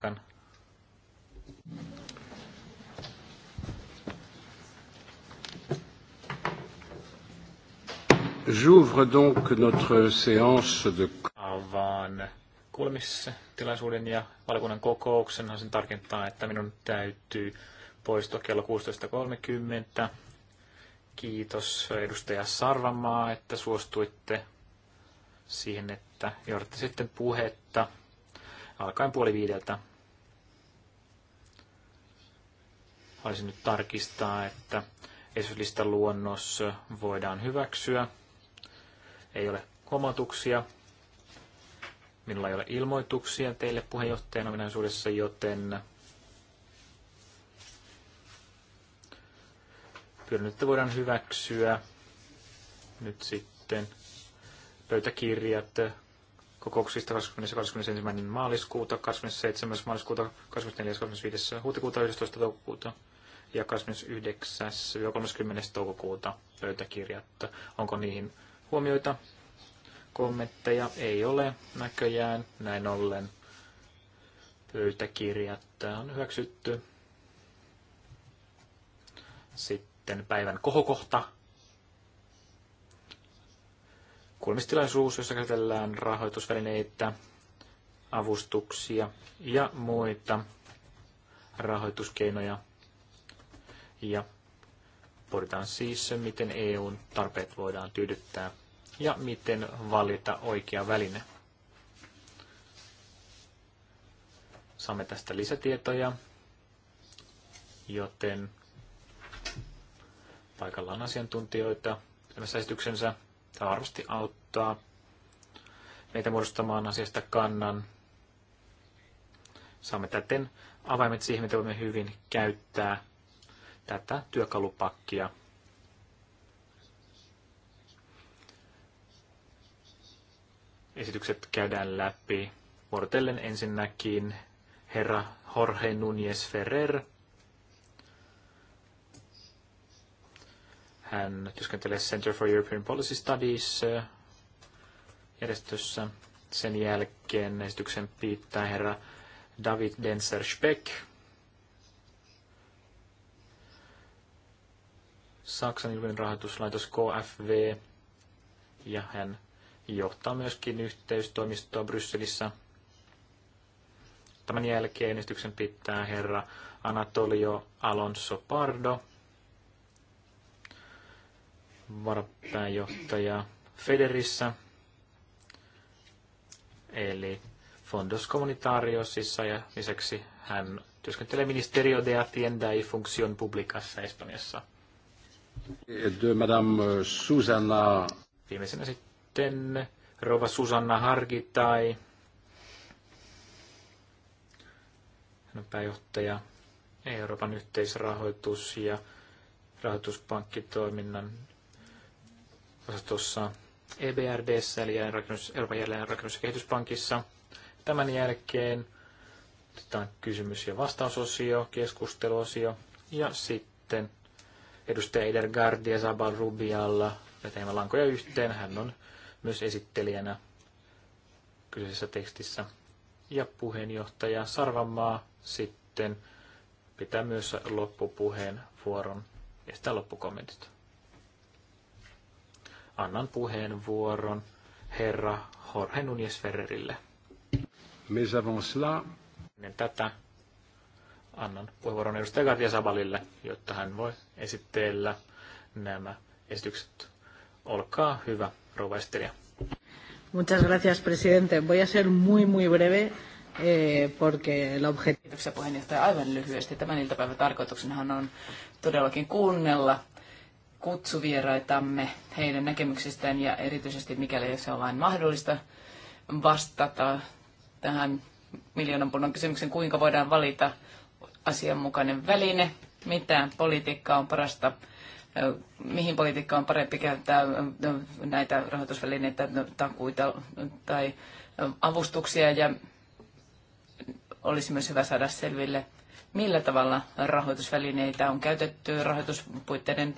paikan. J'ouvre donc notre séance de... Avaan kuulemistilaisuuden ja valiokunnan kokouksen. Haluaisin tarkentaa, että minun täytyy poistua kello 16.30. Kiitos edustaja Sarvamaa, että suostuitte siihen, että johdatte sitten puhetta alkaen puoli viideltä Haluaisin nyt tarkistaa, että esityslistan luonnos voidaan hyväksyä. Ei ole huomautuksia. Minulla ei ole ilmoituksia teille puheenjohtajan ominaisuudessa, joten pyydän, että voidaan hyväksyä nyt sitten pöytäkirjat kokouksista 20. 21. maaliskuuta, 27. maaliskuuta, 24. 25. huhtikuuta, 11. toukokuuta, ja 29-30. toukokuuta pöytäkirjat. Onko niihin huomioita? Kommentteja ei ole näköjään. Näin ollen pöytäkirjat on hyväksytty. Sitten päivän kohokohta. Kuulemistilaisuus, jossa käsitellään rahoitusvälineitä, avustuksia ja muita rahoituskeinoja ja pohditaan siis, miten EUn tarpeet voidaan tyydyttää ja miten valita oikea väline. Saamme tästä lisätietoja, joten paikalla on asiantuntijoita pitämässä esityksensä. Tämä varmasti auttaa meitä muodostamaan asiasta kannan. Saamme täten avaimet siihen, miten voimme hyvin käyttää tätä työkalupakkia. Esitykset käydään läpi. Vuorotellen ensinnäkin herra Jorge Núñez Ferrer. Hän työskentelee Center for European Policy Studies eh, järjestössä. Sen jälkeen esityksen piittää herra David Denser Speck – Saksan julkinen rahoituslaitos KFV, ja hän johtaa myöskin yhteystoimistoa Brysselissä. Tämän jälkeen ennistyksen pitää herra Anatolio Alonso Pardo, varapääjohtaja Federissä, eli Fondos Comunitariosissa, ja lisäksi hän työskentelee Ministerio de Hacienda y Función Publicassa Espanjassa. De Madame euh, Susanna. Viimeisenä sitten Rova Susanna Harkitai. Hän on pääjohtaja Euroopan yhteisrahoitus ja rahoituspankkitoiminnan osastossa EBRDssä, eli jälleenrakennus, Euroopan jälleenrakennus- ja kehityspankissa. Tämän jälkeen otetaan kysymys- ja vastausosio, keskusteluosio ja sitten edustaja Edergard Sabal Rubialla ja teemme lankoja yhteen. Hän on myös esittelijänä kyseisessä tekstissä. Ja puheenjohtaja Sarvamaa sitten pitää myös loppupuheen vuoron ja sitä loppukommentit. Annan puheenvuoron herra Jorge Nunes Ferrerille. Mais avant cela... tätä annan puheenvuoron edustaja Katja Sabalille, jotta hän voi esitellä nämä esitykset. Olkaa hyvä, rouva esittelijä. Muchas gracias, presidente. Voy a ser muy, muy breve, eh, porque el objetivo... Kiitoksia puheenjohtaja aivan lyhyesti. Tämän iltapäivän tarkoituksenhan on todellakin kuunnella kutsuvieraitamme heidän näkemyksistään ja erityisesti mikäli se on vain mahdollista vastata tähän miljoonan punnan kysymykseen, kuinka voidaan valita asianmukainen väline, mitä politiikka on parasta, mihin politiikka on parempi käyttää näitä rahoitusvälineitä, no, takuita tai avustuksia ja olisi myös hyvä saada selville, millä tavalla rahoitusvälineitä on käytetty rahoituspuitteiden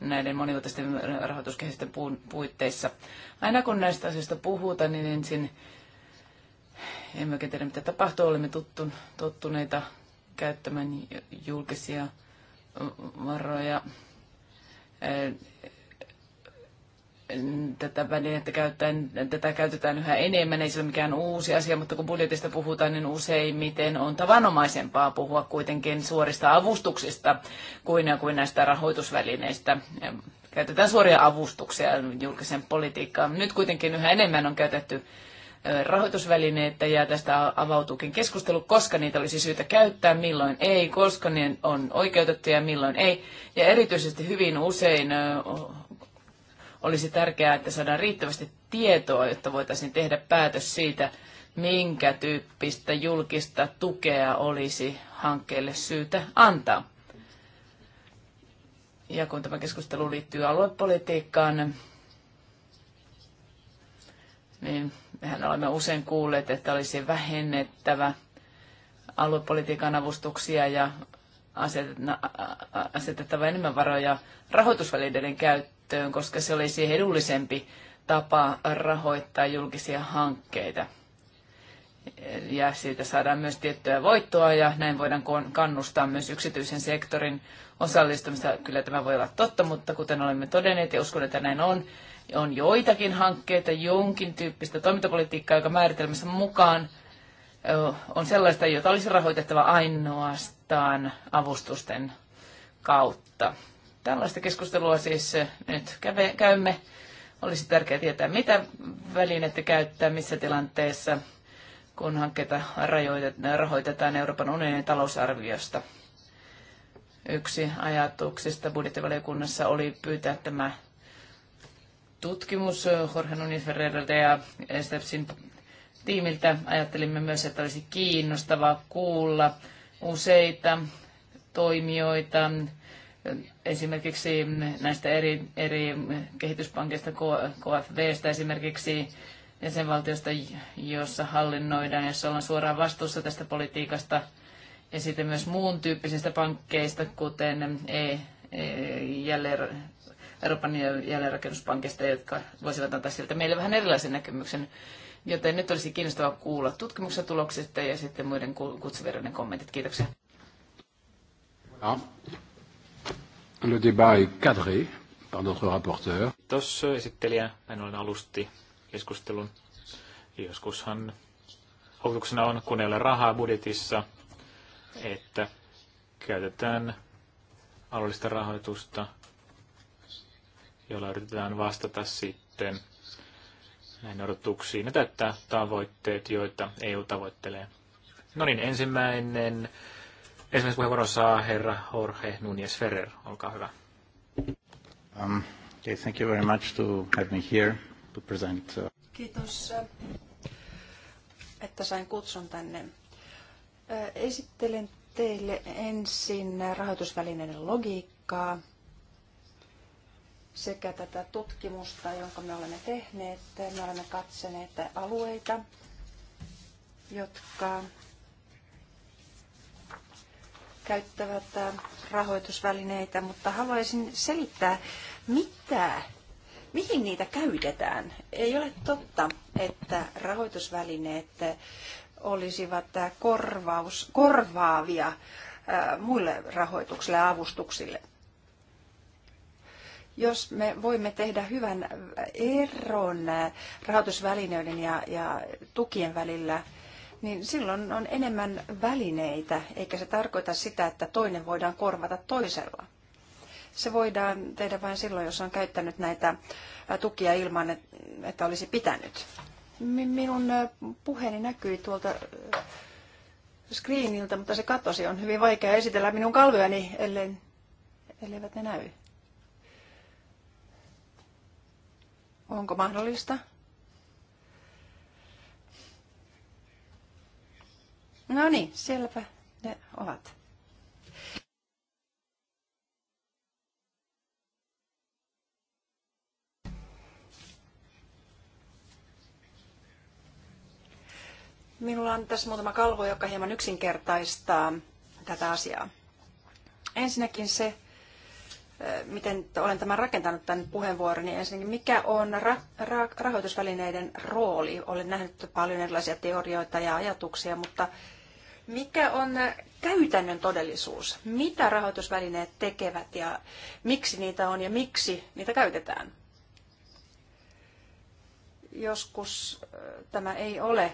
näiden monivuotisten rahoituskehysten puitteissa. Aina kun näistä asioista puhutaan, niin ensin emme oikein tiedä, mitä tapahtuu. Olemme tuttu, tottuneita käyttämään julkisia varoja tätä välinettä käyttäen, tätä käytetään yhä enemmän, ei se ole mikään uusi asia, mutta kun budjetista puhutaan, niin useimmiten on tavanomaisempaa puhua kuitenkin suorista avustuksista kuin, kuin näistä rahoitusvälineistä. Käytetään suoria avustuksia julkisen politiikkaan. Nyt kuitenkin yhä enemmän on käytetty rahoitusvälineitä ja tästä avautuukin keskustelu, koska niitä olisi syytä käyttää, milloin ei, koska ne on oikeutettu ja milloin ei. Ja erityisesti hyvin usein olisi tärkeää, että saadaan riittävästi tietoa, jotta voitaisiin tehdä päätös siitä, minkä tyyppistä julkista tukea olisi hankkeelle syytä antaa. Ja kun tämä keskustelu liittyy aluepolitiikkaan, niin mehän olemme usein kuulleet, että olisi vähennettävä aluepolitiikan avustuksia ja asetettava enemmän varoja rahoitusvälineiden käyttöön, koska se olisi edullisempi tapa rahoittaa julkisia hankkeita. Ja siitä saadaan myös tiettyä voittoa ja näin voidaan kannustaa myös yksityisen sektorin osallistumista. Kyllä tämä voi olla totta, mutta kuten olemme todenneet ja uskon, että näin on, on joitakin hankkeita, jonkin tyyppistä toimintapolitiikkaa, joka määritelmässä mukaan on sellaista, jota olisi rahoitettava ainoastaan avustusten kautta. Tällaista keskustelua siis nyt käymme. Olisi tärkeää tietää, mitä välineitä käyttää, missä tilanteessa, kun hankkeita rahoitetaan Euroopan unionin talousarviosta. Yksi ajatuksista budjettivaliokunnassa oli pyytää tämä tutkimus Jorge Nunes Ferrereltä ja Stepsin tiimiltä. Ajattelimme myös, että olisi kiinnostavaa kuulla useita toimijoita, esimerkiksi näistä eri, eri kehityspankista, KFVstä esimerkiksi, jäsenvaltiosta, jossa hallinnoidaan, jossa ollaan suoraan vastuussa tästä politiikasta, ja sitten myös muun tyyppisistä pankkeista, kuten e, e, jälleen Euroopan jälleenrakennuspankista, jotka voisivat antaa siltä meille vähän erilaisen näkemyksen. Joten nyt olisi kiinnostavaa kuulla tutkimuksen tuloksista ja sitten muiden kutsuvirroiden kommentit. Kiitoksia. Ja. Le débat est cadré par notre rapporteur. Kiitos esittelijä. Näin ollen alusti keskustelun. Joskushan houkutuksena on, kun ei ole rahaa budjetissa, että käytetään alueellista rahoitusta – jolla yritetään vastata sitten näin odotuksiin ja täyttää tavoitteet, joita EU tavoittelee. No niin, ensimmäinen, ensimmäisen puheenvuoron saa herra Jorge Núñez Ferrer. Olkaa hyvä. Um, okay, thank you very much to have me here to present. Uh... Kiitos, että sain kutsun tänne. Esittelen teille ensin rahoitusvälineiden logiikkaa – sekä tätä tutkimusta, jonka me olemme tehneet. Me olemme katsoneet alueita, jotka käyttävät rahoitusvälineitä, mutta haluaisin selittää, mitä, mihin niitä käytetään. Ei ole totta, että rahoitusvälineet olisivat korvaus, korvaavia muille rahoituksille ja avustuksille jos me voimme tehdä hyvän eron rahoitusvälineiden ja, ja tukien välillä, niin silloin on enemmän välineitä, eikä se tarkoita sitä, että toinen voidaan korvata toisella. Se voidaan tehdä vain silloin, jos on käyttänyt näitä tukia ilman, että olisi pitänyt. Minun puheeni näkyi tuolta äh, screeniltä, mutta se katosi. On hyvin vaikea esitellä minun kalvojani, ellei, elleivät ne näy. Onko mahdollista? No niin, selvä. ne ovat. Minulla on tässä muutama kalvo, joka hieman yksinkertaistaa tätä asiaa. Ensinnäkin se, miten olen tämän rakentanut tämän puheenvuoroni. Niin ensinnäkin, mikä on ra- ra- rahoitusvälineiden rooli? Olen nähnyt paljon erilaisia teorioita ja ajatuksia, mutta mikä on käytännön todellisuus? Mitä rahoitusvälineet tekevät ja miksi niitä on ja miksi niitä käytetään? Joskus äh, tämä ei ole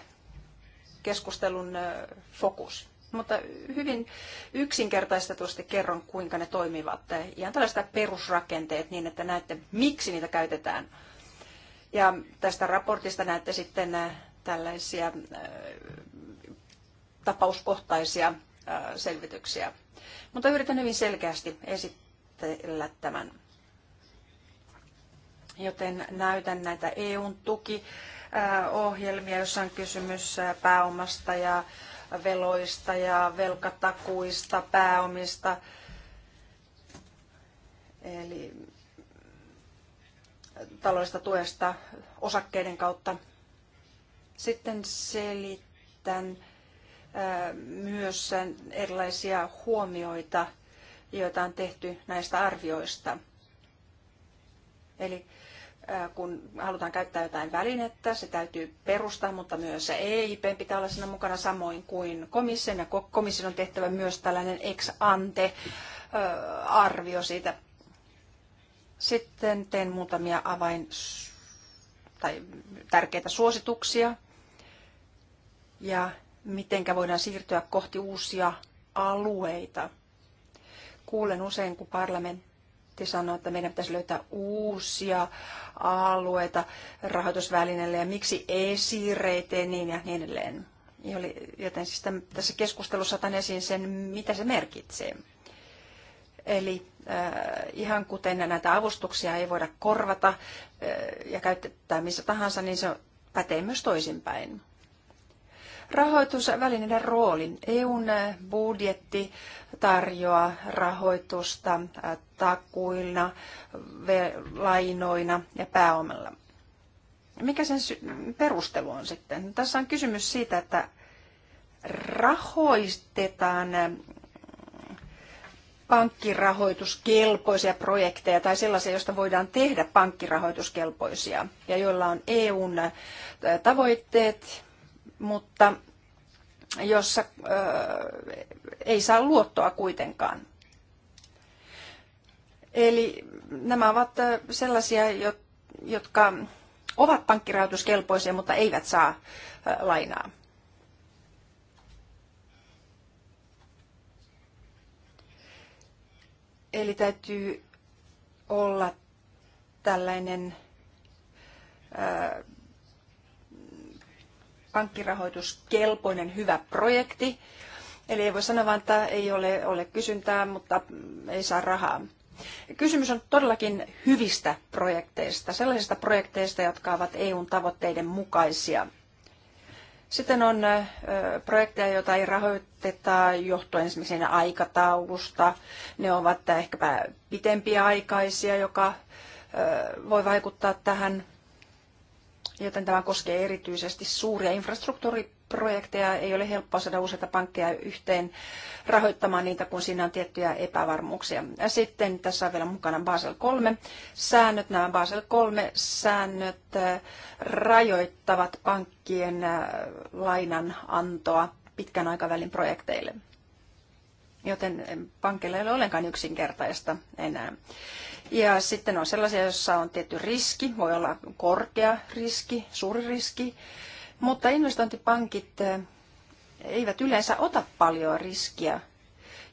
keskustelun äh, fokus mutta hyvin yksinkertaistetusti kerron, kuinka ne toimivat. Ihan tällaista perusrakenteet niin, että näette, miksi niitä käytetään. Ja tästä raportista näette sitten äh, tällaisia äh, tapauskohtaisia äh, selvityksiä. Mutta yritän hyvin selkeästi esitellä tämän. Joten näytän näitä EU-tukiohjelmia, joissa on kysymys pääomasta ja veloista ja velkatakuista, pääomista. Eli taloudellisesta tuesta osakkeiden kautta. Sitten selitän äh, myös erilaisia huomioita, joita on tehty näistä arvioista. Eli Äh, kun halutaan käyttää jotain välinettä, se täytyy perustaa, mutta myös EIP pitää olla siinä mukana samoin kuin komission, ja komission on tehtävä myös tällainen ex ante äh, arvio siitä. Sitten teen muutamia avain tai tärkeitä suosituksia ja miten voidaan siirtyä kohti uusia alueita. Kuulen usein, kun parlamentti Monti sanoi, että meidän pitäisi löytää uusia alueita rahoitusvälineelle ja miksi esireiteen niin ja niin edelleen. Joten siis tämän, tässä keskustelussa otan esiin sen, mitä se merkitsee. Eli äh, ihan kuten näitä avustuksia ei voida korvata äh, ja käyttää missä tahansa, niin se pätee myös toisinpäin. Rahoitusvälineiden roolin. EUn budjetti tarjoaa rahoitusta takuina, lainoina ja pääomalla. Mikä sen perustelu on sitten? Tässä on kysymys siitä, että rahoistetaan pankkirahoituskelpoisia projekteja tai sellaisia, joista voidaan tehdä pankkirahoituskelpoisia ja joilla on EUn tavoitteet mutta jossa ei saa luottoa kuitenkaan. Eli nämä ovat sellaisia, jotka ovat pankkirahoituskelpoisia, mutta eivät saa lainaa. Eli täytyy olla tällainen pankkirahoituskelpoinen hyvä projekti. Eli ei voi sanoa vain, että ei ole, ole kysyntää, mutta ei saa rahaa. Kysymys on todellakin hyvistä projekteista, sellaisista projekteista, jotka ovat EUn tavoitteiden mukaisia. Sitten on projekteja, joita ei rahoiteta johtuen esimerkiksi aikataulusta. Ne ovat ehkäpä pitempiaikaisia, joka voi vaikuttaa tähän joten tämä koskee erityisesti suuria infrastruktuuriprojekteja. Ei ole helppoa saada useita pankkeja yhteen rahoittamaan niitä, kun siinä on tiettyjä epävarmuuksia. Ja sitten tässä on vielä mukana Basel 3 säännöt. Nämä Basel 3 säännöt äh, rajoittavat pankkien äh, lainanantoa pitkän aikavälin projekteille joten pankilla ei ole ollenkaan yksinkertaista enää. Ja sitten on sellaisia, joissa on tietty riski, voi olla korkea riski, suuri riski, mutta investointipankit eh, eivät yleensä ota paljon riskiä.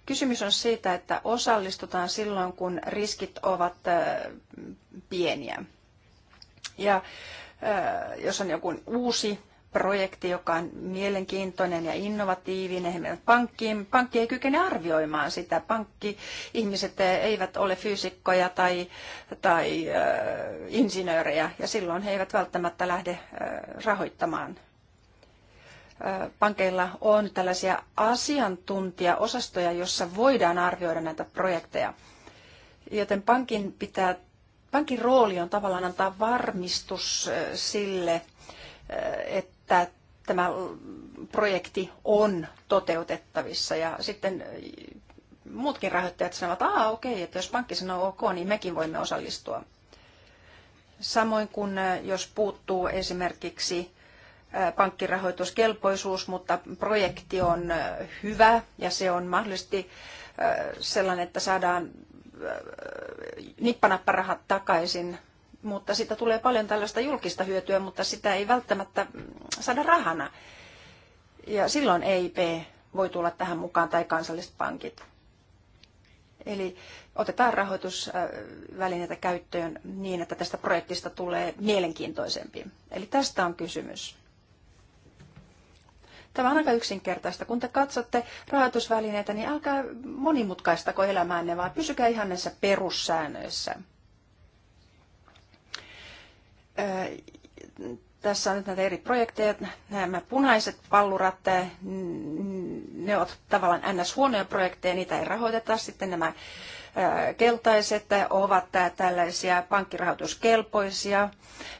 Kysymys on siitä, että osallistutaan silloin, kun riskit ovat eh, pieniä. Ja eh, jos on joku uusi projekti, joka on mielenkiintoinen ja innovatiivinen. Pankki, pankkiin. Pankki ei kykene arvioimaan sitä. Pankki, ihmiset eivät ole fyysikkoja tai, tai äh, insinöörejä ja silloin he eivät välttämättä lähde äh, rahoittamaan. Äh, pankeilla on tällaisia asiantuntijaosastoja, jossa voidaan arvioida näitä projekteja. Joten pankin, pitää, pankin rooli on tavallaan antaa varmistus äh, sille, äh, että että tämä projekti on toteutettavissa ja sitten muutkin rahoittajat sanovat, että Aa, okei, että jos pankki sanoo ok, niin mekin voimme osallistua. Samoin kuin jos puuttuu esimerkiksi pankkirahoituskelpoisuus, mutta projekti on hyvä ja se on mahdollisesti sellainen, että saadaan nippanapparahat takaisin mutta sitä tulee paljon tällaista julkista hyötyä, mutta sitä ei välttämättä mm, saada rahana. Ja silloin EIP voi tulla tähän mukaan tai kansalliset pankit. Eli otetaan rahoitusvälineitä käyttöön niin, että tästä projektista tulee mielenkiintoisempi. Eli tästä on kysymys. Tämä on aika yksinkertaista. Kun te katsotte rahoitusvälineitä, niin älkää monimutkaistako elämäänne, vaan pysykää ihan näissä perussäännöissä tässä on nyt näitä eri projekteja. Nämä punaiset pallurat, eh, ne ovat tavallaan ns. huonoja projekteja, niitä ei rahoiteta. Sitten nämä eh, keltaiset ovat eh, tällaisia pankkirahoituskelpoisia,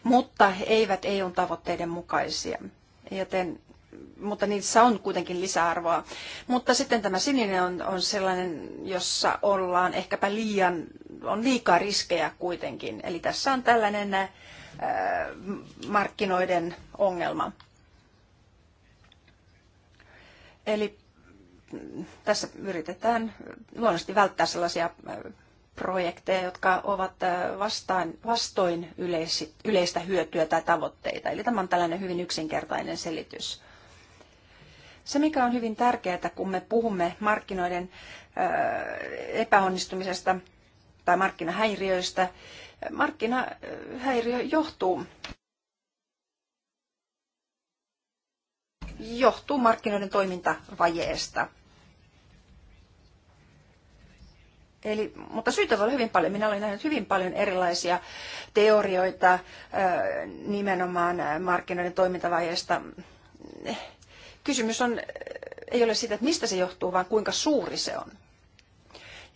mutta eivät EUn tavoitteiden mukaisia. Joten mutta niissä on kuitenkin lisäarvoa. Mutta sitten tämä sininen on, on sellainen, jossa ollaan ehkäpä liian, on liikaa riskejä kuitenkin. Eli tässä on tällainen markkinoiden ongelma. Eli mm, tässä yritetään luonnollisesti välttää sellaisia projekteja, jotka ovat vastaan, vastoin yleis, yleistä hyötyä tai tavoitteita. Eli tämä on tällainen hyvin yksinkertainen selitys. Se, mikä on hyvin tärkeää, kun me puhumme markkinoiden epäonnistumisesta tai markkinahäiriöistä, Markkinahäiriö johtuu johtuu markkinoiden toimintavajeesta. Eli, mutta syytä voi olla hyvin paljon. Minä olen nähnyt hyvin paljon erilaisia teorioita nimenomaan markkinoiden toimintavajeesta. Kysymys on, ei ole siitä, että mistä se johtuu, vaan kuinka suuri se on.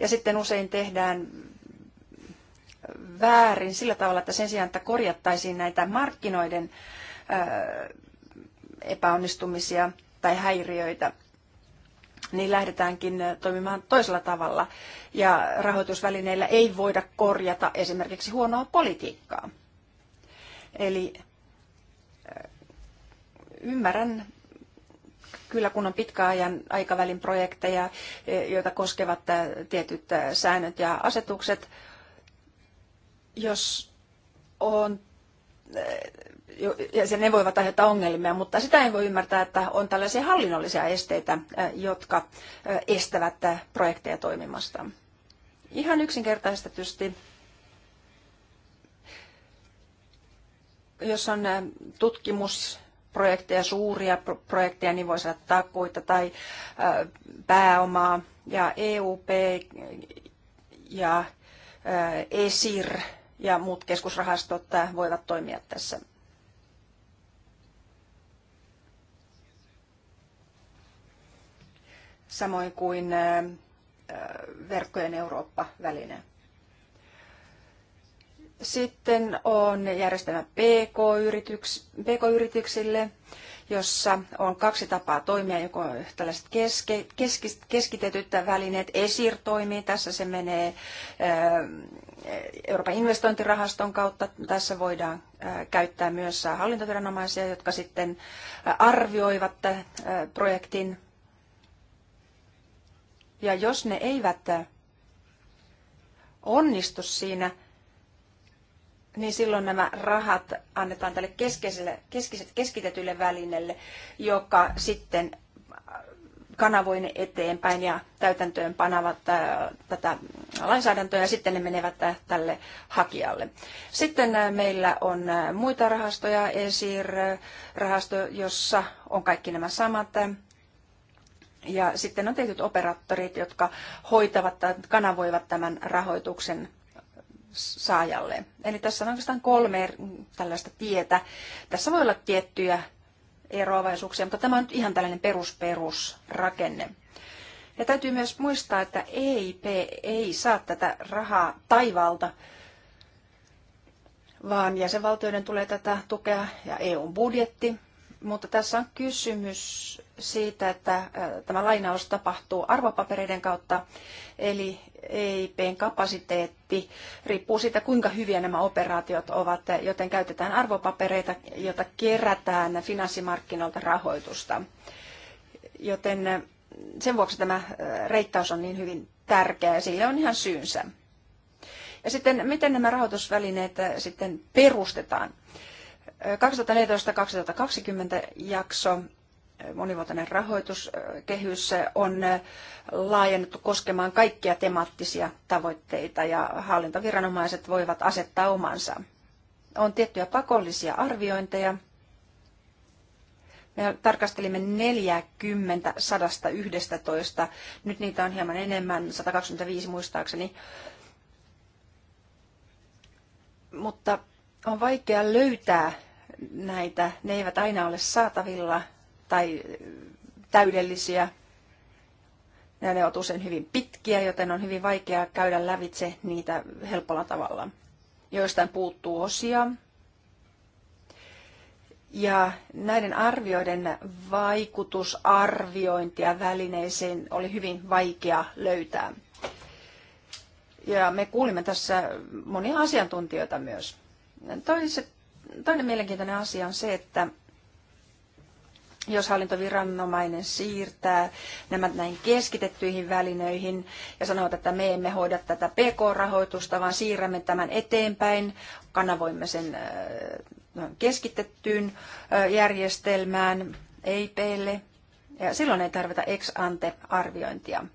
Ja sitten usein tehdään väärin sillä tavalla, että sen sijaan, että korjattaisiin näitä markkinoiden epäonnistumisia tai häiriöitä, niin lähdetäänkin toimimaan toisella tavalla. Ja rahoitusvälineillä ei voida korjata esimerkiksi huonoa politiikkaa. Eli ymmärrän kyllä kun on pitkäajan aikavälin projekteja, e, joita koskevat tietyt säännöt ja asetukset, jos on eh, ja ne voivat aiheuttaa ongelmia, mutta sitä ei voi ymmärtää, että on tällaisia hallinnollisia esteitä, eh, jotka eh, estävät projekteja toimimasta. Ihan yksinkertaistetusti, jos on tutkimusprojekteja, suuria projekteja, niin voi saada takuita tai pääomaa ja EUP ja ESIR e – ja muut keskusrahastot äh, voivat toimia tässä. Samoin kuin äh, äh, verkkojen Eurooppa-väline. Sitten on järjestelmä pk yrityksille jossa on kaksi tapaa toimia, joko tällaiset keske, keskitetyt välineet, ESIR toimii, tässä se menee Euroopan investointirahaston kautta tässä voidaan käyttää myös hallintoviranomaisia, jotka sitten arvioivat projektin. Ja jos ne eivät onnistu siinä, niin silloin nämä rahat annetaan tälle keskeiselle, keskiset, keskitetylle välineelle, joka sitten kanavoin eteenpäin ja täytäntöön panavat äh, tätä lainsäädäntöä ja sitten ne menevät äh, tälle hakijalle. Sitten äh, meillä on muita rahastoja, ESIR-rahasto, jossa on kaikki nämä samat ja sitten on tietyt operaattorit, jotka hoitavat tai kanavoivat tämän rahoituksen saajalle. Eli tässä on oikeastaan kolme er-, tällaista tietä. Tässä voi olla tiettyjä eroavaisuuksia, mutta tämä on nyt ihan tällainen perusperusrakenne. Ja täytyy myös muistaa, että EIP ei saa tätä rahaa taivaalta, vaan jäsenvaltioiden tulee tätä tukea ja EUn budjetti. Mutta tässä on kysymys siitä, että tämä lainaus tapahtuu arvopapereiden kautta, eli EIPn kapasiteetti riippuu siitä, kuinka hyviä nämä operaatiot ovat, joten käytetään arvopapereita, joita kerätään finanssimarkkinoilta rahoitusta. Joten eh, sen vuoksi tämä eh, reittaus on niin hyvin tärkeä ja sille on ihan syynsä. Ja sitten miten nämä rahoitusvälineet eh, sitten perustetaan? 2014-2020 jakso monivuotinen rahoituskehys on laajennettu koskemaan kaikkia temaattisia tavoitteita ja hallintoviranomaiset voivat asettaa omansa. On tiettyjä pakollisia arviointeja. Me tarkastelimme 40 111. Nyt niitä on hieman enemmän, 125 muistaakseni. Mutta on vaikea löytää näitä. Ne eivät aina ole saatavilla tai täydellisiä. Ja ne ovat usein hyvin pitkiä, joten on hyvin vaikeaa käydä lävitse niitä helpolla tavalla. Joistain puuttuu osia. Ja näiden arvioiden vaikutusarviointia välineisiin oli hyvin vaikea löytää. Ja me kuulimme tässä monia asiantuntijoita myös. Toiset, toinen mielenkiintoinen asia on se, että jos hallintoviranomainen siirtää nämä näin keskitettyihin välinöihin ja sanoo että me emme hoida tätä PK-rahoitusta, vaan siirrämme tämän eteenpäin, kanavoimme sen äh, keskitettyyn äh, järjestelmään, EIPlle, ja silloin ei tarvita ex ante arviointia.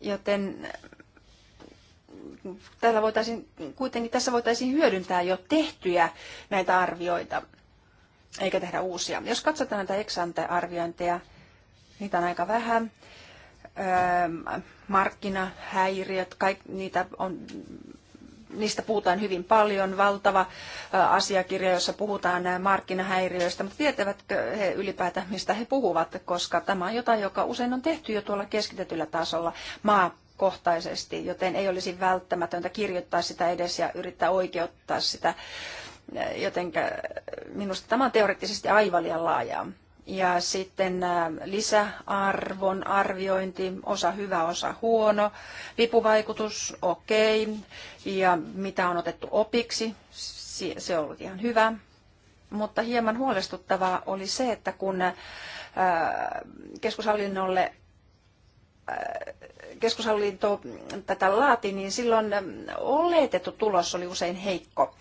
Joten äh, tällä voitaisiin, kuitenkin tässä voitaisiin hyödyntää jo tehtyjä näitä arvioita eikä tehdä uusia. Jos katsotaan näitä eksante-arviointeja, niitä on aika vähän. Öö, markkinahäiriöt, kaik, niitä on, niistä puhutaan hyvin paljon, valtava asiakirja, jossa puhutaan markkinahäiriöistä, mutta tietävätkö he ylipäätään, mistä he puhuvat, koska tämä on jotain, joka usein on tehty jo tuolla keskitetyllä tasolla maakohtaisesti, joten ei olisi välttämätöntä kirjoittaa sitä edes ja yrittää oikeuttaa sitä joten minusta tämä on teoreettisesti aivan liian laajaa. Ja sitten äh, lisäarvon arviointi, osa hyvä, osa huono, vipuvaikutus, okei, okay. ja mitä on otettu opiksi, se on ollut ihan hyvä. Mutta hieman huolestuttavaa oli se, että kun äh, keskushallinnolle äh, keskushallinto tätä laati, niin silloin oletettu tulos oli usein heikko.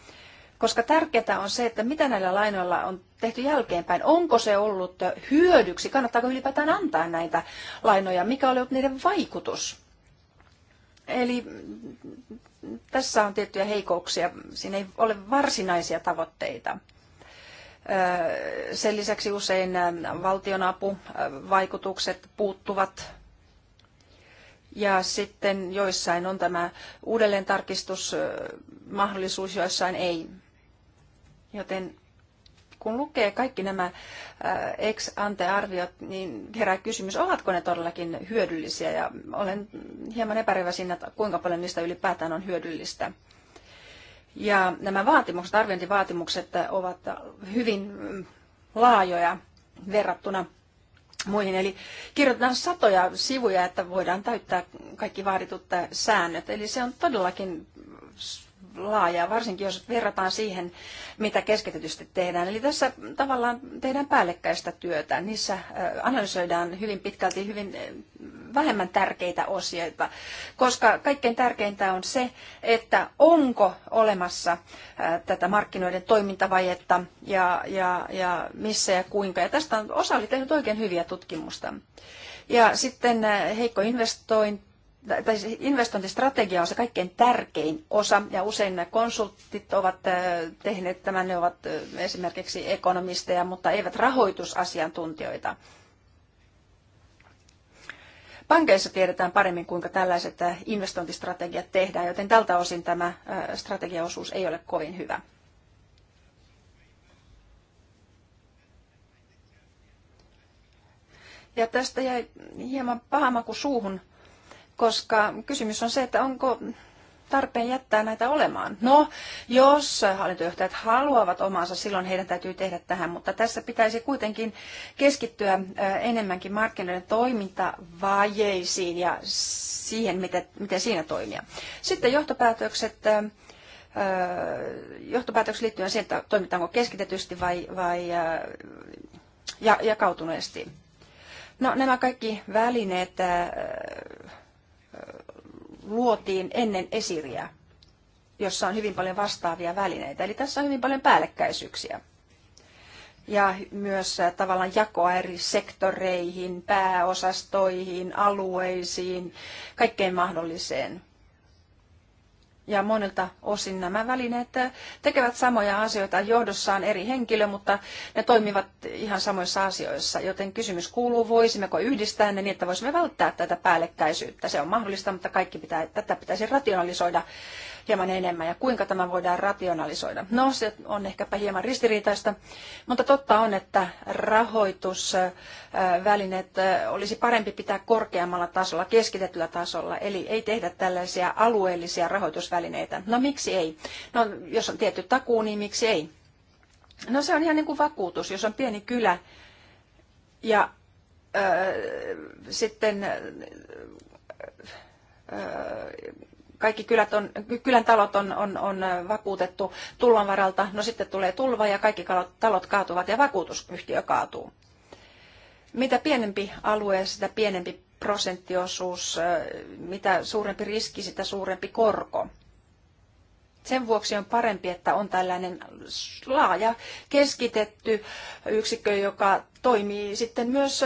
Koska tärkeää on se, että mitä näillä lainoilla on tehty jälkeenpäin. Onko se ollut hyödyksi? Kannattaako ylipäätään antaa näitä lainoja? Mikä oli ollut niiden vaikutus? Eli tässä on tiettyjä heikouksia. Siinä ei ole varsinaisia tavoitteita. Sen lisäksi usein valtionapuvaikutukset puuttuvat. Ja sitten joissain on tämä uudelleentarkistusmahdollisuus, joissain ei. Joten kun lukee kaikki nämä äh, ex ante arviot, niin herää kysymys, ovatko ne todellakin hyödyllisiä ja olen hieman epäröivä siinä, että kuinka paljon niistä ylipäätään on hyödyllistä. Ja nämä vaatimukset, arviointivaatimukset ovat hyvin mm, laajoja verrattuna muihin. Eli kirjoitetaan satoja sivuja, että voidaan täyttää kaikki vaaditut äh, säännöt. Eli se on todellakin laajaa, varsinkin jos verrataan siihen, mitä keskitetysti tehdään. Eli tässä tavallaan tehdään päällekkäistä työtä. Niissä analysoidaan hyvin pitkälti hyvin vähemmän tärkeitä osioita, koska kaikkein tärkeintä on se, että onko olemassa tätä markkinoiden toimintavajetta ja, ja, ja missä ja kuinka. Ja tästä on, osa oli tehnyt oikein hyviä tutkimusta. Ja sitten heikko investointi tai siis investointistrategia on se kaikkein tärkein osa, ja usein nämä konsultit ovat tehneet tämän, ne ovat esimerkiksi ekonomisteja, mutta eivät rahoitusasiantuntijoita. Pankeissa tiedetään paremmin, kuinka tällaiset investointistrategiat tehdään, joten tältä osin tämä strategiaosuus ei ole kovin hyvä. Ja tästä jäi hieman pahamaku suuhun koska kysymys on se, että onko tarpeen jättää näitä olemaan. No, jos hallintojohtajat haluavat omaansa silloin heidän täytyy tehdä tähän, mutta tässä pitäisi kuitenkin keskittyä enemmänkin markkinoiden toimintavajeisiin ja siihen, miten, miten siinä toimia. Sitten johtopäätökset johtopäätökset liittyen siihen, että toimitaanko keskitetysti vai, vai ja, jakautuneesti. No nämä kaikki välineet luotiin ennen esiriä, jossa on hyvin paljon vastaavia välineitä. Eli tässä on hyvin paljon päällekkäisyyksiä. Ja myös äh, tavallaan jakoa eri sektoreihin, pääosastoihin, alueisiin, kaikkeen mahdolliseen ja monilta osin nämä välineet tekevät samoja asioita johdossaan eri henkilö, mutta ne toimivat ihan samoissa asioissa. Joten kysymys kuuluu, voisimmeko yhdistää ne niin, että voisimme välttää tätä päällekkäisyyttä. Se on mahdollista, mutta kaikki pitää, tätä pitäisi rationalisoida hieman enemmän ja kuinka tämä voidaan rationalisoida. No, se on ehkäpä hieman ristiriitaista, mutta totta on, että rahoitusvälineet olisi parempi pitää korkeammalla tasolla, keskitetyllä tasolla, eli ei tehdä tällaisia alueellisia rahoitusvälineitä. No miksi ei? No, jos on tietty takuu, niin miksi ei? No se on ihan niin kuin vakuutus, jos on pieni kylä ja sitten kaikki kylät on, kylän talot on, on, on vakuutettu tulvan varalta, no sitten tulee tulva ja kaikki talot kaatuvat ja vakuutusyhtiö kaatuu. Mitä pienempi alue, sitä pienempi prosenttiosuus, mitä suurempi riski, sitä suurempi korko. Sen vuoksi on parempi, että on tällainen laaja keskitetty yksikkö, joka toimii sitten myös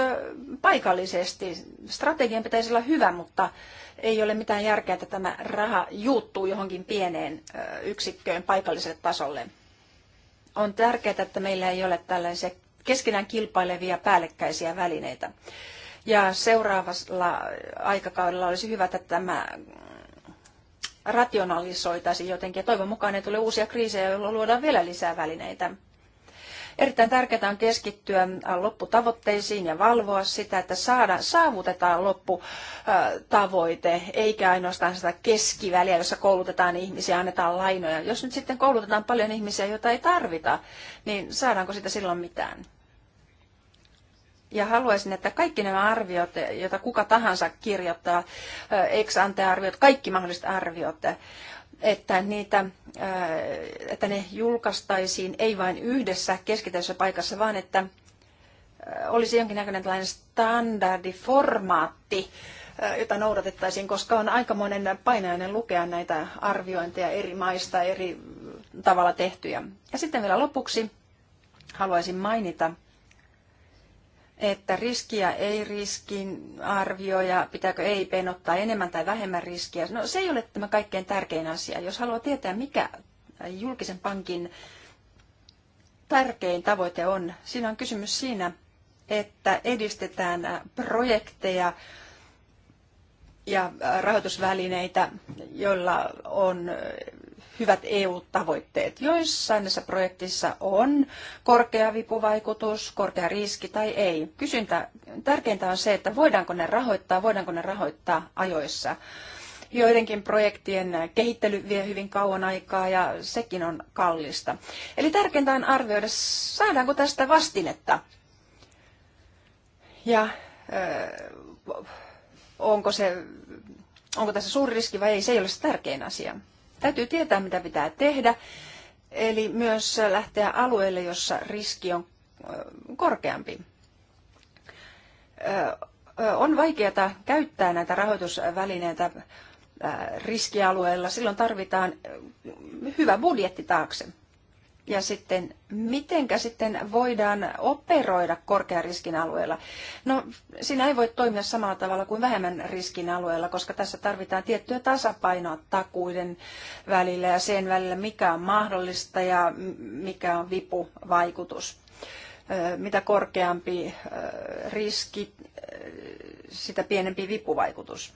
paikallisesti. Strategian pitäisi olla hyvä, mutta ei ole mitään järkeä, että tämä raha juuttuu johonkin pieneen yksikköön paikalliselle tasolle. On tärkeää, että meillä ei ole tällaisia keskenään kilpailevia päällekkäisiä välineitä. Ja seuraavalla aikakaudella olisi hyvä, että tämä rationalisoitaisiin jotenkin. Ja toivon mukaan ei tule uusia kriisejä, joilla luodaan vielä lisää välineitä. Erittäin tärkeää on keskittyä lopputavoitteisiin ja valvoa sitä, että saada, saavutetaan lopputavoite, eikä ainoastaan sitä keskiväliä, jossa koulutetaan ihmisiä, annetaan lainoja. Jos nyt sitten koulutetaan paljon ihmisiä, joita ei tarvita, niin saadaanko sitä silloin mitään? ja haluaisin, että kaikki nämä arviot, joita kuka tahansa kirjoittaa, ex-ante-arviot, kaikki mahdolliset arviot, että, niitä, äh, että ne julkaistaisiin ei vain yhdessä keskitetyssä paikassa, vaan että äh, olisi jonkinnäköinen tällainen standardiformaatti, äh, jota noudatettaisiin, koska on aikamoinen painajainen lukea näitä arviointeja eri maista eri tavalla tehtyjä. Ja sitten vielä lopuksi haluaisin mainita että riskiä ei riskin arvioja, pitääkö ei ottaa enemmän tai vähemmän riskiä. No se ei ole tämä kaikkein tärkein asia. Jos haluaa tietää, mikä julkisen pankin tärkein tavoite on, siinä on kysymys siinä, että edistetään projekteja ja rahoitusvälineitä, joilla on hyvät EU-tavoitteet. Joissain näissä projektissa on korkea vipuvaikutus, korkea riski tai ei. Kysyntä, tärkeintä on se, että voidaanko ne rahoittaa, voidaanko ne rahoittaa ajoissa. Joidenkin projektien kehittely vie hyvin kauan aikaa ja sekin on kallista. Eli tärkeintä on arvioida, saadaanko tästä vastinetta. Ja onko, se, onko tässä suuri riski vai ei, se ei ole se tärkein asia. Täytyy tietää, mitä pitää tehdä, eli myös lähteä alueelle, jossa riski on korkeampi. On vaikeaa käyttää näitä rahoitusvälineitä riskialueella. Silloin tarvitaan hyvä budjetti taakse. Ja sitten, mitenkä sitten voidaan operoida korkean riskin alueella? No, siinä ei voi toimia samalla tavalla kuin vähemmän riskin alueella, koska tässä tarvitaan tiettyä tasapainoa takuiden välillä ja sen välillä, mikä on mahdollista ja mikä on vipuvaikutus. Mitä korkeampi riski, sitä pienempi vipuvaikutus.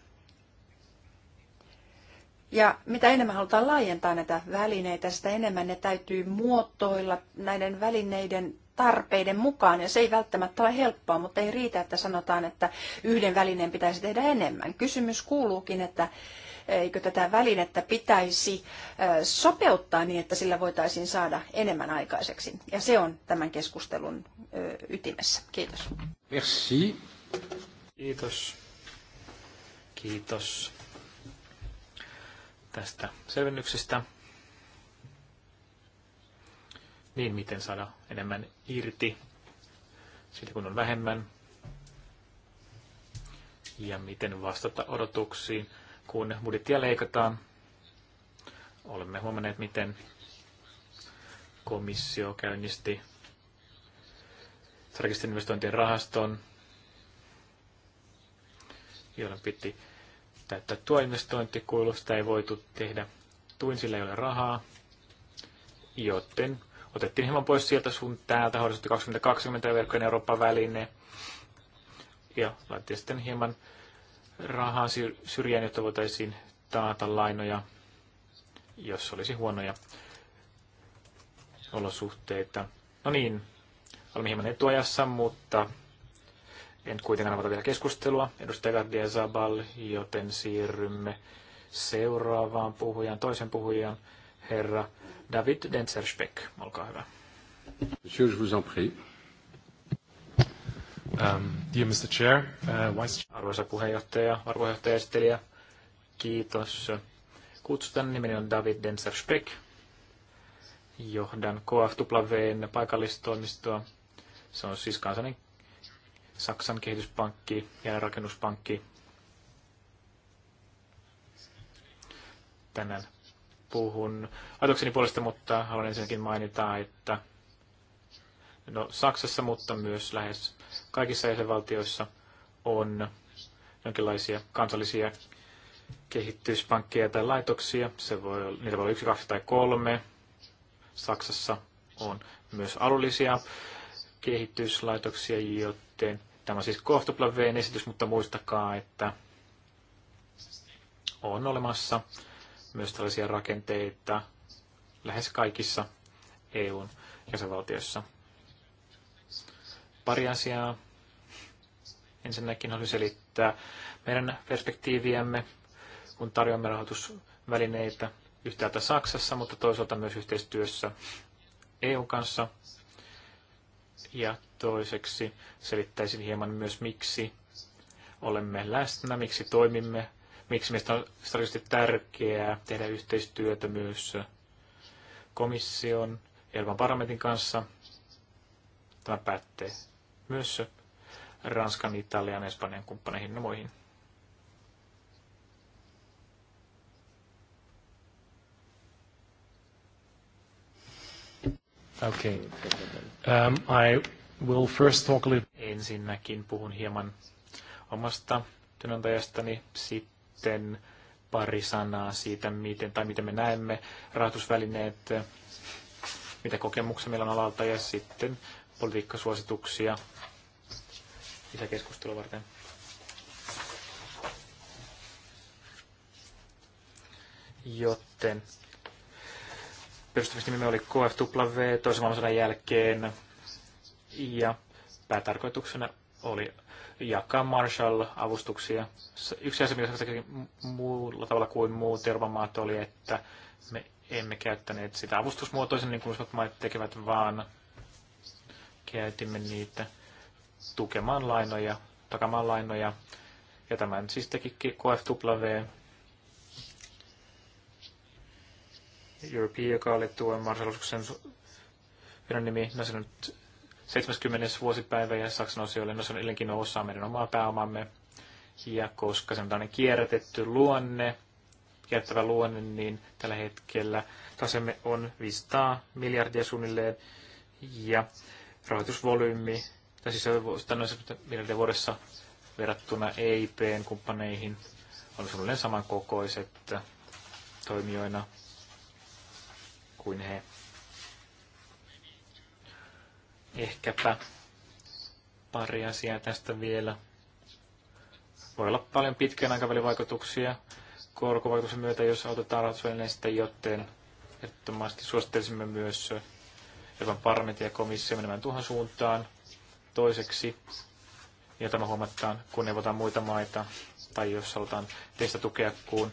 Ja mitä enemmän halutaan laajentaa näitä välineitä, sitä enemmän ne täytyy muotoilla näiden välineiden tarpeiden mukaan. Ja se ei välttämättä ole helppoa, mutta ei riitä, että sanotaan, että yhden välineen pitäisi tehdä enemmän. Kysymys kuuluukin, että eikö tätä välinettä pitäisi sopeuttaa niin, että sillä voitaisiin saada enemmän aikaiseksi. Ja se on tämän keskustelun ytimessä. Kiitos. Merci. Kiitos. Kiitos tästä selvennyksestä. Niin, miten saada enemmän irti siitä, kun on vähemmän. Ja miten vastata odotuksiin, kun budjettia leikataan. Olemme huomanneet, miten komissio käynnisti strategisten investointien rahaston, jolla piti että tuo investointikuilusta ei voitu tehdä tuin, sillä ei ole rahaa, joten otettiin hieman pois sieltä sun täältä horisontti 2020 verkkojen Euroopan väline ja laitettiin sitten hieman rahaa syrjään, jotta voitaisiin taata lainoja, jos olisi huonoja olosuhteita. No niin, olemme hieman etuajassa, mutta en kuitenkaan avata vielä keskustelua. Edustaja Gardia Zabal, joten siirrymme seuraavaan puhujaan, toisen puhujaan, herra David Denzerspeck. Olkaa hyvä. Monsieur, je vous en prie. Um, dear Mr. Chair, uh, vice... Arvoisa puheenjohtaja, arvojohtaja esittelijä, kiitos. Kutsutan nimeni on David Denzerspeck. Johdan KFWn paikallistoimistoa. Se on siis kansallinen Saksan kehityspankki ja rakennuspankki tänään puhun ajatukseni puolesta, mutta haluan ensinnäkin mainita, että no, Saksassa, mutta myös lähes kaikissa jäsenvaltioissa on jonkinlaisia kansallisia kehityspankkeja tai laitoksia. Se voi, niitä voi olla yksi, kaksi tai kolme. Saksassa on myös alullisia kehityslaitoksia, joten Tämä on siis kohtoplaveen esitys, mutta muistakaa, että on olemassa myös tällaisia rakenteita lähes kaikissa EUn jäsenvaltioissa. Pari asiaa. Ensinnäkin haluaisin selittää meidän perspektiiviämme, kun tarjoamme rahoitusvälineitä yhtäältä Saksassa, mutta toisaalta myös yhteistyössä EUn kanssa. Ja Toiseksi selittäisin hieman myös, miksi olemme läsnä, miksi toimimme, miksi meistä on strategisesti tärkeää tehdä yhteistyötä myös komission Euroopan parlamentin kanssa. Tämä päättee myös Ranskan, Italian, ja Espanjan kumppaneihin ja muihin. Okay. Um, I We'll first talk a little... Ensinnäkin puhun hieman omasta työnantajastani, sitten pari sanaa siitä, miten, tai miten me näemme rahoitusvälineet, mitä kokemuksia meillä on alalta ja sitten politiikkasuosituksia lisäkeskustelua varten. Joten perustamisnimemme oli KFW toisen maailmansodan jälkeen ja päätarkoituksena oli jakaa Marshall-avustuksia. Yksi asia, mikä se muulla tavalla kuin muut Euroopan maat, oli, että me emme käyttäneet sitä avustusmuotoisen, niin kuin useat maat tekevät, vaan käytimme niitä tukemaan lainoja, takamaan lainoja. Ja tämän siis teki KFW, Europe, joka oli tuo Marshall-avustuksen viran nimi. No se nyt 70. vuosipäivä ja Saksan osioille no, se on edelleenkin osa meidän omaa pääomamme. Ja koska se on tämmöinen kierrätetty luonne, kierrättävä luonne, niin tällä hetkellä tasemme on 500 miljardia suunnilleen ja rahoitusvolyymi, tai siis miljardia vuodessa verrattuna EIPn kumppaneihin on suunnilleen samankokoiset toimijoina kuin he. Ehkäpä pari asiaa tästä vielä. Voi olla paljon pitkän aikavälin vaikutuksia korkovaikutuksen myötä, jos autetaan rahoitusvälineistä, joten ehdottomasti suosittelisimme myös Euroopan parlamentin ja komissio menemään tuohon suuntaan. Toiseksi, ja tämä huomataan, kun neuvotaan muita maita, tai jos halutaan teistä tukea, kun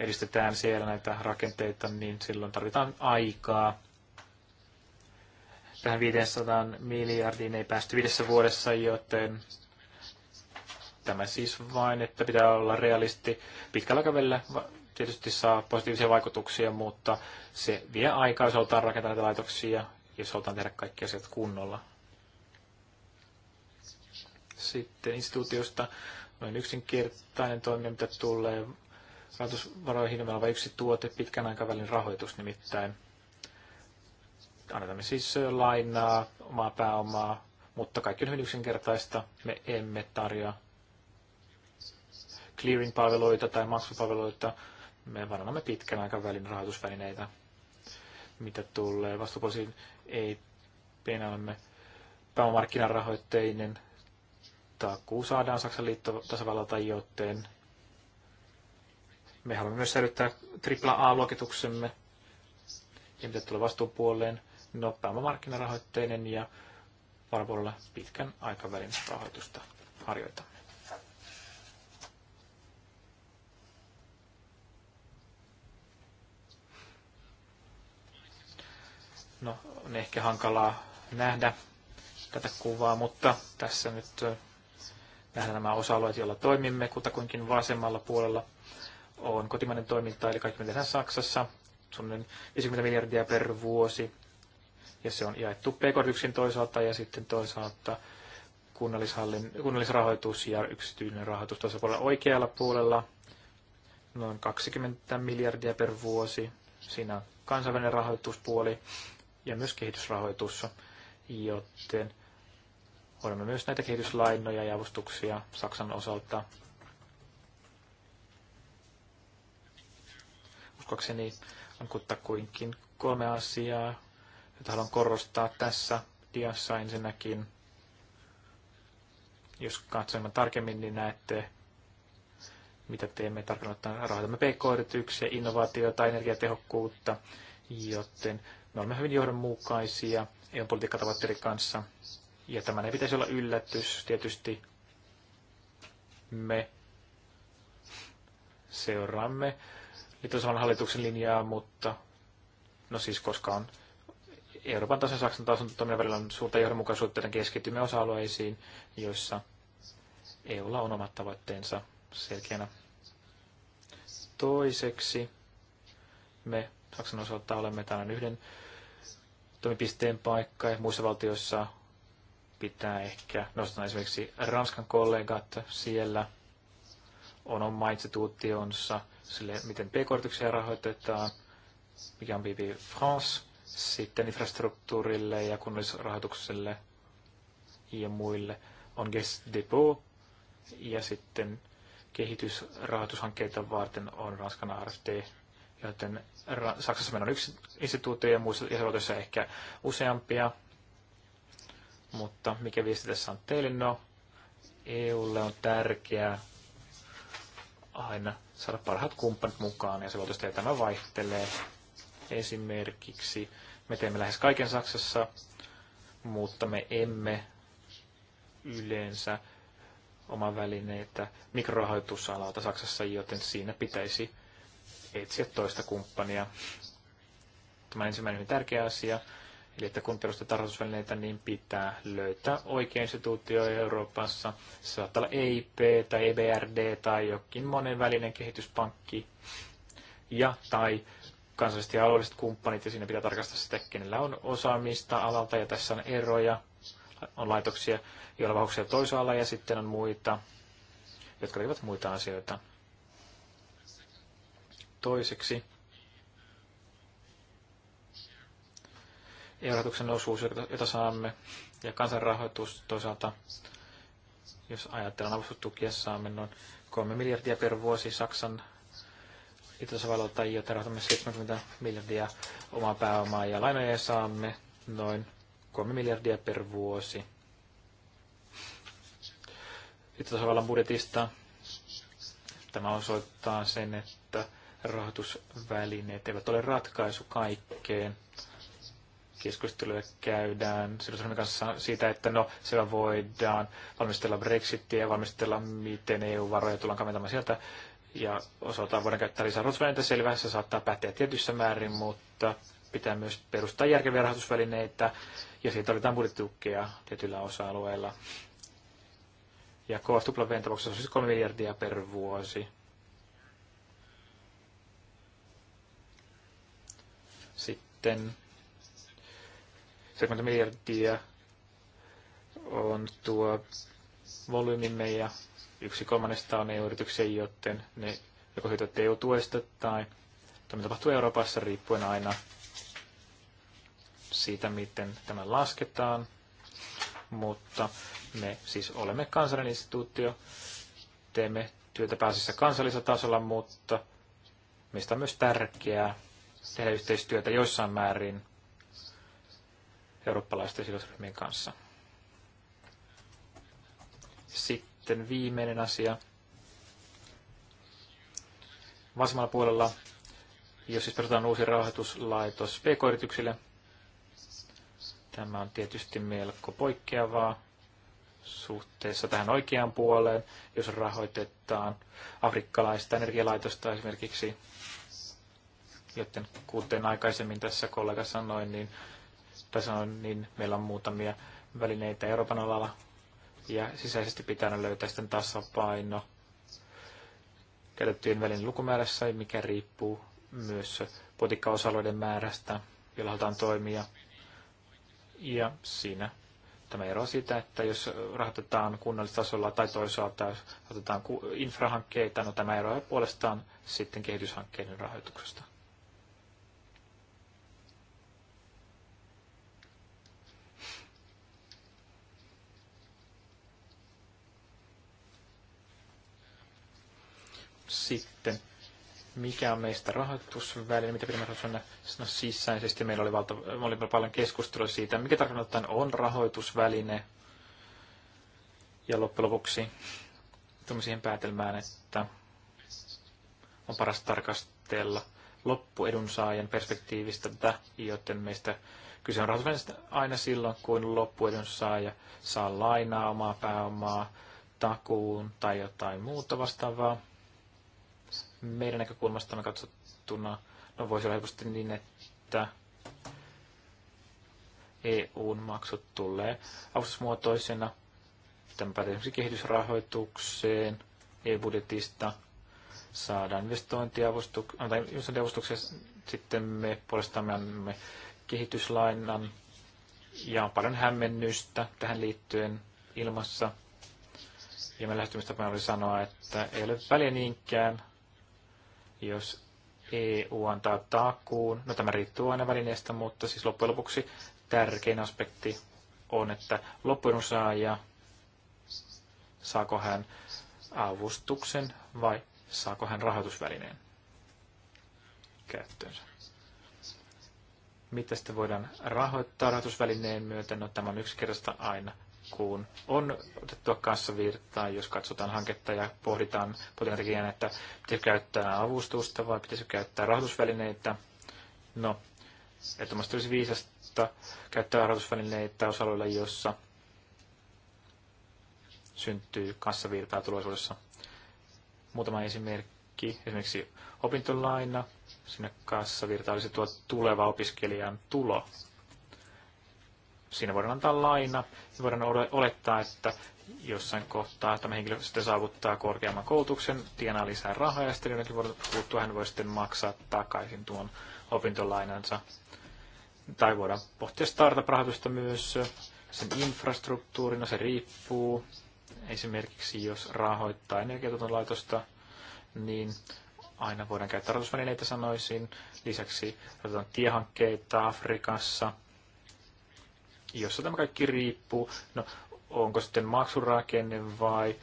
edistetään siellä näitä rakenteita, niin silloin tarvitaan aikaa tähän 500 miljardiin ei päästy viidessä vuodessa, joten tämä siis vain, että pitää olla realisti. Pitkällä aikavälillä tietysti saa positiivisia vaikutuksia, mutta se vie aikaa, jos halutaan rakentaa näitä laitoksia, jos halutaan tehdä kaikki asiat kunnolla. Sitten instituutiosta noin yksinkertainen toimija, mitä tulee rahoitusvaroihin, on vain yksi tuote, pitkän aikavälin rahoitus nimittäin. Annamme siis lainaa, omaa pääomaa, mutta kaikki on hyvin yksinkertaista. Me emme tarjoa clearing-palveluita tai maksupalveluita. Me varannamme pitkän aikavälin rahoitusvälineitä. Mitä tulee vastapuolisiin, ei pienemme pääomamarkkinarahoitteinen takuu saadaan Saksan liittotasavallalta, joten me haluamme myös säilyttää AAA-luokituksemme. Ja mitä tulee vastuupuoleen, No, pääomamarkkinarahoitteinen ja varmuudella pitkän aikavälin rahoitusta harjoitamme. No, on ehkä hankalaa nähdä tätä kuvaa, mutta tässä nyt nähdään nämä osa-alueet, joilla toimimme. Kutakuinkin vasemmalla puolella on kotimainen toiminta, eli kaikki me tehdään Saksassa, suunnilleen 50 miljardia per vuosi ja se on jaettu pk toisaalta ja sitten toisaalta kunnallisrahoitus ja yksityinen rahoitus puolella oikealla puolella noin 20 miljardia per vuosi. Siinä on kansainvälinen rahoituspuoli ja myös kehitysrahoitus, joten hoidamme myös näitä kehityslainoja ja avustuksia Saksan osalta. Uskoakseni on kuitenkin kolme asiaa, nyt haluan korostaa tässä diassa ensinnäkin. Jos katsomme tarkemmin, niin näette, mitä teemme tarkoittaa rahoitamme pk-yrityksiä, innovaatioita, energiatehokkuutta, joten me olemme hyvin johdonmukaisia EU-politiikkatavoitteiden kanssa. Ja tämän ei pitäisi olla yllätys. Tietysti me seuraamme liittosavallan hallituksen linjaa, mutta no siis koska on Euroopan tason Saksan tason toiminnan välillä on suurta johdonmukaisuutta, joten keskittymme osa-alueisiin, joissa EUlla on omat tavoitteensa selkeänä. Toiseksi me Saksan osalta olemme tällainen yhden toimipisteen paikka ja muissa valtioissa pitää ehkä nostaa esimerkiksi Ranskan kollegat siellä on oma instituutionsa sille, miten pk rahoitetaan, mikä on BB France, sitten infrastruktuurille ja kunnallisrahoitukselle ja muille on Guest Depot ja sitten kehitysrahoitushankkeita varten on Ranskan AFD, joten Ra- Saksassa meillä on yksi instituutio ja muissa jäsenvaltioissa ehkä useampia. Mutta mikä viesti tässä on teille? No, EUlle on tärkeää aina saada parhaat kumppanit mukaan ja se ja tämä vaihtelee esimerkiksi me teemme lähes kaiken Saksassa, mutta me emme yleensä oma välineitä mikrorahoitusalalta Saksassa, joten siinä pitäisi etsiä toista kumppania. Tämä on ensimmäinen hyvin tärkeä asia. Eli että kun perustetaan rahoitusvälineitä, niin pitää löytää oikea instituutio Euroopassa. Se saattaa olla EIP tai EBRD tai jokin monen välinen kehityspankki ja tai kansalliset ja alueelliset kumppanit, ja siinä pitää tarkastaa sitä, kenellä on osaamista alalta, ja tässä on eroja. On laitoksia, joilla on toisaalla, ja sitten on muita, jotka tekevät muita asioita. Toiseksi, eurotuksen osuus, jota saamme, ja kansanrahoitus toisaalta, jos ajatellaan avustustukia, saamme noin 3 miljardia per vuosi Saksan Itävallalta, jota rahoitamme 70 miljardia omaa pääomaa ja lainoja saamme noin 3 miljardia per vuosi. Itävallan budjetista tämä osoittaa sen, että rahoitusvälineet eivät ole ratkaisu kaikkeen. Keskusteluja käydään sidosryhmän kanssa siitä, että no, siellä voidaan valmistella Brexitia ja valmistella, miten EU-varoja tullaan kaventamaan sieltä ja osaltaan voidaan käyttää lisää rahoitusvälineitä. Selvä, se saattaa päteä tietyssä määrin, mutta pitää myös perustaa järkeviä rahoitusvälineitä ja siitä tarvitaan budjettitukea tietyillä osa-alueilla. Ja KFWn tapauksessa on siis 3 miljardia per vuosi. Sitten 70 miljardia on tuo volyymimme ja yksi kolmannesta on EU-yrityksiä, joten ne joko hyötyvät EU-tuesta tai toiminta tapahtuu Euroopassa riippuen aina siitä, miten tämä lasketaan. Mutta me siis olemme kansallinen instituutio, teemme työtä pääasiassa kansallisella tasolla, mutta mistä on myös tärkeää tehdä yhteistyötä joissain määrin eurooppalaisten sidosryhmien kanssa. Sitten sitten viimeinen asia. Vasemmalla puolella, jos siis perustetaan uusi rahoituslaitos pk-yrityksille, tämä on tietysti melko poikkeavaa suhteessa tähän oikeaan puoleen, jos rahoitetaan afrikkalaista energialaitosta esimerkiksi, joten kuten aikaisemmin tässä kollega sanoi, niin, tai sanoin, niin meillä on muutamia välineitä Euroopan alalla ja sisäisesti pitää löytää sitten tasapaino käytettyjen välin lukumäärässä, mikä riippuu myös potikkaosaloiden määrästä, jolla halutaan toimia. Ja siinä tämä ero siitä, että jos rahoitetaan kunnallistasolla tai toisaalta jos rahoitetaan infrahankkeita, no tämä eroaa puolestaan sitten kehityshankkeiden rahoituksesta. Sitten, mikä on meistä rahoitusväline, mitä pidämme rahoitusväline? No sisäisesti meillä oli, valta, oli paljon keskustelua siitä, mikä tarkoittaa on rahoitusväline. Ja loppujen lopuksi tuomme siihen päätelmään, että on paras tarkastella loppuedunsaajan perspektiivistä tätä, joten meistä kyse on rahoitusvälineestä aina silloin, kun loppuedunsaaja saa lainaa omaa pääomaa, takuun tai jotain muuta vastaavaa meidän näkökulmastamme katsottuna, no voisi olla helposti niin, että EUn maksut tulee avustusmuotoisena. Tämä pätee esimerkiksi kehitysrahoitukseen, e-budjetista saadaan no, investointiavustuksia, sitten me sitten me annamme kehityslainan ja on paljon hämmennystä tähän liittyen ilmassa. Ja me lähtymistapamme oli sanoa, että ei ole väliä niinkään, jos EU antaa takuun, no tämä riittuu aina välineestä, mutta siis loppujen lopuksi tärkein aspekti on, että loppujen saaja, saako hän avustuksen vai saako hän rahoitusvälineen käyttöönsä. Mitä sitten voidaan rahoittaa rahoitusvälineen myöten? No tämä on kerrasta aina alkuun on otettua kassavirtaan, jos katsotaan hanketta ja pohditaan potentiaalinen, että pitäisi käyttää avustusta vai pitäisi käyttää rahoitusvälineitä. No, ehdottomasti olisi viisasta käyttää rahoitusvälineitä osa jossa syntyy kassavirtaa tuloisuudessa. Muutama esimerkki, esimerkiksi opintolaina, sinne kassavirta olisi tuo tuleva opiskelijan tulo siinä voidaan antaa laina, ja voidaan olettaa, että jossain kohtaa tämä henkilö sitten saavuttaa korkeamman koulutuksen, tienaa lisää rahaa, ja sitten jonnekin kuluttua hän voi sitten maksaa takaisin tuon opintolainansa. Tai voidaan pohtia startup-rahoitusta myös, sen infrastruktuurina no se riippuu. Esimerkiksi jos rahoittaa energiatuotantolaitosta, niin aina voidaan käyttää rahoitusvälineitä sanoisin. Lisäksi tiehankkeita Afrikassa – jossa tämä kaikki riippuu. No, onko sitten maksurakenne vai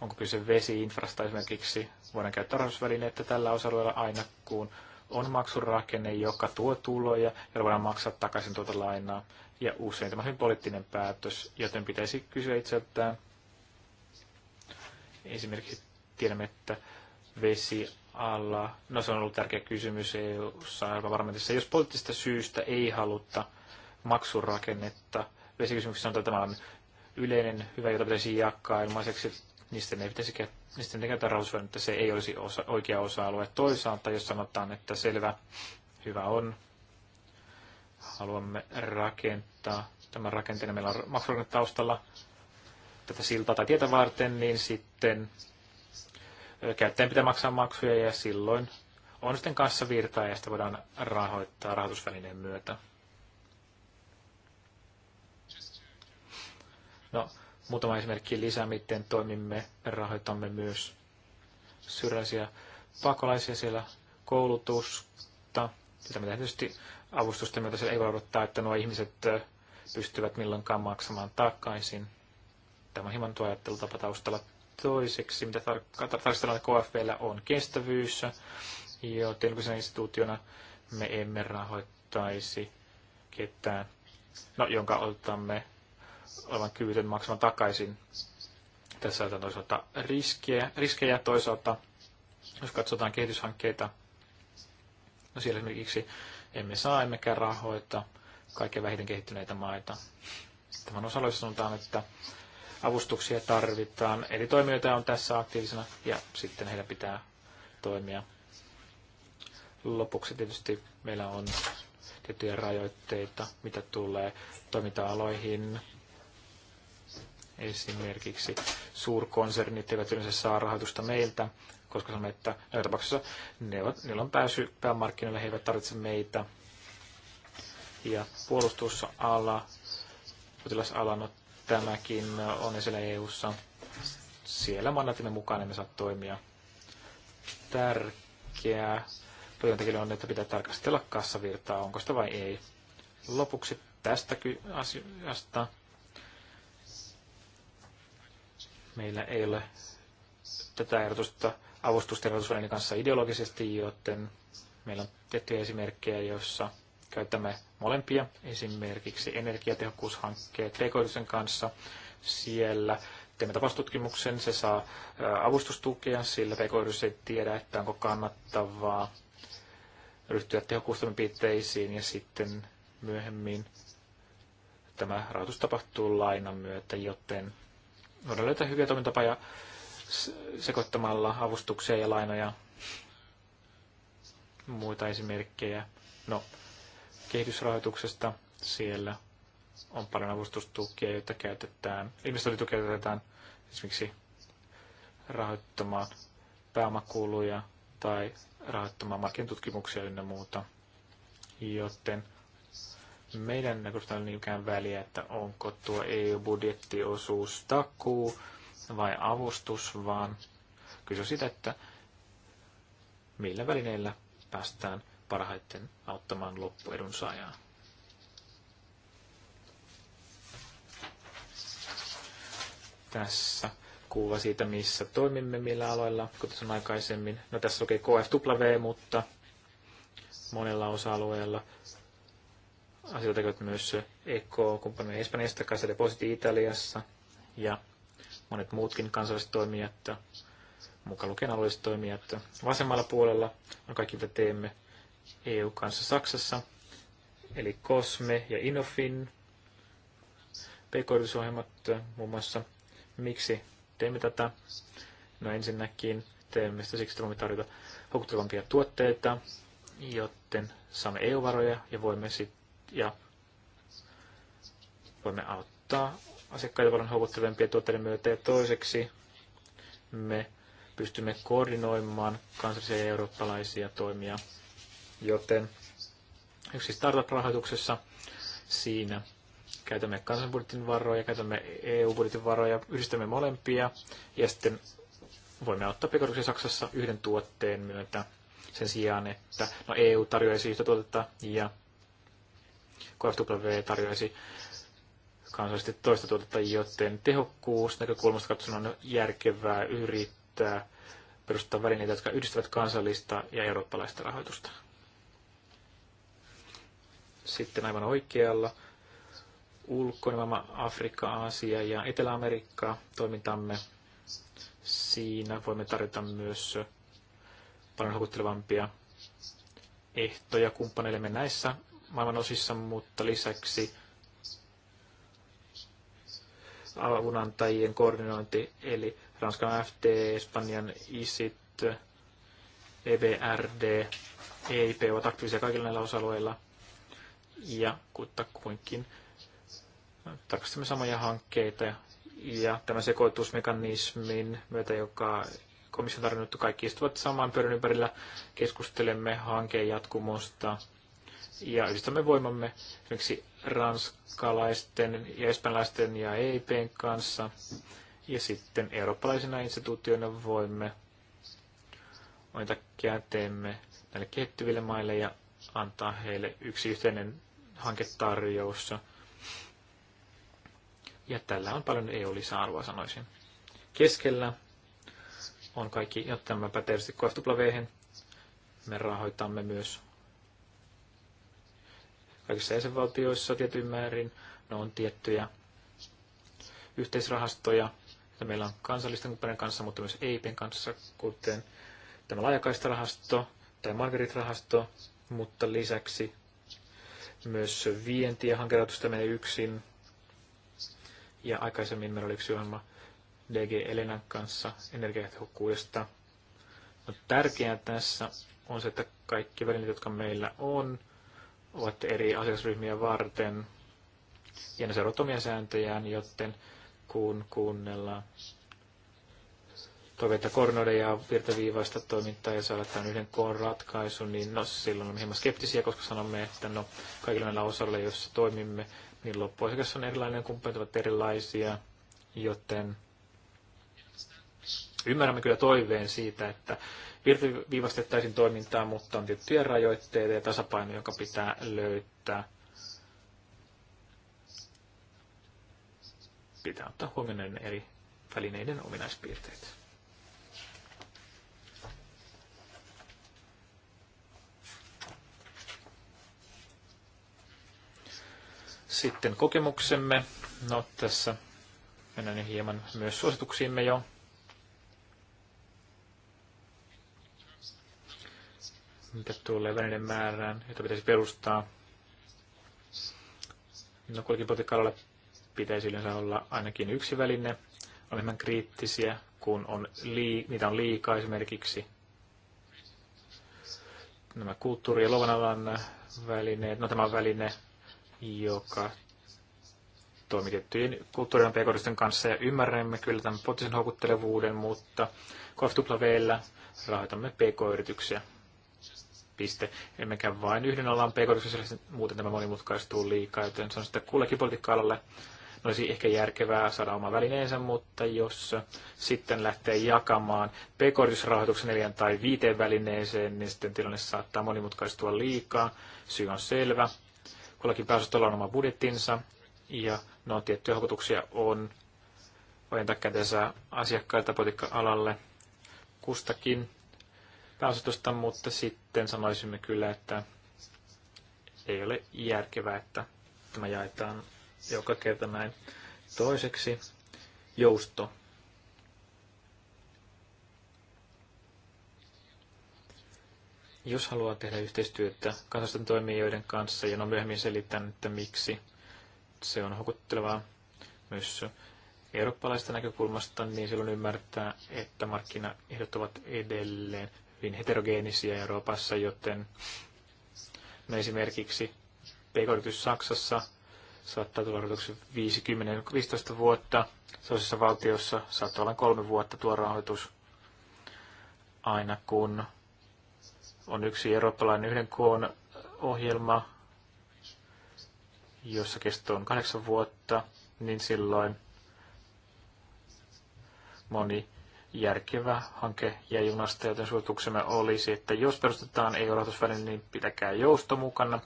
onko kyse vesiinfrasta esimerkiksi. Voidaan käyttää rahoitusvälineitä tällä osa-alueella aina, kun on maksurakenne, joka tuo tuloja, ja voidaan maksaa takaisin tuota lainaa. Ja usein tämä on poliittinen päätös, joten pitäisi kysyä itseltään. Esimerkiksi tiedämme, että alla, no se on ollut tärkeä kysymys EU-ssa Jos poliittisesta syystä ei haluta maksurakennetta. Vesikysymyksessä on, tämä yleinen hyvä, jota pitäisi jakaa ilmaiseksi. Niistä ei pitäisi niistä ei käytä rahoitusvoja, että se ei olisi osa, oikea osa-alue. Toisaalta, jos sanotaan, että selvä, hyvä on, haluamme rakentaa tämän rakenteen, meillä on maksurakenne taustalla tätä siltaa tai tietä varten, niin sitten käyttäjän pitää maksaa maksuja ja silloin on sitten kanssa virtaa ja sitä voidaan rahoittaa rahoitusvälineen myötä. No, muutama esimerkki lisää, miten toimimme, rahoitamme myös syrjäisiä pakolaisia siellä koulutusta. Sitä me tietysti avustusten myötä ei voi odottaa, että nuo ihmiset pystyvät milloinkaan maksamaan takaisin. Tämä on hieman tuo ajattelutapa taustalla toiseksi, mitä tarkastellaan että KFVllä on kestävyys, joten kun instituutiona me emme rahoittaisi ketään, no, jonka otamme olevan kyvytön maksamaan takaisin. Tässä on toisaalta riskejä, riskejä toisaalta, jos katsotaan kehityshankkeita, no siellä esimerkiksi emme saa emmekä rahoita kaikkein vähiten kehittyneitä maita. Tämän osalla sanotaan, että avustuksia tarvitaan. Eli toimijoita on tässä aktiivisena ja sitten heidän pitää toimia. Lopuksi tietysti meillä on tiettyjä rajoitteita, mitä tulee toiminta-aloihin, Esimerkiksi suurkonsernit eivät yleensä saa rahoitusta meiltä, koska sanomme, että näillä tapauksessa ne ovat, niillä on pääsy päämarkkinoille, he eivät tarvitse meitä. Ja puolustusala, potilasala, no tämäkin on esillä EU-ssa. Siellä mandatimme mukaan emme saa toimia. Tärkeää työntekijöille on, että pitää tarkastella kassavirtaa, onko sitä vai ei. Lopuksi tästä asiasta Meillä ei ole tätä erotusta avustusten kanssa ideologisesti, joten meillä on tiettyjä esimerkkejä, joissa käytämme molempia, esimerkiksi energiatehokkuushankkeet pk kanssa. Siellä teemme tapaustutkimuksen, se saa avustustukea, sillä pk ei tiedä, että onko kannattavaa ryhtyä tehokkuustamipiitteisiin ja sitten myöhemmin tämä rahoitus tapahtuu lainan myötä, joten voidaan löytää hyviä toimintapaja sekoittamalla avustuksia ja lainoja. Muita esimerkkejä. No, kehitysrahoituksesta siellä on paljon avustustukia, joita käytetään, investointitukia käytetään esimerkiksi rahoittamaan pääomakuluja tai rahoittamaan markkinatutkimuksia ynnä muuta. Joten meidän näkökulmasta on niinkään väliä, että onko tuo EU-budjettiosuus takuu vai avustus, vaan kyse on sitä, että millä välineillä päästään parhaiten auttamaan loppuedunsaajaa. Tässä kuva siitä, missä toimimme, millä aloilla, kuten sanoin aikaisemmin. No tässä lukee KFW, mutta monella osa-alueella asioita tekevät myös EK-kumppani Espanjasta, Casa Depositi Italiassa ja monet muutkin kansalliset toimijat, mukaan lukien alueelliset toimijat. Vasemmalla puolella on kaikki, mitä teemme EU kanssa Saksassa, eli COSME ja INOFIN, pk muun muassa. Miksi teemme tätä? No ensinnäkin teemme sitä siksi, että voimme tarjota houkuttelevampia tuotteita, joten saamme EU-varoja ja voimme sitten ja voimme auttaa asiakkaita paljon houkuttelevampien tuotteiden myötä. Ja toiseksi me pystymme koordinoimaan kansallisia ja eurooppalaisia toimia, joten yksi startup-rahoituksessa siinä käytämme kansanbudjetin varoja, käytämme EU-budjetin varoja, yhdistämme molempia ja sitten voimme ottaa pekorituksen Saksassa yhden tuotteen myötä sen sijaan, että no EU tarjoaisi yhtä tuotetta ja KFW tarjoaisi kansallisesti toista tuotetta, joten tehokkuus näkökulmasta katsoen on järkevää yrittää perustaa välineitä, jotka yhdistävät kansallista ja eurooppalaista rahoitusta. Sitten aivan oikealla ulkoilma Afrikka, Aasia ja Etelä-Amerikka toimintamme. Siinä voimme tarjota myös paljon houkuttelevampia ehtoja kumppaneillemme näissä maailman osissa, mutta lisäksi avunantajien koordinointi, eli Ranskan FT, Espanjan ISIT, EBRD, EIP ovat aktiivisia kaikilla näillä osa-alueilla. Ja kuitenkin tarkastamme samoja hankkeita ja tämä sekoitusmekanismin myötä, joka komissio on tarjonnut, kaikki istuvat saman pyörän ympärillä, keskustelemme hankkeen jatkumosta, ja yhdistämme voimamme esimerkiksi ranskalaisten ja espanjalaisten ja EIPn kanssa. Ja sitten eurooppalaisina instituutioina voimme ointa käteemme näille kehittyville maille ja antaa heille yksi yhteinen hanketarjous. Ja tällä on paljon EU-lisäarvoa, sanoisin. Keskellä on kaikki, jotta tämä pätee tietysti Me rahoitamme myös kaikissa jäsenvaltioissa tietyn määrin. Ne on tiettyjä yhteisrahastoja, joita meillä on kansallisten kumppanien kanssa, mutta myös EIPin kanssa, kuten tämä laajakaistarahasto tai margarit rahasto mutta lisäksi myös vienti- ja hankerautusta menee yksin. Ja aikaisemmin meillä oli yksi ohjelma DG Elenan kanssa energiatehokkuudesta. No, tärkeää tässä on se, että kaikki välineet, jotka meillä on, ovat eri asiakasryhmiä varten. Ja ne seuraavat omia sääntöjään, joten kun kuunnellaan toiveita koordinoida ja virtaviivaista toimintaa ja saada tämän yhden koon ratkaisu, niin no, silloin on hieman skeptisiä, koska sanomme, että no, kaikilla näillä osalla, joissa toimimme, niin loppuasiakas on erilainen, kumppanit ovat erilaisia, joten ymmärrämme kyllä toiveen siitä, että virtaviivastettaisiin toimintaa, mutta on tiettyjä rajoitteita ja tasapaino, joka pitää löytää. Pitää ottaa huomioon eri välineiden ominaispiirteet. Sitten kokemuksemme. No tässä mennään hieman myös suosituksiimme jo. mitä tulee välineiden määrään, jota pitäisi perustaa. No kuitenkin potikkaalalla pitäisi yleensä olla ainakin yksi väline, on enemmän kriittisiä, kun on lii- niitä on liikaa esimerkiksi. Nämä kulttuuri- ja luovan välineet, no tämä on väline, joka toimii tiettyjen kulttuurien pk kanssa ja ymmärrämme kyllä tämän potisen houkuttelevuuden, mutta KFWllä rahoitamme pk-yrityksiä piste. Emmekä vain yhden alan pk muuten tämä monimutkaistuu liikaa, joten se on sitten kullekin politiikka-alalle no olisi ehkä järkevää saada oma välineensä, mutta jos sitten lähtee jakamaan pk neljän tai viiteen välineeseen, niin sitten tilanne saattaa monimutkaistua liikaa. Syy on selvä. Kullakin pääosastolla on oma budjettinsa ja no tiettyjä houkutuksia on ojentaa kätensä asiakkailta politiikka alalle kustakin pääosatusta, mutta sitten sanoisimme kyllä, että ei ole järkevää, että tämä jaetaan joka kerta näin. Toiseksi jousto. Jos haluaa tehdä yhteistyötä kansallisten toimijoiden kanssa, ja no myöhemmin selitän, että miksi se on houkuttelevaa myös eurooppalaista näkökulmasta, niin silloin ymmärtää, että markkinaehdot ovat edelleen hyvin heterogeenisiä Euroopassa, joten no esimerkiksi pk Saksassa saattaa tulla 50-15 vuotta, toisessa valtiossa saattaa olla kolme vuotta tuo rahoitus, aina kun on yksi eurooppalainen yhden koon ohjelma, jossa kesto on kahdeksan vuotta, niin silloin moni järkevä hanke ja junasta, joten suosituksemme olisi, että jos perustetaan EU-rahoitusväline, niin pitäkää jousto mukana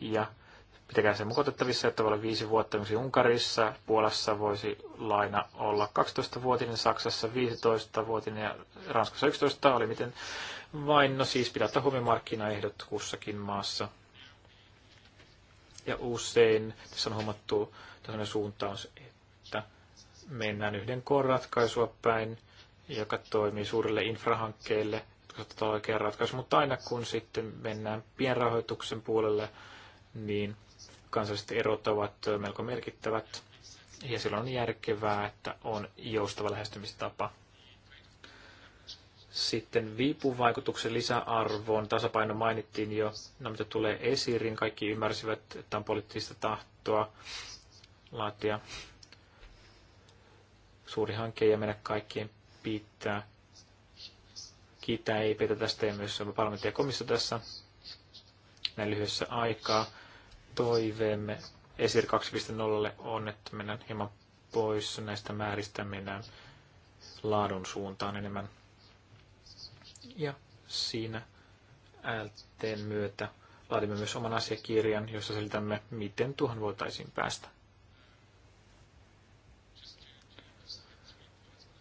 ja pitäkää se mukotettavissa, että voi olla viisi vuotta esimerkiksi Unkarissa, Puolassa voisi laina olla 12-vuotinen, Saksassa 15-vuotinen ja Ranskassa 11 oli miten vain, no siis pitää ottaa huomioon markkinaehdot kussakin maassa. Ja usein tässä on huomattu tällainen suuntaus, että mennään yhden korratkaisua päin, joka toimii suurille infrahankkeille, jotka saattaa olla oikea ratkaisu, mutta aina kun sitten mennään pienrahoituksen puolelle, niin kansalliset erot ovat melko merkittävät ja silloin on järkevää, että on joustava lähestymistapa. Sitten viipuvaikutuksen lisäarvoon tasapaino mainittiin jo, no mitä tulee esiriin, kaikki ymmärsivät, että on poliittista tahtoa laatia suuri hanke ja mennä kaikkien pitää kiittää e petä tästä ja myös parlamenttia ja komissio tässä näin lyhyessä aikaa. Toiveemme ESIR 2.0 on, että mennään hieman pois näistä määristä, mennään laadun suuntaan enemmän. Ja siinä äälteen myötä laadimme myös oman asiakirjan, jossa selitämme, miten tuohon voitaisiin päästä.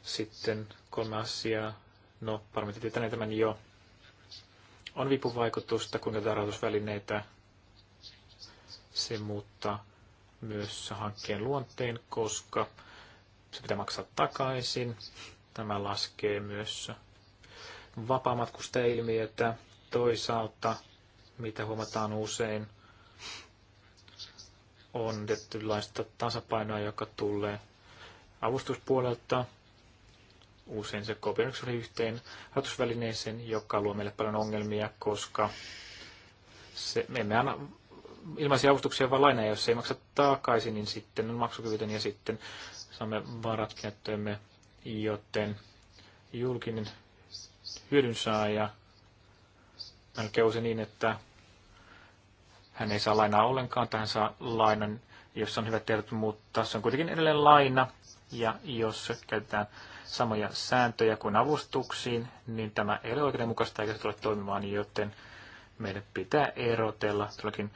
Sitten kolme asiaa. No, varmasti tietänee tämän jo. On vipuvaikutusta, kun tätä rahoitusvälineitä se muuttaa myös hankkeen luonteen, koska se pitää maksaa takaisin. Tämä laskee myös vapaamatkustajilmiötä. Toisaalta, mitä huomataan usein, on tietynlaista tasapainoa, joka tulee avustuspuolelta, usein se kopioidukseni yhteen rahoitusvälineeseen, joka luo meille paljon ongelmia, koska se, me emme aina ilmaisia avustuksia, vaan lainaa, jos se ei maksa takaisin, niin sitten on maksukyvytön ja sitten saamme varat käyttöömme, joten julkinen ja melkein usein niin, että hän ei saa lainaa ollenkaan, tähän saa lainan, jossa on hyvät tiedot, mutta se on kuitenkin edelleen laina, ja jos käytetään samoja sääntöjä kuin avustuksiin, niin tämä ei ole oikeudenmukaista eikä se tule toimimaan, joten meidän pitää erotella tuollakin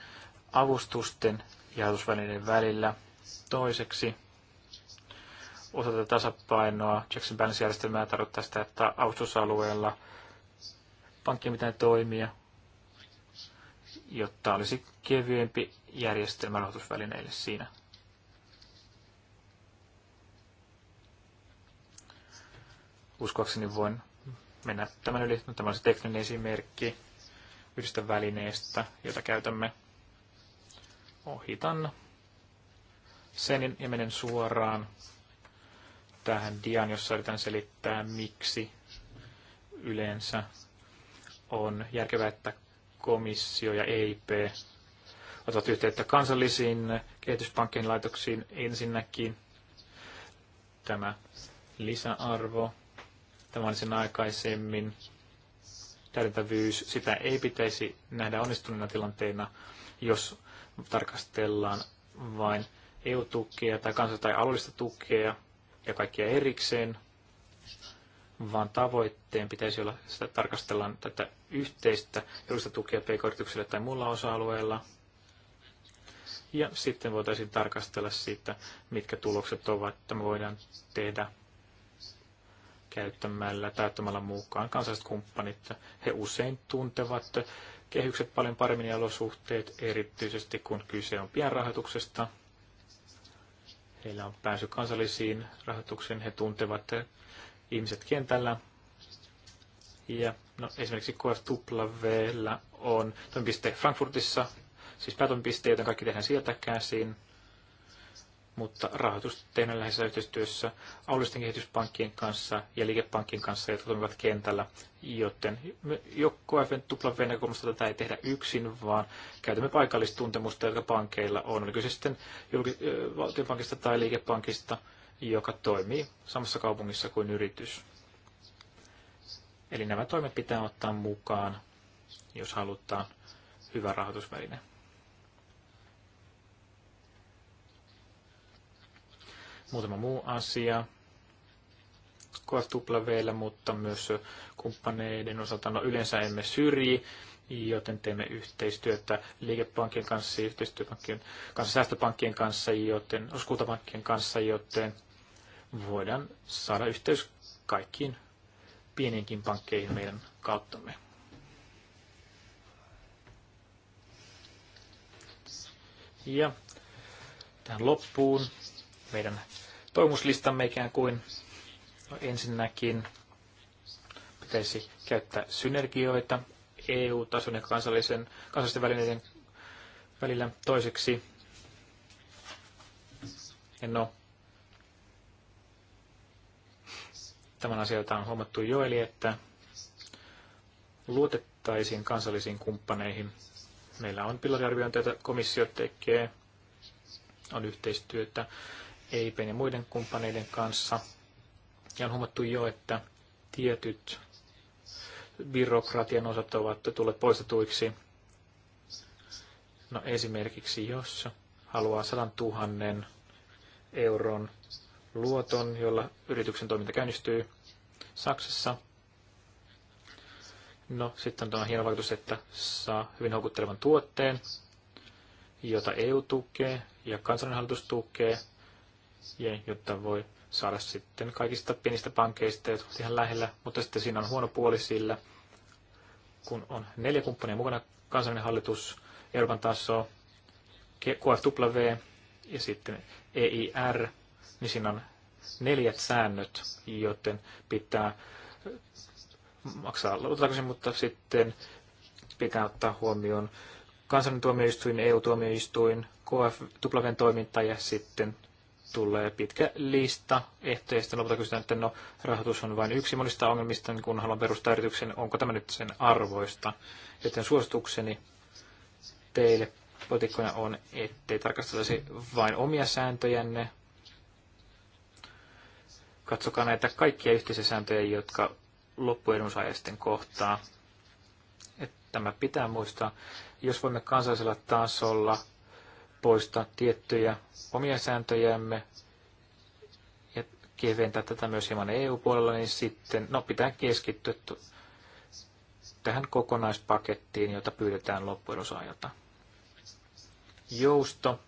avustusten ja ajatusvälineiden välillä. Toiseksi osa tätä tasapainoa, and Balance-järjestelmää tarkoittaa sitä, että avustusalueella pankkien pitää toimia, jotta olisi kevyempi järjestelmä rahoitusvälineille siinä. uskoakseni voin mennä tämän yli. No, tämä on se tekninen esimerkki yhdestä välineestä, jota käytämme. Ohitan sen ja menen suoraan tähän diaan, jossa yritän selittää, miksi yleensä on järkevää, että komissio ja EIP ottavat yhteyttä kansallisiin kehityspankkien laitoksiin ensinnäkin. Tämä lisäarvo Tämä on sen aikaisemmin. Täydentävyys, sitä ei pitäisi nähdä onnistuneena tilanteena, jos tarkastellaan vain EU-tukea tai kansa- tai alueellista tukea ja kaikkia erikseen, vaan tavoitteen pitäisi olla, sitä tarkastellaan tätä yhteistä edullista tukea pk-yritykselle tai muulla osa-alueella. Ja sitten voitaisiin tarkastella siitä, mitkä tulokset ovat, että me voidaan tehdä käyttämällä tai ottamalla mukaan kansalliset kumppanit. He usein tuntevat kehykset paljon paremmin ja olosuhteet, erityisesti kun kyse on pienrahoituksesta. Heillä on pääsy kansallisiin rahoituksiin, he tuntevat ihmiset kentällä. Ja no, esimerkiksi KFW on toimipiste Frankfurtissa, siis päätoimipiste, joten kaikki tehdään sieltä käsin mutta rahoitusta tehdään läheisessä yhteistyössä alueellisten kehityspankkien kanssa ja liikepankkien kanssa, jotka toimivat kentällä, joten joko FNWn näkökulmasta tätä ei tehdä yksin, vaan käytämme paikallistuntemusta, joka pankeilla on, oli kyse sitten julk- valtionpankista tai liikepankista, joka toimii samassa kaupungissa kuin yritys. Eli nämä toimet pitää ottaa mukaan, jos halutaan hyvä rahoitusväline. muutama muu asia KFWllä, mutta myös kumppaneiden osalta no, yleensä emme syrji, joten teemme yhteistyötä liikepankkien kanssa, yhteistyöpankkien kanssa, säästöpankkien kanssa, joten oskultapankkien kanssa, joten voidaan saada yhteys kaikkiin pieniinkin pankkeihin meidän kauttamme. Ja tähän loppuun meidän toimuslistamme ikään kuin. No ensinnäkin pitäisi käyttää synergioita EU-tason ja kansallisen, kansallisten välineiden välillä toiseksi. Ja no, tämän asian, on huomattu jo, eli että luotettaisiin kansallisiin kumppaneihin. Meillä on pilariarviointeja, komissio tekee, on yhteistyötä EIPn ja muiden kumppaneiden kanssa. Ja on huomattu jo, että tietyt byrokratian osat ovat tulleet poistetuiksi. No esimerkiksi jos haluaa 100 000 euron luoton, jolla yrityksen toiminta käynnistyy Saksassa. No sitten on tämä hieno vaikutus, että saa hyvin houkuttelevan tuotteen, jota EU tukee ja kansallinen hallitus tukee ja jotta voi saada sitten kaikista pienistä pankeista, jotka ovat ihan lähellä, mutta sitten siinä on huono puoli sillä, kun on neljä kumppania mukana, kansallinen hallitus, Euroopan taso, QFW ja sitten EIR, niin siinä on neljät säännöt, joten pitää maksaa luotakaisin, mutta sitten pitää ottaa huomioon kansallinen tuomioistuin, EU-tuomioistuin, KFWn toiminta ja sitten tulee pitkä lista ehtoja. Sitten lopulta kysytään, että no, rahoitus on vain yksi monista ongelmista, niin kun haluan perustaa yrityksen, onko tämä nyt sen arvoista. Joten suositukseni teille potikkoina on, ettei tarkastelisi vain omia sääntöjänne. Katsokaa näitä kaikkia yhteisiä sääntöjä, jotka loppuedunsaaja kohtaa. Että tämä pitää muistaa. Jos voimme kansallisella tasolla poistaa tiettyjä omia sääntöjämme ja keventää tätä myös hieman EU-puolella, niin sitten no, pitää keskittyä tähän kokonaispakettiin, jota pyydetään loppuedosaajalta. Jousto.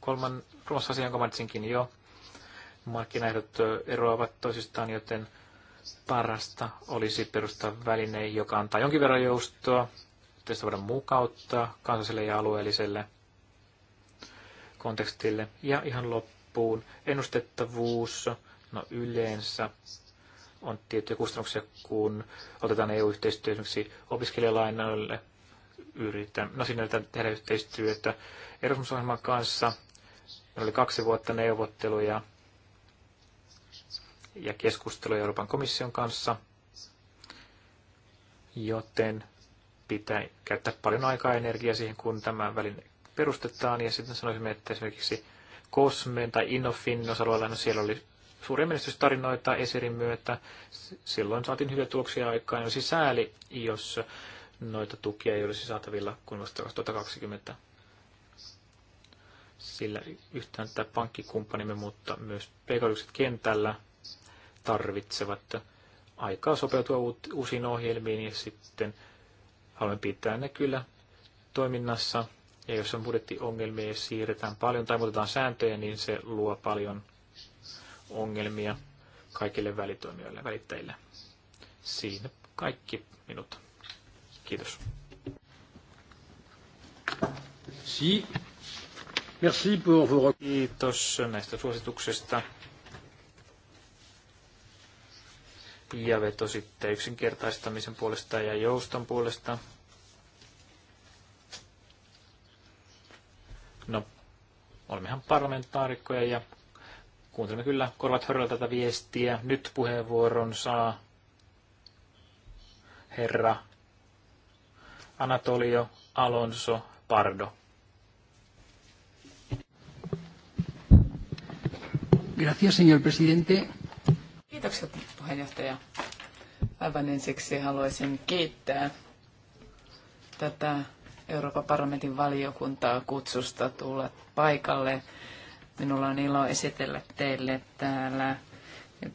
Kolman, kolmas asia, jonka mainitsinkin jo. Markkinaehdot eroavat toisistaan, joten parasta olisi perustaa väline, joka antaa jonkin verran joustoa, tästä voidaan mukauttaa kansalliselle ja alueelliselle kontekstille. Ja ihan loppuun, ennustettavuus, no yleensä on tiettyjä kustannuksia, kun otetaan EU-yhteistyö esimerkiksi opiskelijalainoille, yritän, no siinä tehdä yhteistyötä erasmus kanssa. Meillä oli kaksi vuotta neuvotteluja ja keskusteluja Euroopan komission kanssa, joten pitää käyttää paljon aikaa ja energiaa siihen, kun tämä väline perustetaan ja sitten sanoisimme, että esimerkiksi Cosmen tai Innofin osa-alueella, no siellä oli suuria menestystarinoita Esirin myötä. Silloin saatiin hyviä tuloksia aikaan ja olisi sääli, jos noita tukia ei olisi saatavilla kuin vasta 2020. Sillä yhtään tämä pankkikumppanimme, mutta myös pk kentällä tarvitsevat aikaa sopeutua uusiin ohjelmiin ja sitten haluan pitää ne kyllä toiminnassa ja jos on budjettiongelmia jos siirretään paljon tai muutetaan sääntöjä, niin se luo paljon ongelmia kaikille välitoimijoille, välittäjille. Siinä kaikki minut. Kiitos. Si. Merci pour vos... Kiitos näistä suosituksista. Ja veto sitten yksinkertaistamisen puolesta ja jouston puolesta. No, olemmehan parlamentaarikkoja ja kuuntelemme kyllä korvat hörrellä tätä viestiä. Nyt puheenvuoron saa herra Anatolio Alonso Pardo. Gracias, señor presidente. Kiitokset, puheenjohtaja. Aivan ensiksi haluaisin kiittää tätä Euroopan parlamentin valiokuntaa kutsusta tulla paikalle. Minulla on ilo esitellä teille täällä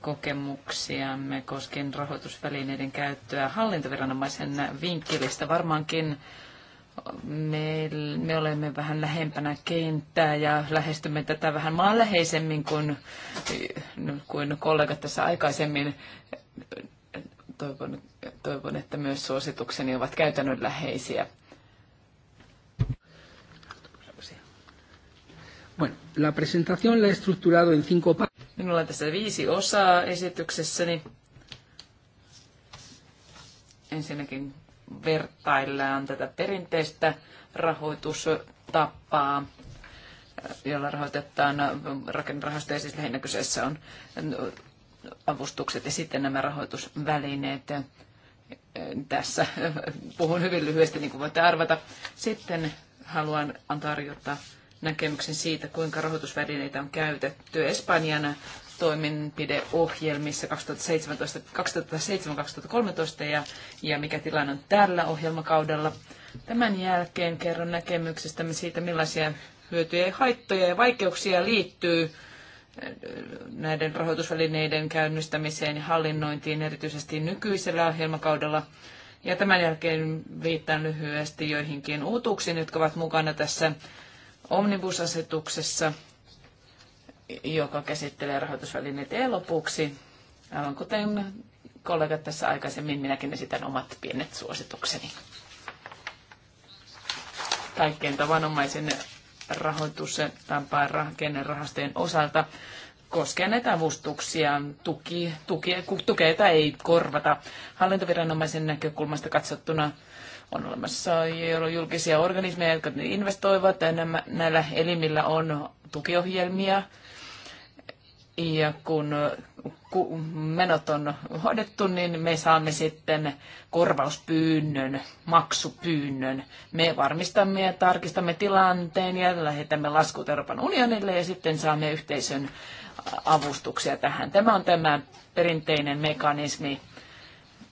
kokemuksiamme koskien rahoitusvälineiden käyttöä hallintoviranomaisen vinkkelistä. Varmaankin me, me olemme vähän lähempänä kenttää ja lähestymme tätä vähän maanläheisemmin kuin, kuin kollegat tässä aikaisemmin. Toivon, toivon, että myös suositukseni ovat käytännönläheisiä. läheisiä Bueno, la presentación la he estructurado en cinco Minulla on tässä viisi osaa esityksessäni. Ensinnäkin vertaillaan tätä perinteistä rahoitustapaa, jolla rahoitetaan rakennerahastoja, siis lähinnä kyseessä on avustukset ja sitten nämä rahoitusvälineet. Tässä puhun hyvin lyhyesti, niin kuin voitte arvata. Sitten haluan antaa tarjota näkemyksen siitä, kuinka rahoitusvälineitä on käytetty Espanjan toimenpideohjelmissa 2017-2013 ja, ja mikä tilanne on tällä ohjelmakaudella. Tämän jälkeen kerron näkemyksestämme siitä, millaisia hyötyjä ja haittoja ja vaikeuksia liittyy eh, näiden rahoitusvälineiden käynnistämiseen ja hallinnointiin erityisesti nykyisellä ohjelmakaudella. Ja tämän jälkeen viittaan lyhyesti joihinkin uutuuksiin, jotka ovat mukana tässä omnibusasetuksessa, joka käsittelee rahoitusvälineitä ja lopuksi, aivan kuten kollegat tässä aikaisemmin, minäkin esitän omat pienet suositukseni. Kaikkein tavanomaisen rahoitus- tai rakennerahastojen osalta koskee näitä avustuksia, tuki, tuki, tukea tai ei korvata. Hallintoviranomaisen näkökulmasta katsottuna on olemassa julkisia organismeja, jotka investoivat. Nämä, näillä elimillä on tukiohjelmia. Ja kun menot on hoidettu, niin me saamme sitten korvauspyynnön, maksupyynnön. Me varmistamme ja tarkistamme tilanteen ja lähetämme laskut Euroopan unionille ja sitten saamme yhteisön avustuksia tähän. Tämä on tämä perinteinen mekanismi,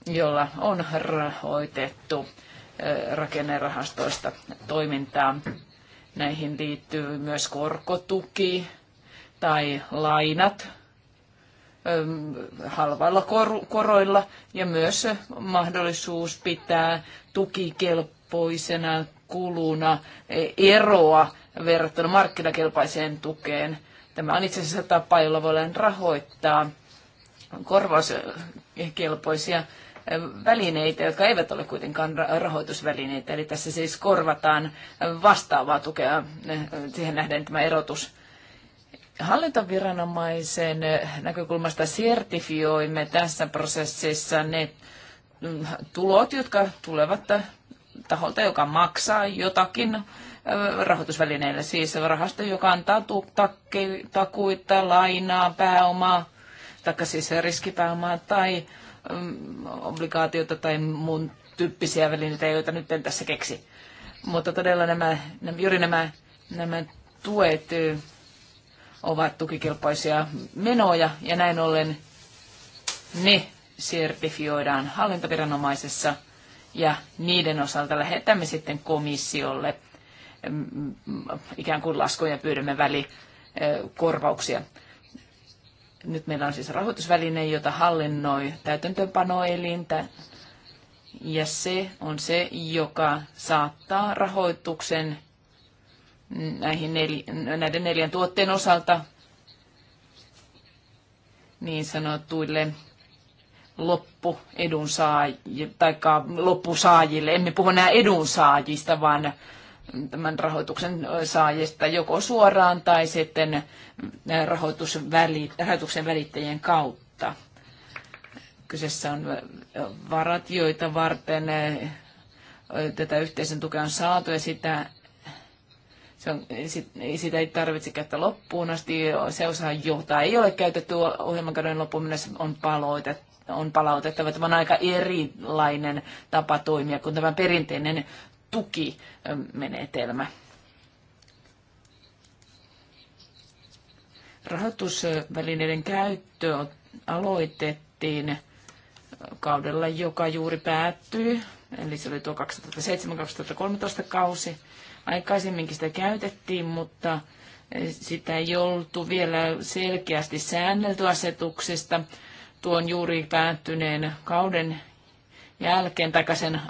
jolla on rahoitettu rakennerahastoista toimintaa. Näihin liittyy myös korkotuki tai lainat halvalla koroilla ja myös mahdollisuus pitää tukikelpoisena kuluna e, eroa verrattuna markkinakelpaiseen tukeen. Tämä on itse asiassa tapa, jolla voidaan rahoittaa korvauskelpoisia välineitä, jotka eivät ole kuitenkaan rahoitusvälineitä. Eli tässä siis korvataan vastaavaa tukea. Eh, siihen nähden tämä erotus hallintoviranomaisen eh, näkökulmasta sertifioimme tässä prosessissa ne mm, tulot, jotka tulevat taholta, joka maksaa jotakin eh, rahoitusvälineille, siis rahasto, joka antaa takuita, lainaa, pääomaa, tai siis riskipääomaa tai Mm, obligaatiota tai muun tyyppisiä välineitä, joita nyt en tässä keksi. Mutta todella nämä, nämä juuri nämä, nämä tuet ovat tukikelpoisia menoja ja näin ollen ne sertifioidaan hallintoviranomaisessa ja niiden osalta lähetämme sitten komissiolle mm, mm, ikään kuin laskuja pyydämme välikorvauksia. Nyt meillä on siis rahoitusväline, jota hallinnoi täytäntöönpanoelintä, ja se on se, joka saattaa rahoituksen näihin nel, näiden neljän tuotteen osalta niin sanotuille loppuedunsaajille, tai loppusaajille. Emme puhu nämä edunsaajista, vaan tämän rahoituksen saajista joko suoraan tai sitten rahoituksen välittäjien kautta. Kyseessä on varat, joita varten tätä yhteisön tukea on saatu ja sitä, se on, sitä ei tarvitse käyttää loppuun asti. Se osa, jota ei ole käytetty ohjelmakauden loppuun mennessä, on paloitettu on palautettava. Tämä on aika erilainen tapa toimia kuin tämä perinteinen tukimenetelmä. Rahoitusvälineiden käyttö aloitettiin kaudella, joka juuri päättyi, eli se oli tuo 2007-2013 kausi. Aikaisemminkin sitä käytettiin, mutta sitä ei oltu vielä selkeästi säännelty asetuksesta tuon juuri päättyneen kauden jälkeen, tai sen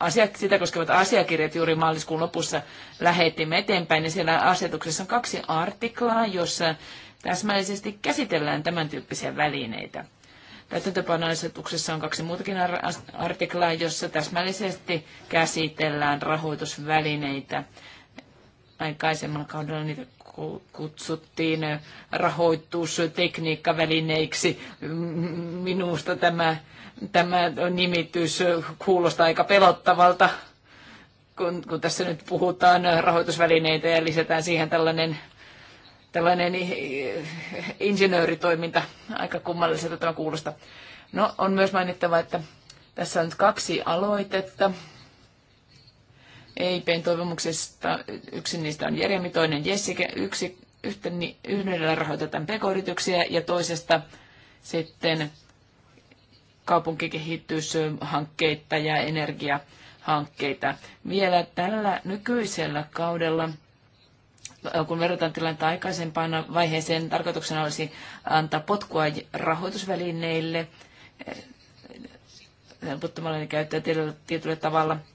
asia, sitä koskevat asiakirjat juuri maaliskuun lopussa lähetimme eteenpäin, niin siellä asetuksessa on kaksi artiklaa, jossa täsmällisesti käsitellään tämän tyyppisiä välineitä. Täytäntöpanoasetuksessa on kaksi muutakin artiklaa, jossa täsmällisesti käsitellään rahoitusvälineitä. Aikaisemmalla kaudella niitä kutsuttiin rahoitustekniikkavälineiksi. Minusta tämä, tämä nimitys kuulostaa aika pelottavalta, kun, kun tässä nyt puhutaan rahoitusvälineitä ja lisätään siihen tällainen tällainen insinööritoiminta, aika kummalliselta tämä kuulostaa. No, on myös mainittava, että tässä on nyt kaksi aloitetta, EIPn toivomuksesta. Yksi niistä on Jeremi, toinen Jessica. Yksi, yhtä, yhdellä rahoitetaan pk-yrityksiä ja toisesta sitten kaupunkikehityshankkeita ja energiahankkeita. Vielä tällä nykyisellä kaudella kun verrataan tilannetta aikaisempaan vaiheeseen, tarkoituksena olisi antaa potkua rahoitusvälineille helpottamalla ne käyttöä tietyllä tavalla –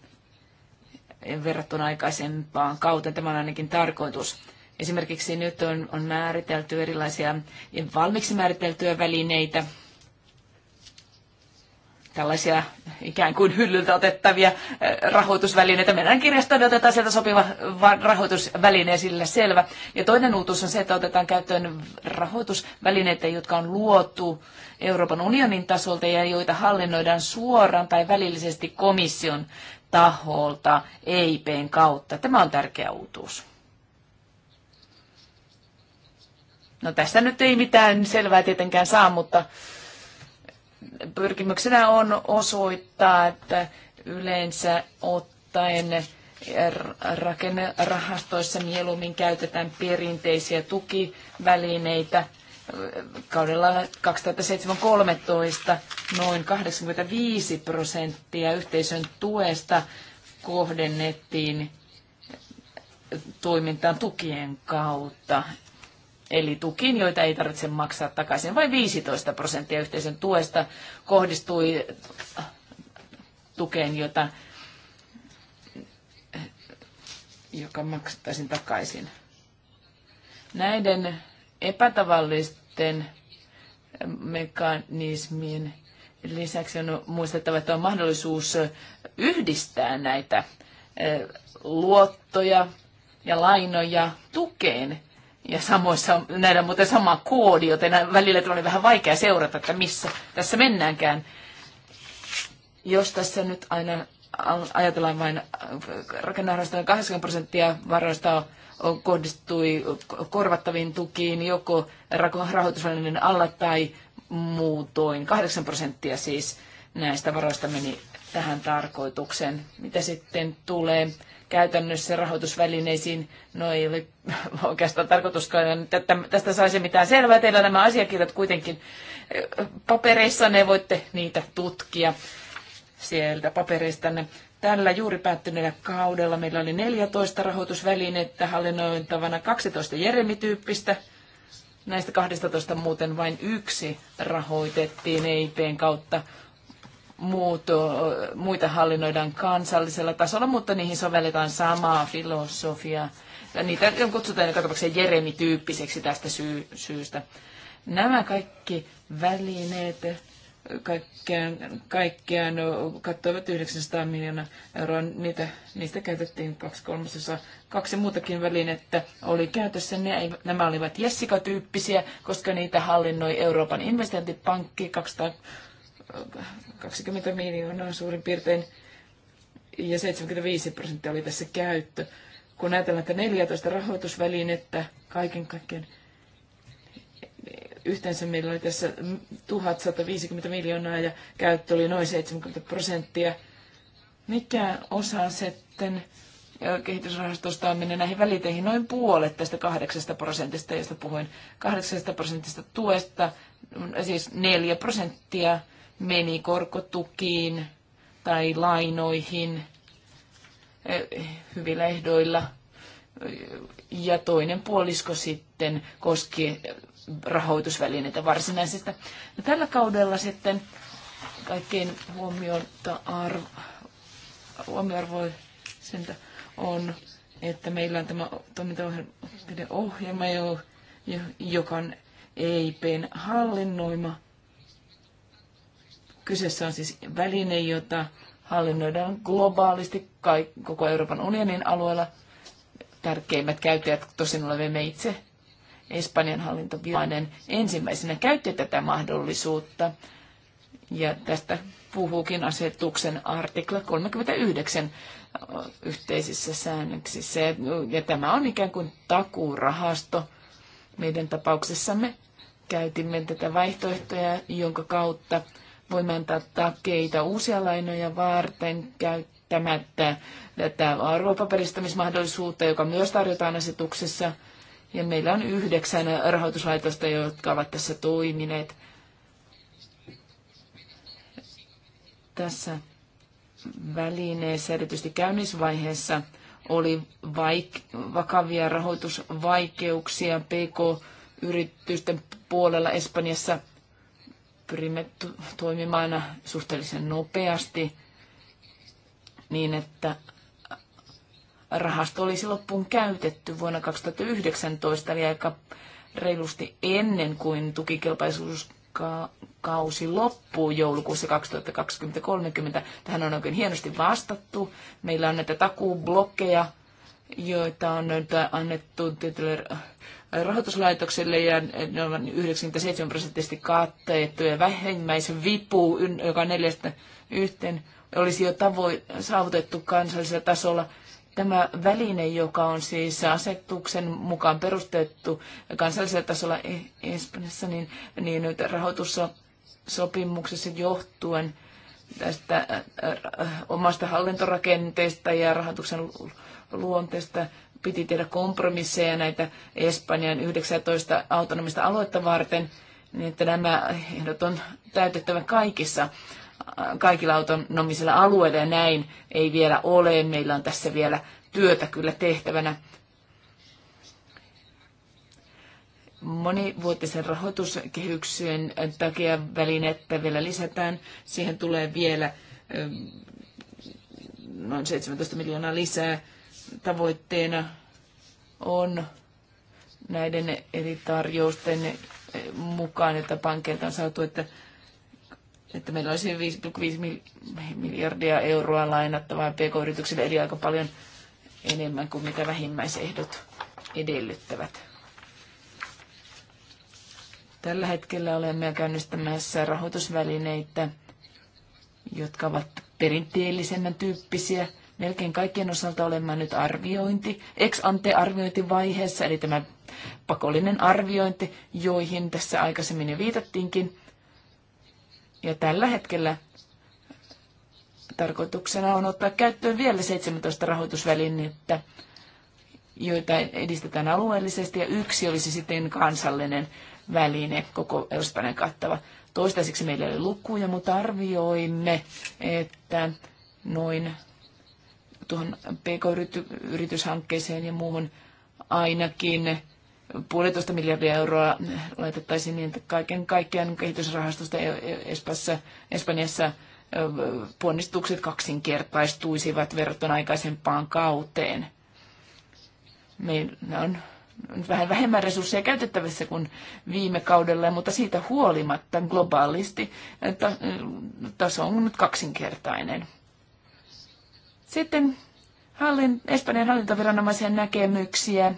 verrattuna aikaisempaan kauteen. Tämä on ainakin tarkoitus. Esimerkiksi nyt on, on määritelty erilaisia valmiiksi määriteltyjä välineitä, tällaisia ikään kuin hyllyltä otettavia eh, rahoitusvälineitä. Mennään kirjastoon ja otetaan sieltä sopiva rahoitusväline sillä selvä. Ja toinen uutuus on se, että otetaan käyttöön rahoitusvälineitä, jotka on luotu Euroopan unionin tasolta ja joita hallinnoidaan suoraan tai välillisesti komission taholta EIPn kautta. Tämä on tärkeä uutuus. No tästä nyt ei mitään selvää tietenkään saa, mutta pyrkimyksenä on osoittaa, että yleensä ottaen rakennerahastoissa mieluummin käytetään perinteisiä tukivälineitä kaudella 2007-2013 noin 85 prosenttia yhteisön tuesta kohdennettiin toimintaan tukien kautta. Eli tukiin, joita ei tarvitse maksaa takaisin. Vain 15 prosenttia yhteisön tuesta kohdistui tukeen, jota, joka maksettaisiin takaisin. Näiden epätavallisten mekanismien lisäksi on muistettava, että on mahdollisuus yhdistää näitä luottoja ja lainoja tukeen. Ja samoissa, näillä on muuten sama koodi, joten välillä on vähän vaikea seurata, että missä tässä mennäänkään. Jos tässä nyt aina ajatellaan vain rakennarastojen 80 prosenttia varoista kohdistui korvattaviin tukiin joko rahoitusvälineen alla tai muutoin. 8 prosenttia siis näistä varoista meni tähän tarkoitukseen. Mitä sitten tulee käytännössä rahoitusvälineisiin, no ei ole oikeastaan tarkoituskaan, että tästä saisi mitään selvää. Teillä nämä asiakirjat kuitenkin eh, papereissa, ne voitte niitä tutkia sieltä papereista. Tällä juuri päättyneellä kaudella meillä oli 14 rahoitusvälinettä hallinnointavana 12 Jeremi-tyyppistä. Näistä 12 muuten vain yksi rahoitettiin EIPn kautta. Muut, muita hallinnoidaan kansallisella tasolla, mutta niihin sovelletaan samaa filosofiaa. Niitä kutsutaan joka tapauksessa Jeremi-tyyppiseksi tästä syy- syystä. Nämä kaikki välineet kaikkiaan, kaikkiaan kattoivat 900 miljoonaa euroa. Niitä, niistä käytettiin kaksi kolmasosaa. Kaksi muutakin välinettä oli käytössä. Ne, nämä olivat Jessica-tyyppisiä, koska niitä hallinnoi Euroopan investointipankki 220 miljoonaa suurin piirtein. Ja 75 prosenttia oli tässä käyttö. Kun ajatellaan, että 14 rahoitusvälinettä kaiken kaikkiaan – Yhteensä meillä oli tässä 1150 miljoonaa ja käyttö oli noin 70 prosenttia. Mikä osa sitten kehitysrahastosta on mennyt näihin väliteihin noin puolet tästä kahdeksasta prosentista, josta puhuin. kahdeksasta prosentista tuesta, siis neljä prosenttia meni korkotukiin tai lainoihin eh, hyvillä ehdoilla. Ja toinen puolisko sitten koski rahoitusvälineitä varsinaisista. Ja tällä kaudella sitten kaikkein huomiota arvo, huomioarvoisinta on, että meillä on tämä toimintaohjelma, joka on EIPn hallinnoima. Kyseessä on siis väline, jota hallinnoidaan globaalisti koko Euroopan unionin alueella. Tärkeimmät käyttäjät tosin olemme me itse Espanjan hallintoviranomainen ensimmäisenä käytti tätä mahdollisuutta. Ja tästä puhuukin asetuksen artikla 39 yhteisissä säännöksissä. Ja tämä on ikään kuin takuurahasto. Meidän tapauksessamme käytimme tätä vaihtoehtoja, jonka kautta voimme antaa takeita uusia lainoja varten käyttämättä tätä arvopaperistamismahdollisuutta, joka myös tarjotaan asetuksessa – ja meillä on yhdeksän rahoituslaitosta, jotka ovat tässä toimineet. Tässä välineessä, erityisesti käynnisvaiheessa, oli vaik- vakavia rahoitusvaikeuksia PK-yritysten puolella Espanjassa. Pyrimme toimimaan suhteellisen nopeasti niin, että rahasto olisi loppuun käytetty vuonna 2019, eli aika reilusti ennen kuin tukikelpaisuuskausi loppuu joulukuussa 2020-2030. Tähän on oikein hienosti vastattu. Meillä on näitä takuublokkeja, joita on annettu tietylle rahoituslaitokselle ja ne on 97 prosenttisesti katteettu ja vähimmäisen vipu, joka neljästä yhteen olisi jo tavoin saavutettu kansallisella tasolla – Tämä väline, joka on siis asetuksen mukaan perustettu kansallisella tasolla e- Espanjassa, niin, niin nyt rahoitussopimuksessa johtuen tästä omasta hallintorakenteesta ja rahoituksen luonteesta piti tehdä kompromisseja näitä Espanjan 19 autonomista aluetta varten, niin että nämä ehdot on täytettävä kaikissa kaikilla autonomisilla alueilla ja näin ei vielä ole. Meillä on tässä vielä työtä kyllä tehtävänä. monivuotisen rahoituskehyksen takia välinettä vielä lisätään. Siihen tulee vielä ähm, noin 17 miljoonaa lisää. Tavoitteena on näiden eri tarjousten mukaan, että pankkeilta on saatu, että että meillä olisi 5,5 miljardia euroa lainattavaa pk-yrityksille, eli aika paljon enemmän kuin mitä vähimmäisehdot edellyttävät. Tällä hetkellä olemme käynnistämässä rahoitusvälineitä, jotka ovat perinteellisemmän tyyppisiä. Melkein kaikkien osalta olemme nyt arviointi, ex ante arviointivaiheessa, eli tämä pakollinen arviointi, joihin tässä aikaisemmin jo viitattiinkin. Ja tällä hetkellä tarkoituksena on ottaa käyttöön vielä 17 rahoitusvälinettä, joita edistetään alueellisesti, ja yksi olisi sitten kansallinen väline, koko Espanjan kattava. Toistaiseksi meillä ei lukuja, mutta arvioimme, että noin tuohon pk-yrityshankkeeseen ja muuhun ainakin puolitoista miljardia euroa laitettaisiin niin, että kaiken kaikkiaan kehitysrahastosta e- e- Espassa, Espanjassa ponnistukset kaksinkertaistuisivat verrattuna aikaisempaan kauteen. Meillä on vähän vähemmän resursseja käytettävissä kuin viime kaudella, mutta siitä huolimatta globaalisti taso on nyt kaksinkertainen. Sitten hallin, Espanjan hallintoviranomaisen näkemyksiä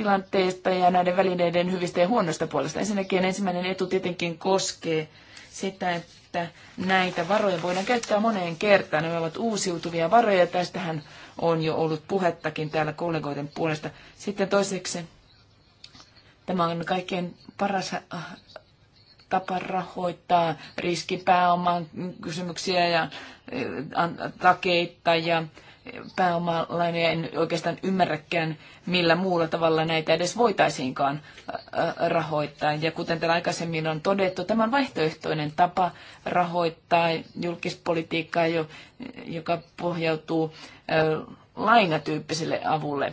tilanteesta ja näiden välineiden hyvistä ja huonoista puolesta. Ensinnäkin ensimmäinen etu tietenkin koskee sitä, että näitä varoja voidaan käyttää moneen kertaan. Ne ovat uusiutuvia varoja. Tästähän on jo ollut puhettakin täällä kollegoiden puolesta. Sitten toiseksi tämä on kaikkein paras äh, tapa rahoittaa riskipääoman kysymyksiä ja äh, takeita ja pääomalainoja. En oikeastaan ymmärräkään, millä muulla tavalla näitä edes voitaisiinkaan rahoittaa. Ja kuten täällä aikaisemmin on todettu, tämä on vaihtoehtoinen tapa rahoittaa julkispolitiikkaa, joka pohjautuu lainatyyppiselle avulle,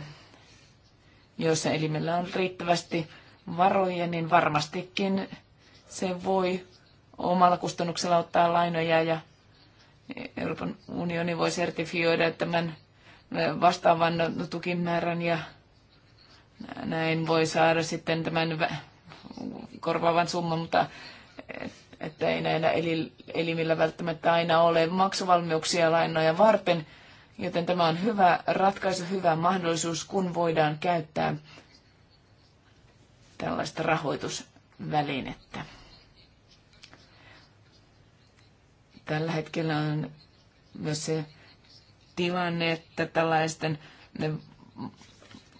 jossa elimellä on riittävästi varoja, niin varmastikin se voi omalla kustannuksella ottaa lainoja ja Euroopan unioni voi sertifioida tämän vastaavan tukimäärän ja näin voi saada sitten tämän korvaavan summan, mutta että ei näillä elimillä välttämättä aina ole maksuvalmiuksia lainoja varten, joten tämä on hyvä ratkaisu, hyvä mahdollisuus, kun voidaan käyttää tällaista rahoitusvälinettä. Tällä hetkellä on myös se tilanne, että tällaisten ne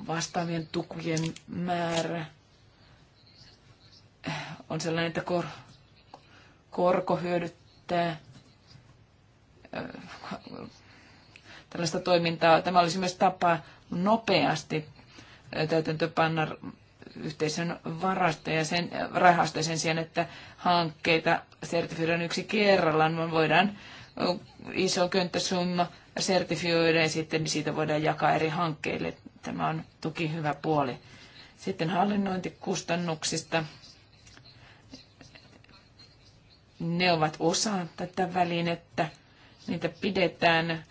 vastaavien tukujen määrä on sellainen, että kor, korko hyödyttää äh, tällaista toimintaa. Tämä olisi myös tapa nopeasti täytäntöpanna yhteisön varasta ja sen, rahasta sen sijaan, että hankkeita sertifioidaan yksi kerrallaan, voidaan iso könttäsumma sertifioida ja sitten siitä voidaan jakaa eri hankkeille. Tämä on tuki hyvä puoli. Sitten hallinnointikustannuksista. Ne ovat osa tätä välinettä. Niitä pidetään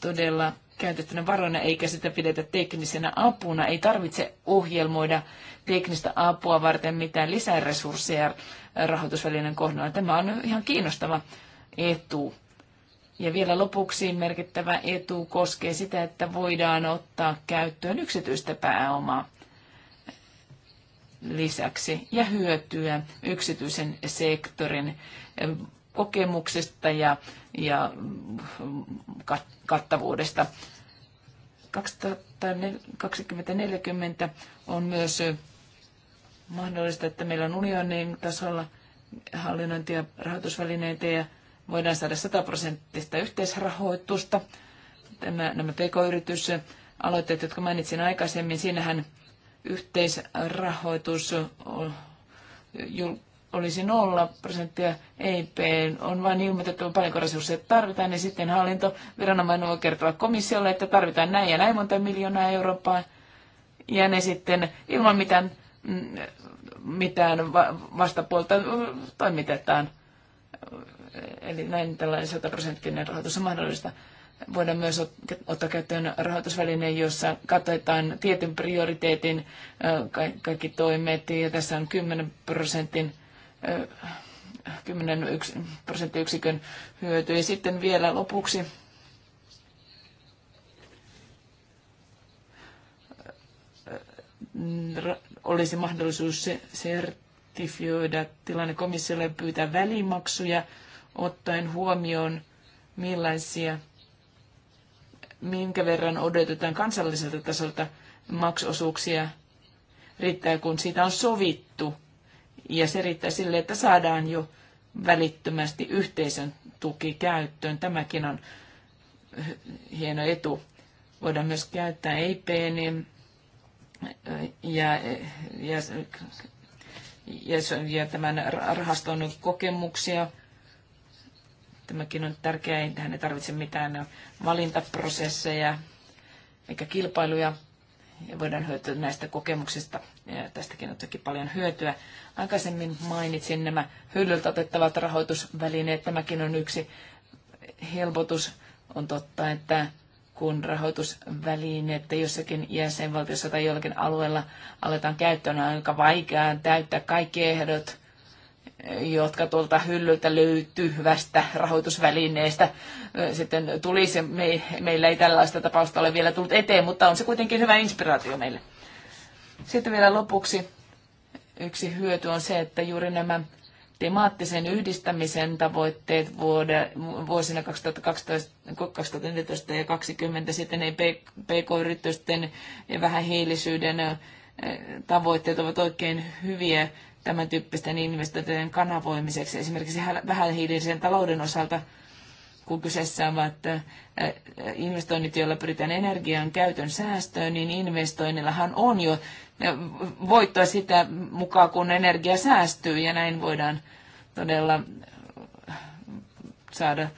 todella käytettynä varoina eikä sitä pidetä teknisenä apuna. Ei tarvitse ohjelmoida teknistä apua varten mitään lisäresursseja rahoitusvälineen kohdalla. Tämä on ihan kiinnostava etu. Ja vielä lopuksi merkittävä etu koskee sitä, että voidaan ottaa käyttöön yksityistä pääomaa lisäksi ja hyötyä yksityisen sektorin kokemuksesta ja, ja kattavuudesta. 2040 on myös mahdollista, että meillä on unionin tasolla hallinnointi- ja rahoitusvälineitä ja voidaan saada 100 prosenttista yhteisrahoitusta. Tämä, nämä pk-yritysaloitteet, jotka mainitsin aikaisemmin, siinähän yhteisrahoitus olisi nolla prosenttia EIP, on vain ilmoitettu paljonko resursseja tarvitaan, ja sitten hallinto viranomainen voi kertoa komissiolle, että tarvitaan näin ja näin monta miljoonaa Eurooppaa, ja ne sitten ilman mitään, mm, mitään vastapuolta toimitetaan. Eli näin tällainen prosenttinen rahoitus on mahdollista. Voidaan myös ottaa käyttöön rahoitusväline, jossa katsotaan tietyn prioriteetin kaikki toimet, ja tässä on 10 prosentin 10 prosenttiyksikön hyöty. Ja sitten vielä lopuksi äh, olisi mahdollisuus sertifioida tilanne komissiolle ja pyytää välimaksuja ottaen huomioon, millaisia, minkä verran odotetaan kansalliselta tasolta maksuosuuksia riittää, kun siitä on sovittu ja se riittää sille, että saadaan jo välittömästi yhteisön tuki käyttöön. Tämäkin on hieno etu. Voidaan myös käyttää EIP ja, ja, ja, ja tämän rahaston kokemuksia. Tämäkin on tärkeää, ei tähän ei tarvitse mitään valintaprosesseja eikä kilpailuja ja voidaan hyötyä näistä kokemuksista. Ja tästäkin on toki paljon hyötyä. Aikaisemmin mainitsin nämä hyllyltä otettavat rahoitusvälineet. Tämäkin on yksi helpotus. On totta, että kun rahoitusvälineettä jossakin jäsenvaltiossa tai jollakin alueella aletaan käyttöön, on aika vaikeaa täyttää kaikki ehdot jotka tuolta hyllyltä hyvästä rahoitusvälineestä sitten tulisi. Me, meillä ei tällaista tapausta ole vielä tullut eteen, mutta on se kuitenkin hyvä inspiraatio meille. Sitten vielä lopuksi yksi hyöty on se, että juuri nämä temaattisen yhdistämisen tavoitteet vuode, vuosina 2012, 2014 ja 2020 sitten ei pk-yritysten ja hiilisyyden tavoitteet ovat oikein hyviä tämän tyyppisten investointien kanavoimiseksi esimerkiksi vähähiilisen talouden osalta, kun kyseessä ovat investoinnit, joilla pyritään energian käytön säästöön, niin investoinnillahan on jo voittoa sitä mukaan, kun energia säästyy ja näin voidaan todella saada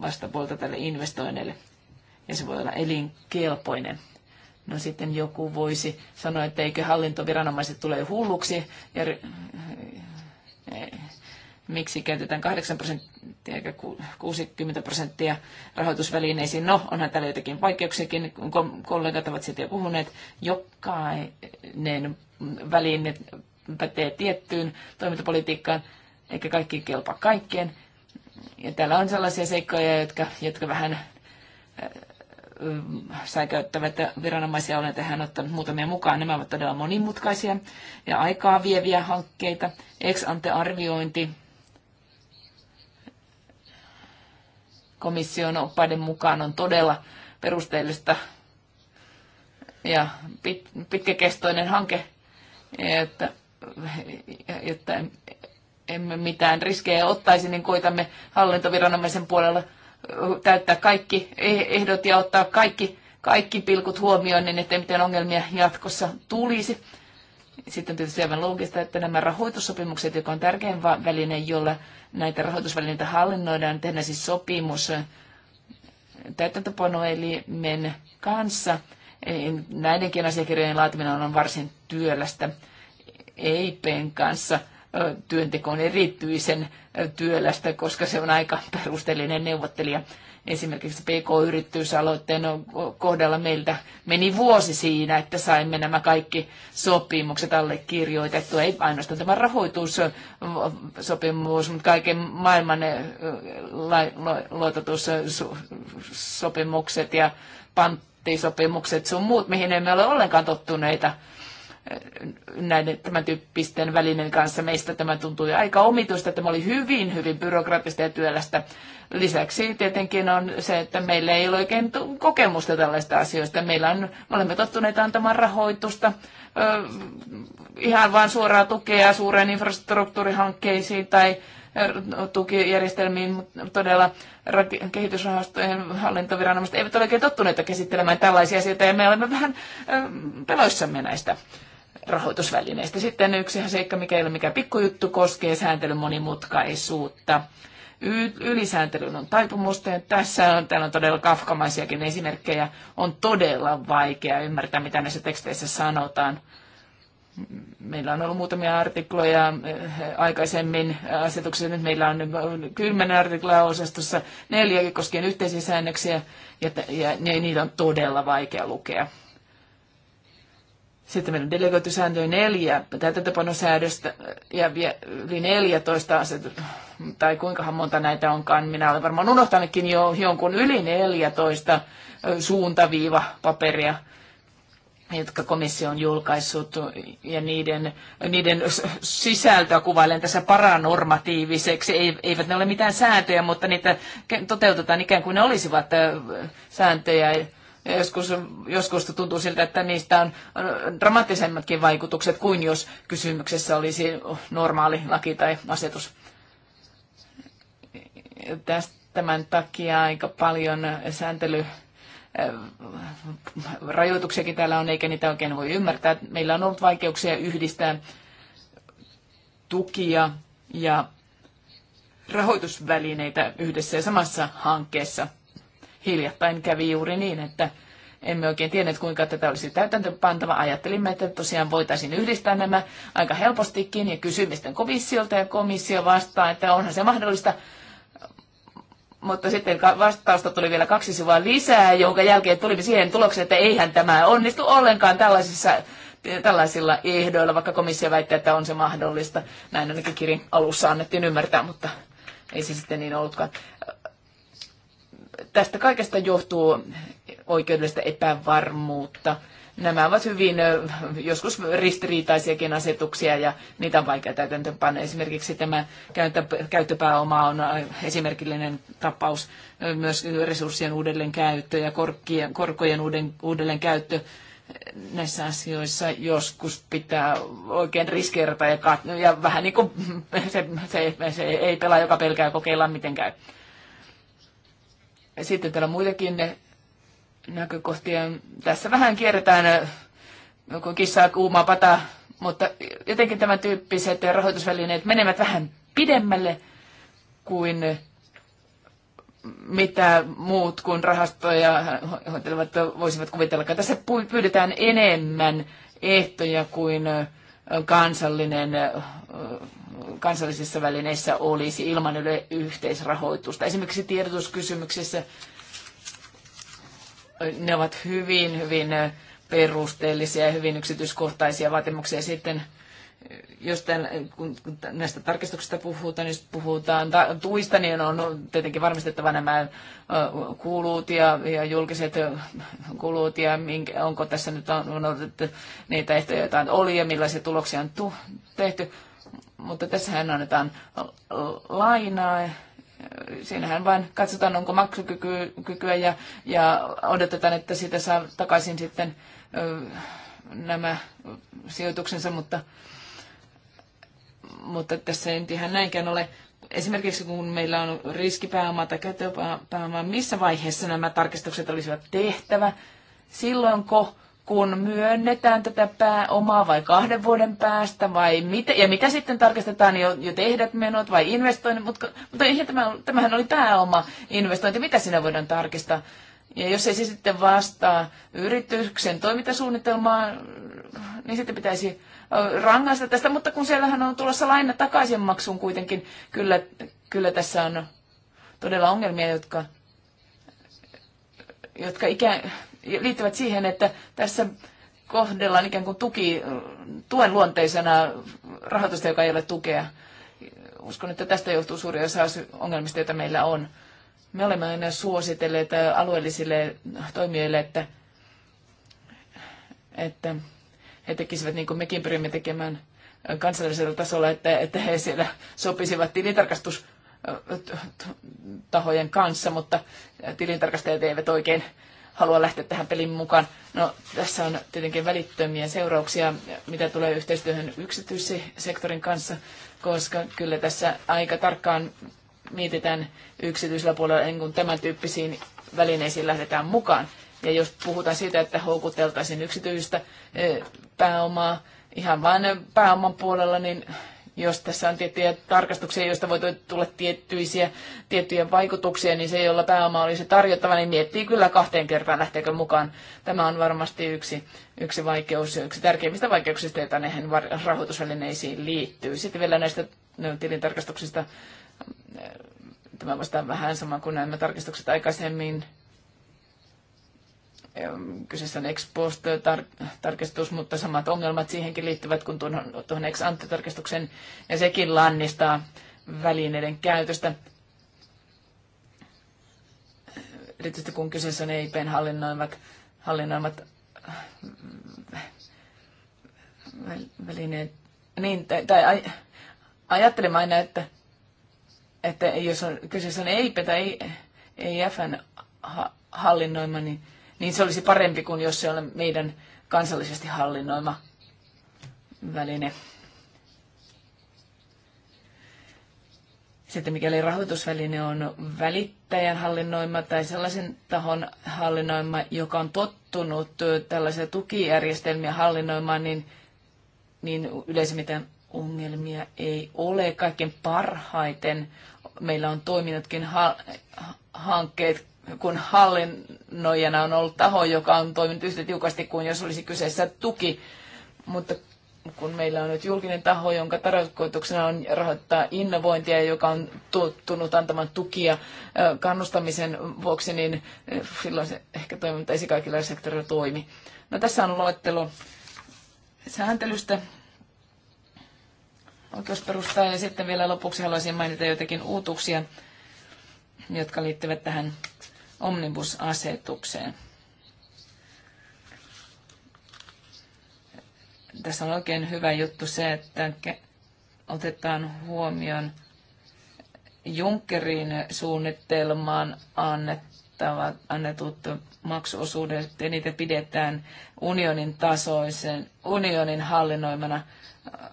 vastapuolta tälle investoinnille ja se voi olla elinkelpoinen. No sitten joku voisi sanoa, että eikö hallintoviranomaiset tule hulluksi ja eh, miksi käytetään 8 prosenttia eikä 60 prosenttia rahoitusvälineisiin. No, onhan täällä jotakin vaikeuksiakin, kollegat ovat siitä jo puhuneet. Jokainen väline pätee tiettyyn toimintapolitiikkaan, eikä kaikki kelpaa kaikkeen. Ja täällä on sellaisia seikkoja, jotka, jotka vähän käyttävät viranomaisia. Olen tähän ottanut muutamia mukaan. Nämä ovat todella monimutkaisia ja aikaa vieviä hankkeita. Ex ante arviointi komission oppaiden mukaan on todella perusteellista ja pit, pitkäkestoinen hanke, että, että emme mitään riskejä ottaisi, niin koitamme hallintoviranomaisen puolella – täyttää kaikki eh- ehdot ja ottaa kaikki, kaikki pilkut huomioon, niin ettei mitään ongelmia jatkossa tulisi. Sitten tietysti aivan loogista, että nämä rahoitussopimukset, joka on tärkein väline, jolla näitä rahoitusvälineitä hallinnoidaan, tehdään siis sopimus täytäntöpanoelimen kanssa. Näidenkin asiakirjojen laatiminen on varsin työlästä EIPn kanssa – työnteko on erityisen työlästä, koska se on aika perusteellinen neuvottelija. Esimerkiksi PK-yritysaloitteen kohdalla meiltä meni vuosi siinä, että saimme nämä kaikki sopimukset allekirjoitettua. Ei ainoastaan tämä rahoitussopimus, mutta kaiken maailman luototussopimukset ja panttisopimukset sun muut, mihin emme ole ollenkaan tottuneita – näiden tämän tyyppisten välinen kanssa. Meistä tämä tuntui aika omituista. Tämä oli hyvin, hyvin byrokraattista ja työlästä. Lisäksi tietenkin on se, että meillä ei ole oikein kokemusta tällaista asioista. Meillä on, me olemme tottuneet antamaan rahoitusta, ö, ihan vain suoraa tukea suureen infrastruktuurihankkeisiin tai tukijärjestelmiin todella kehitysrahastojen hallintoviranomaiset eivät ole oikein tottuneita käsittelemään tällaisia asioita ja me olemme vähän peloissamme näistä rahoitusvälineistä. Sitten yksi seikka, mikä ei ole mikään pikkujuttu, koskee sääntelyn monimutkaisuutta. Ylisääntelyn on taipumusta ja tässä on, täällä on todella kafkamaisiakin esimerkkejä. On todella vaikea ymmärtää, mitä näissä teksteissä sanotaan. Meillä on ollut muutamia artikloja eh, aikaisemmin asetuksessa. Nyt meillä on kymmenen artiklaa osastossa neljäkin koskien yhteisiä säännöksiä ja, ja niitä on todella vaikea lukea. Sitten meillä on delegoitu sääntö neljä, täytäntöpanosäädöstä ja yli 14 asetus, tai kuinkahan monta näitä onkaan. Minä olen varmaan unohtanutkin jo jonkun yli 14 suuntaviivapaperia jotka komissio on julkaissut ja niiden, niiden sisältöä kuvailen tässä paranormatiiviseksi. Eivät ne ole mitään sääntöjä, mutta niitä toteutetaan ikään kuin ne olisivat sääntöjä. Ja joskus, joskus tuntuu siltä, että niistä on dramaattisemmatkin vaikutukset kuin jos kysymyksessä olisi normaali laki tai asetus. Tästä tämän takia aika paljon sääntely äh, rajoituksiakin täällä on, eikä niitä oikein voi ymmärtää. Meillä on ollut vaikeuksia yhdistää tukia ja rahoitusvälineitä yhdessä ja samassa hankkeessa hiljattain kävi juuri niin, että emme oikein tienneet, kuinka tätä olisi täytäntöpantava. Ajattelimme, että tosiaan voitaisiin yhdistää nämä aika helpostikin ja kysymisten komissiolta ja komissio vastaa, että onhan se mahdollista. Mutta sitten vastausta tuli vielä kaksi sivua lisää, jonka jälkeen tulimme siihen tulokseen, että eihän tämä onnistu ollenkaan tällaisissa, tällaisilla ehdoilla, vaikka komissio väittää, että on se mahdollista. Näin ainakin kirin alussa annettiin ymmärtää, mutta ei se sitten niin ollutkaan tästä kaikesta johtuu oikeudellista epävarmuutta. Nämä ovat hyvin joskus ristiriitaisiakin asetuksia ja niitä on vaikea täytäntöönpanna. Esimerkiksi tämä käyttöpääoma on esimerkillinen tapaus, myös resurssien uudelleenkäyttö ja korkien, korkojen uuden, uudelleenkäyttö näissä asioissa joskus pitää oikein riskeerata ja, ja vähän niin kuin se, se, se ei pelaa, joka pelkää kokeilla miten käy. Sitten täällä on muitakin näkökohtia. Tässä vähän kierretään äh, kun kissaa kuumaa pataa, mutta jotenkin tämän tyyppiset rahoitusvälineet menevät vähän pidemmälle kuin mitä muut kuin rahastoja hoitelevat voisivat kuvitella. Tässä pyydetään enemmän ehtoja kuin kansallinen äh, kansallisissa välineissä olisi ilman yle yhteisrahoitusta. Esimerkiksi tiedotuskysymyksissä ne ovat hyvin, hyvin perusteellisia ja hyvin yksityiskohtaisia vaatimuksia. Sitten jos tämän, kun näistä tarkistuksista puhutaan, niin puhutaan tuista, niin on tietenkin varmistettava nämä kulut ja, ja julkiset kulut ja minkä, onko tässä nyt on, on otettu niitä ehtoja, joita oli ja millaisia tuloksia on tu, tehty mutta tässähän annetaan lainaa siinähän vain katsotaan, onko maksukykyä ja, ja odotetaan, että siitä saa takaisin sitten ö, nämä sijoituksensa, mutta, mutta tässä ei ihan näinkään ole. Esimerkiksi kun meillä on riskipääomaa tai käyttöpääomaa, missä vaiheessa nämä tarkistukset olisivat tehtävä? Silloinko kun myönnetään tätä pää, omaa vai kahden vuoden päästä vai mitä, ja mitä sitten tarkistetaan jo, jo tehdät menot vai investoinnit, mutta, mutta tämä, tämähän oli pääoma investointi, mitä sinä voidaan tarkistaa? Ja jos ei se sitten vastaa yrityksen toimintasuunnitelmaa, niin sitten pitäisi rangaista tästä, mutta kun siellähän on tulossa laina takaisinmaksuun kuitenkin, kyllä, kyllä tässä on todella ongelmia, jotka, jotka ikään, liittyvät siihen, että tässä kohdellaan ikään kuin tuki, tuen luonteisena rahoitusta, joka ei ole tukea. Uskon, että tästä johtuu suuri osa ongelmista, joita meillä on. Me olemme aina suositelleet alueellisille toimijoille, että, että he tekisivät niin kuin mekin pyrimme tekemään kansallisella tasolla, että, että he siellä sopisivat tilintarkastus tahojen kanssa, mutta tilintarkastajat eivät oikein halua lähteä tähän pelin mukaan. No, tässä on tietenkin välittömiä seurauksia, mitä tulee yhteistyöhön yksityissektorin kanssa, koska kyllä tässä aika tarkkaan mietitään yksityisellä puolella, niin kun tämän tyyppisiin välineisiin lähdetään mukaan. Ja jos puhutaan siitä, että houkuteltaisiin yksityistä eh, pääomaa ihan vain pääoman puolella, niin jos tässä on tiettyjä tarkastuksia, joista voi tulla tiettyisiä, tiettyjä vaikutuksia, niin se, jolla pääoma olisi tarjottava, niin miettii kyllä kahteen kertaan, lähteekö mukaan. Tämä on varmasti yksi, yksi vaikeus, yksi tärkeimmistä vaikeuksista, joita näihin rahoitusvälineisiin liittyy. Sitten vielä näistä no, tilintarkastuksista, tämä vastaan vähän sama kuin nämä tarkistukset aikaisemmin, Kyseessä on ex post-tarkistus, mutta samat ongelmat siihenkin liittyvät kuin tuohon, tuohon ex ante tarkistuksen ja sekin lannistaa välineiden käytöstä. Erityisesti kun kyseessä on EIPn hallinnoimat, hallinnoimat välineet, niin, tai, tai ajattelin aina, että, että jos on, kyseessä on EIP tai EIFn hallinnoima, niin niin se olisi parempi kuin jos se on meidän kansallisesti hallinnoima väline. Sitten mikäli rahoitusväline on välittäjän hallinnoima tai sellaisen tahon hallinnoima, joka on tottunut tällaisia tukijärjestelmiä hallinnoimaan, niin, niin yleisimmiten ongelmia ei ole. Kaiken parhaiten meillä on toiminutkin ha- hankkeet kun hallinnoijana on ollut taho, joka on toiminut yhtä tiukasti kuin jos olisi kyseessä tuki. Mutta kun meillä on nyt julkinen taho, jonka tarkoituksena on rahoittaa innovointia, joka on tuttunut antamaan tukia kannustamisen vuoksi, niin silloin se ehkä toiminta ei kaikilla sektorilla toimi. No tässä on luettelo sääntelystä oikeusperustaa ja sitten vielä lopuksi haluaisin mainita jotakin uutuksia, jotka liittyvät tähän omnibusasetukseen. Tässä on oikein hyvä juttu se, että otetaan huomioon Junckerin suunnitelmaan annettavat, annetut maksuosuudet, ja niitä pidetään unionin tasoisen, unionin hallinnoimana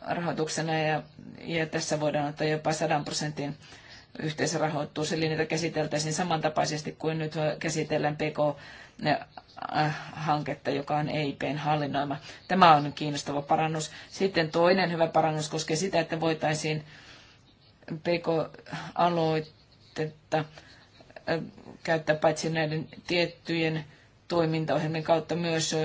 rahoituksena, ja, ja tässä voidaan ottaa jopa 100 prosentin yhteisrahoittuus, eli niitä käsiteltäisiin samantapaisesti kuin nyt käsitellään PK hanketta, joka on EIPn hallinnoima. Tämä on kiinnostava parannus. Sitten toinen hyvä parannus koskee sitä, että voitaisiin PK-aloitetta käyttää paitsi näiden tiettyjen toimintaohjelmien kautta myös,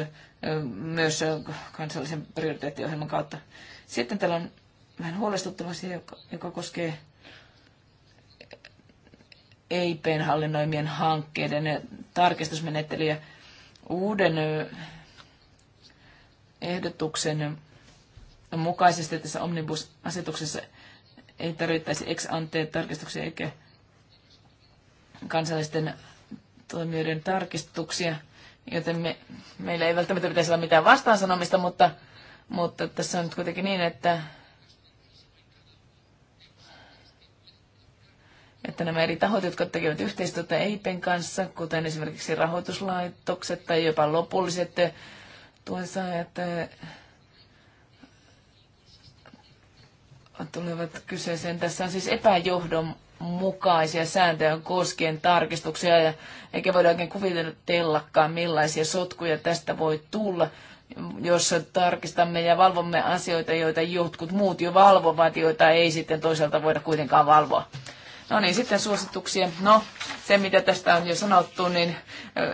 myös kansallisen prioriteettiohjelman kautta. Sitten täällä on vähän huolestuttava asia, joka, joka koskee EIPn hallinnoimien hankkeiden tarkistusmenettelyjä. Uuden ehdotuksen mukaisesti tässä omnibus-asetuksessa ei tarvittaisi ex ante tarkistuksia eikä kansallisten toimijoiden tarkistuksia, joten me, meillä ei välttämättä pitäisi olla mitään vastaansanomista, mutta, mutta tässä on nyt kuitenkin niin, että että nämä eri tahot, jotka tekevät yhteistyötä EIPen kanssa, kuten esimerkiksi rahoituslaitokset tai jopa lopulliset eh, tuensaajat, eh, tulevat kyseeseen. Tässä on siis epäjohdonmukaisia sääntöjä koskien tarkistuksia, ja eikä voida oikein kuvitellakaan, millaisia sotkuja tästä voi tulla, jos tarkistamme ja valvomme asioita, joita jotkut muut jo valvovat, joita ei sitten toisaalta voida kuitenkaan valvoa. No niin, sitten suosituksia. No, se mitä tästä on jo sanottu, niin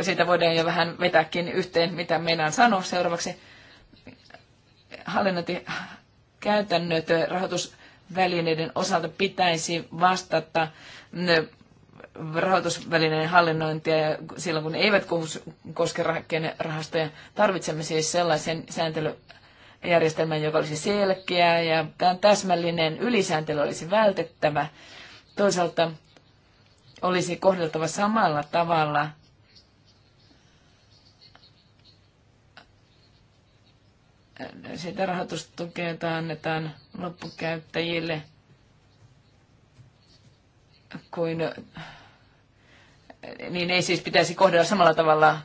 siitä voidaan jo vähän vetääkin yhteen, mitä meidän sanoa seuraavaksi. Hallinnointikäytännöt rahoitusvälineiden osalta pitäisi vastata rahoitusvälineiden hallinnointia ja silloin kun ne eivät koske rahastoja. Tarvitsemme siis sellaisen järjestelmän, joka olisi selkeä ja täsmällinen. Ylisääntely olisi vältettävä Toisaalta olisi kohdeltava samalla tavalla sitä rahoitustukea, jota annetaan loppukäyttäjille, kuin, niin ei siis pitäisi kohdella samalla tavalla äh,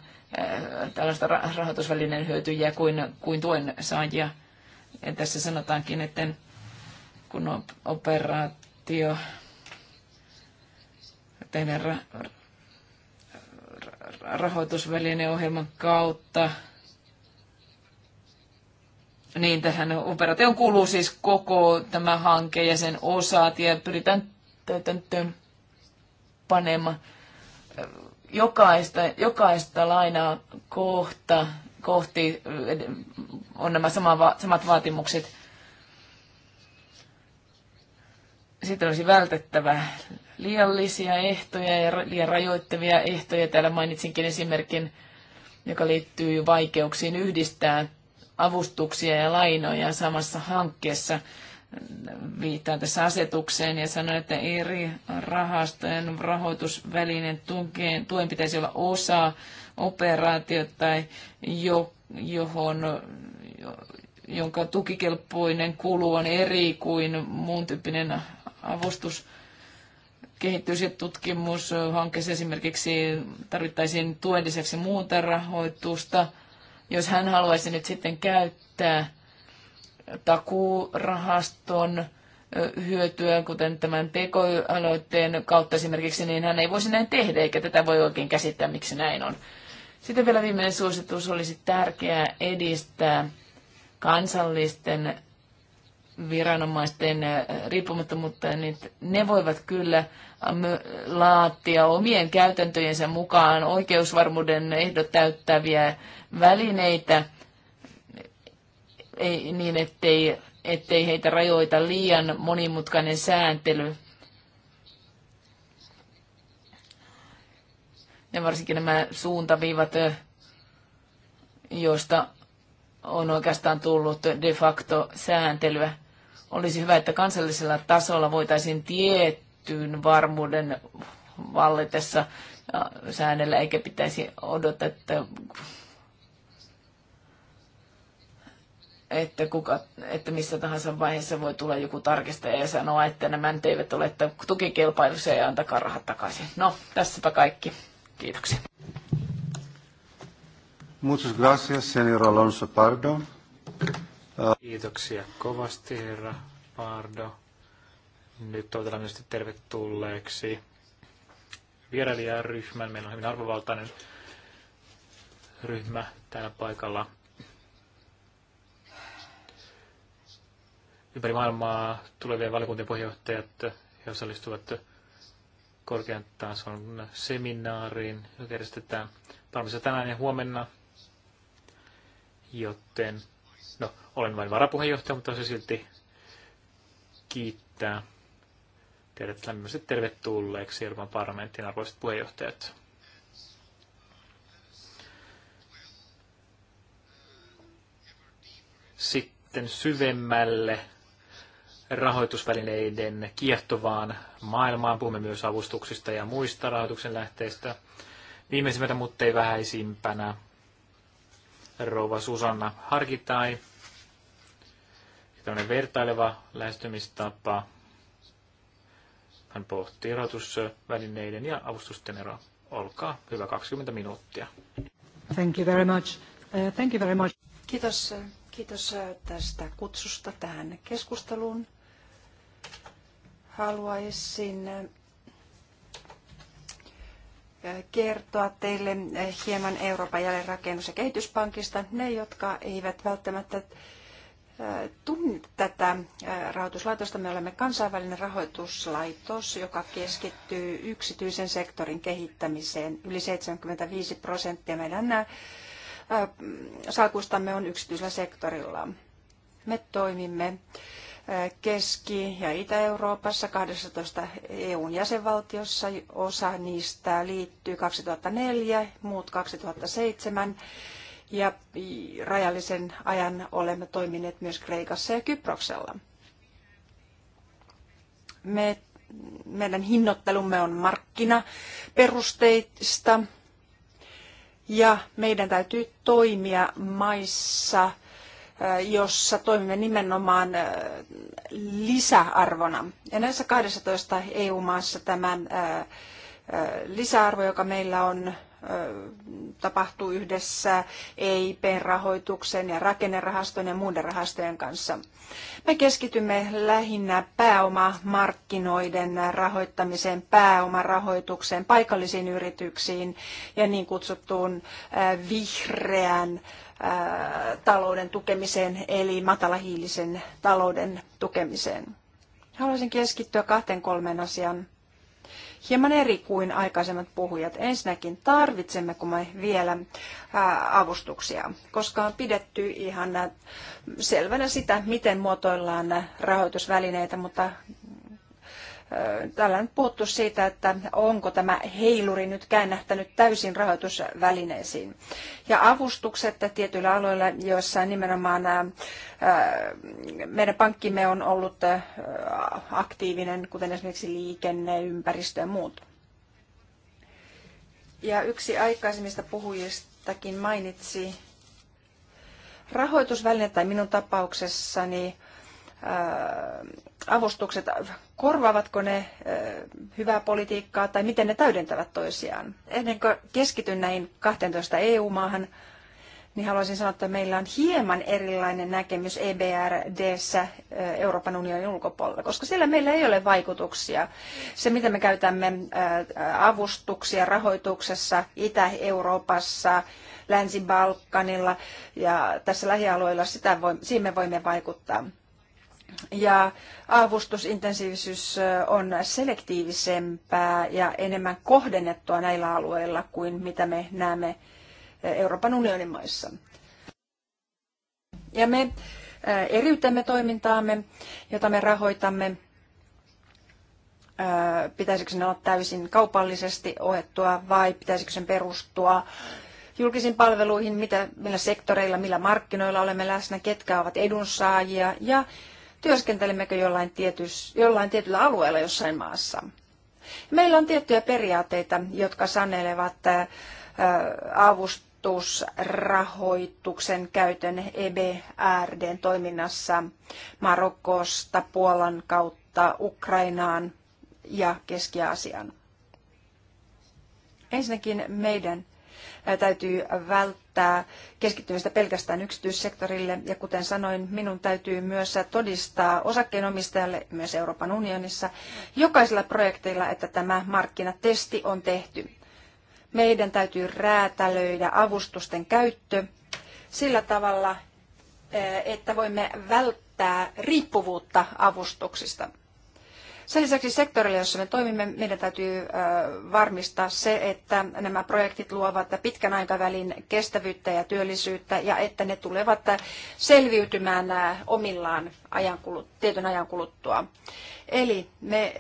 tällaista rahoitusvälineen hyötyjä kuin, kuin tuen saajia. Ja tässä sanotaankin, että kun operaatio teidän ra- rahoitusvälineohjelman kautta. Niin, tähän operaatioon kuuluu siis koko tämä hanke ja sen osat ja pyritään täytäntöön panemaan äh, jokaista, jokaista lainaa kohta, kohti äh, on nämä sama, samat vaatimukset. Sitten olisi vältettävä liiallisia ehtoja ja liian rajoittavia ehtoja. Täällä mainitsinkin esimerkin, joka liittyy vaikeuksiin yhdistää avustuksia ja lainoja samassa hankkeessa. Viittaan tässä asetukseen ja sanon, että eri rahastojen rahoitusvälinen tunkeen, tuen pitäisi olla osa operaatiota tai jo, johon, jonka tukikelpoinen kulu on eri kuin muun tyyppinen avustus ja tutkimushankkeessa esimerkiksi tarvittaisiin tuen lisäksi muuta rahoitusta. Jos hän haluaisi nyt sitten käyttää takuurahaston hyötyä, kuten tämän tekoaloitteen kautta esimerkiksi, niin hän ei voisi näin tehdä, eikä tätä voi oikein käsittää, miksi näin on. Sitten vielä viimeinen suositus olisi tärkeää edistää kansallisten viranomaisten äh, riippumattomuutta, niin ne voivat kyllä äh, laatia omien käytäntöjensä mukaan oikeusvarmuuden ehdot täyttäviä välineitä ei, niin, ettei, ettei heitä rajoita liian monimutkainen sääntely. Ja varsinkin nämä suuntaviivat, äh, joista on oikeastaan tullut de facto sääntelyä. Olisi hyvä, että kansallisella tasolla voitaisiin tiettyyn varmuuden vallitessa säännellä, eikä pitäisi odottaa, että että, kuka, että missä tahansa vaiheessa voi tulla joku tarkistaja ja sanoa, että nämä nyt eivät ole että tukikelpailussa ja antakaa rahat takaisin. No, tässäpä kaikki. Kiitoksia. Muchas gracias, señor Alonso Pardo. Kiitoksia kovasti, herra Pardo. Nyt toivotetaan myös tervetulleeksi vierailijaryhmän. Meillä on hyvin arvovaltainen ryhmä täällä paikalla. Ympäri maailmaa tulevien valiokuntien puheenjohtajat he osallistuvat korkean tason seminaariin, joka järjestetään tänään ja huomenna. Joten No, olen vain varapuheenjohtaja, mutta se silti kiittää teidät lämpimästi tervetulleeksi Euroopan parlamentin arvoiset puheenjohtajat. Sitten syvemmälle rahoitusvälineiden kiehtovaan maailmaan. Puhumme myös avustuksista ja muista rahoituksen lähteistä. Viimeisimmätä, mutta ei vähäisimpänä, rouva Susanna Harkitai – tämmöinen vertaileva lähestymistapa. Hän pohtii rahoitusvälineiden ja avustusten eroa. Olkaa hyvä 20 minuuttia. Thank you very much. Uh, thank you very much. Kiitos, uh, kiitos uh, tästä kutsusta tähän keskusteluun. Haluaisin uh, kertoa teille hieman Euroopan jälleenrakennus- ja kehityspankista. Ne, jotka eivät välttämättä tätä rahoituslaitosta. Me olemme kansainvälinen rahoituslaitos, joka keskittyy yksityisen sektorin kehittämiseen. Yli 75 prosenttia meidän salkustamme on yksityisellä sektorilla. Me toimimme Keski- ja Itä-Euroopassa, 12 EUn jäsenvaltiossa. Osa niistä liittyy 2004, muut 2007 ja rajallisen ajan olemme toimineet myös Kreikassa ja Kyproksella. Me, meidän hinnoittelumme on markkinaperusteista ja meidän täytyy toimia maissa, äh, jossa toimimme nimenomaan äh, lisäarvona. Ja näissä 12 EU-maassa tämän äh, lisäarvo, joka meillä on, tapahtuu yhdessä EIPn rahoituksen ja rakennerahaston ja muiden rahastojen kanssa. Me keskitymme lähinnä pääomamarkkinoiden rahoittamiseen, pääomarahoitukseen, paikallisiin yrityksiin ja niin kutsuttuun vihreän talouden tukemiseen eli matalahiilisen talouden tukemiseen. Haluaisin keskittyä kahteen kolmeen asiaan hieman eri kuin aikaisemmat puhujat. Ensinnäkin tarvitsemmeko me vielä avustuksia, koska on pidetty ihan selvänä sitä, miten muotoillaan rahoitusvälineitä, mutta Täällä on puhuttu siitä, että onko tämä heiluri nyt käännähtänyt täysin rahoitusvälineisiin. Ja avustukset tietyillä aloilla, joissa nimenomaan meidän pankkimme on ollut aktiivinen, kuten esimerkiksi liikenne, ympäristö ja muut. Ja yksi aikaisemmista puhujistakin mainitsi rahoitusväline tai minun tapauksessani avustukset, korvaavatko ne hyvää politiikkaa tai miten ne täydentävät toisiaan. Ennen kuin keskityn näihin 12 EU-maahan, niin haluaisin sanoa, että meillä on hieman erilainen näkemys EBRDssä Euroopan unionin ulkopuolella, koska siellä meillä ei ole vaikutuksia. Se, mitä me käytämme avustuksia rahoituksessa Itä-Euroopassa, Länsi-Balkanilla ja tässä lähialueilla, sitä voi, siihen me voimme vaikuttaa ja avustusintensiivisyys on selektiivisempää ja enemmän kohdennettua näillä alueilla kuin mitä me näemme Euroopan unionin maissa. Ja me eriytämme toimintaamme, jota me rahoitamme. Pitäisikö sen olla täysin kaupallisesti ohettua vai pitäisikö sen perustua julkisiin palveluihin, mitä, millä sektoreilla, millä markkinoilla olemme läsnä, ketkä ovat edunsaajia ja työskentelemmekö jollain, tietys, jollain tietyllä alueella jossain maassa. Meillä on tiettyjä periaatteita, jotka sanelevat äh, äh, avustusrahoituksen käytön EBRDn toiminnassa Marokosta, Puolan kautta, Ukrainaan ja Keski-Aasiaan. Ensinnäkin meidän täytyy välttää keskittymistä pelkästään yksityissektorille. Ja kuten sanoin, minun täytyy myös todistaa osakkeenomistajalle myös Euroopan unionissa jokaisella projekteilla, että tämä markkinatesti on tehty. Meidän täytyy räätälöidä avustusten käyttö sillä tavalla, että voimme välttää riippuvuutta avustuksista. Sen lisäksi sektorilla, jossa me toimimme, meidän täytyy varmistaa se, että nämä projektit luovat pitkän aikavälin kestävyyttä ja työllisyyttä ja että ne tulevat selviytymään omillaan ajan tietyn ajan kuluttua. Eli me,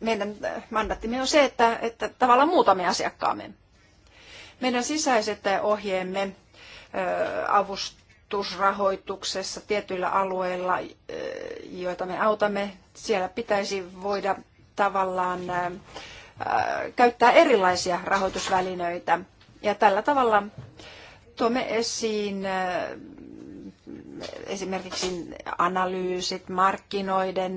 meidän mandattimme on se, että, että tavallaan muutamme asiakkaamme. Meidän sisäiset ohjeemme avust rahoituksessa tietyillä alueilla, eh, joita me autamme, siellä pitäisi voida tavallaan eh, eh, käyttää erilaisia rahoitusvälineitä. Ja tällä tavalla tuomme esiin esimerkiksi analyysit, markkinoiden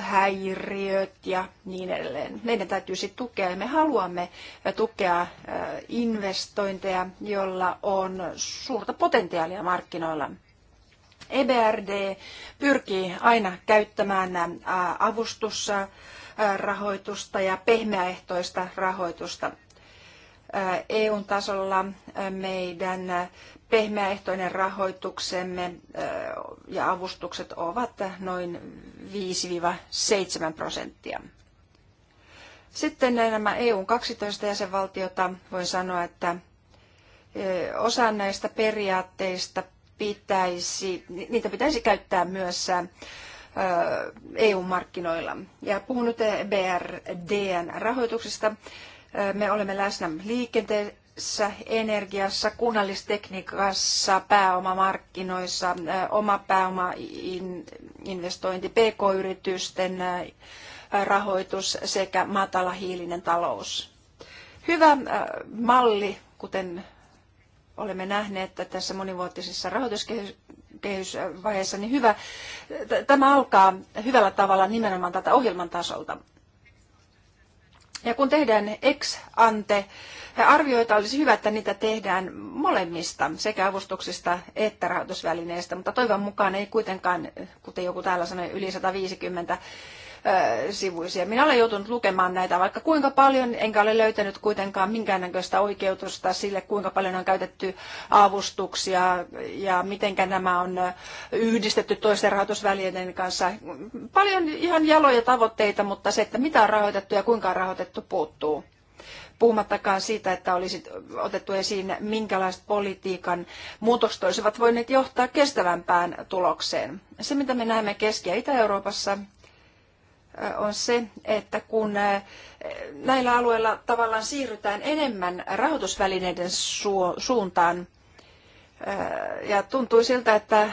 häiriöt ja niin edelleen. Meidän sitten tukea ja me haluamme tukea investointeja, jolla on suurta potentiaalia markkinoilla. EBRD pyrkii aina käyttämään avustussa rahoitusta ja pehmeäehtoista rahoitusta. EUn tasolla meidän pehmeäehtoinen rahoituksemme ja avustukset ovat noin 5-7 prosenttia. Sitten nämä EUn 12 jäsenvaltiota, voin sanoa, että osa näistä periaatteista pitäisi, niitä pitäisi käyttää myös EU-markkinoilla. Ja puhun nyt e BRDn rahoituksesta. Me olemme läsnä liikente- työssä, energiassa, kunnallistekniikassa, pääomamarkkinoissa, oma pääomainvestointi, pk-yritysten rahoitus sekä matalahiilinen talous. Hyvä malli, kuten olemme nähneet että tässä monivuotisessa rahoituskehysvaiheessa, niin hyvä, tämä alkaa hyvällä tavalla nimenomaan tältä ohjelman tasolta. Ja kun tehdään ex ante Arvioita olisi hyvä, että niitä tehdään molemmista, sekä avustuksista että rahoitusvälineistä, mutta toivon mukaan ei kuitenkaan, kuten joku täällä sanoi, yli 150 sivuisia. Minä olen joutunut lukemaan näitä vaikka kuinka paljon, enkä ole löytänyt kuitenkaan minkäännäköistä oikeutusta sille, kuinka paljon on käytetty avustuksia ja miten nämä on yhdistetty toisten rahoitusvälineiden kanssa. Paljon ihan jaloja tavoitteita, mutta se, että mitä on rahoitettu ja kuinka on rahoitettu, puuttuu puhumattakaan siitä, että olisi otettu esiin, minkälaiset politiikan muutokset olisivat voineet johtaa kestävämpään tulokseen. Se, mitä me näemme Keski- ja Itä-Euroopassa, on se, että kun näillä alueilla tavallaan siirrytään enemmän rahoitusvälineiden suuntaan, ja tuntui siltä, että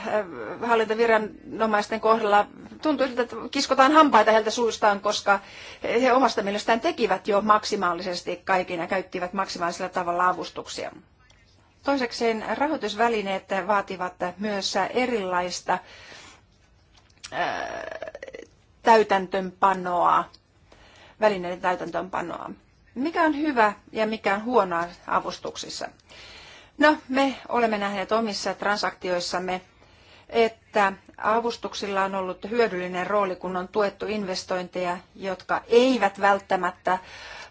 hallintoviranomaisten kohdalla tuntui siltä, että kiskotaan hampaita heiltä suustaan, koska he omasta mielestään tekivät jo maksimaalisesti kaikin ja käyttivät maksimaalisella tavalla avustuksia. Toisekseen rahoitusvälineet vaativat myös erilaista täytäntöönpanoa, välineiden täytäntöönpanoa. Mikä on hyvä ja mikä on huonoa avustuksissa? No, me olemme nähneet omissa transaktioissamme, että avustuksilla on ollut hyödyllinen rooli, kun on tuettu investointeja, jotka eivät välttämättä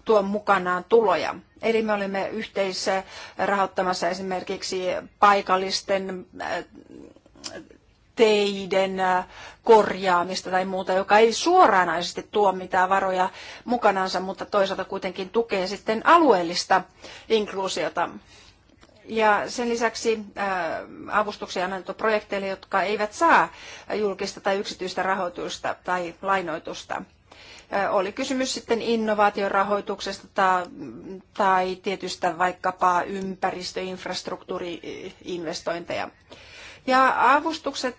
tuo mukanaan tuloja. Eli me olemme yhteisessä rahoittamassa esimerkiksi paikallisten äh, teiden äh, korjaamista tai muuta, joka ei suoranaisesti tuo mitään varoja mukanaansa, mutta toisaalta kuitenkin tukee sitten alueellista inkluusiota. Ja sen lisäksi avustuksia on annettu projekteille, jotka eivät saa julkista tai yksityistä rahoitusta tai lainoitusta. Oli kysymys sitten innovaatiorahoituksesta tai, tai tietystä vaikkapa ympäristöinfrastruktuuriinvestointeja. Ja avustukset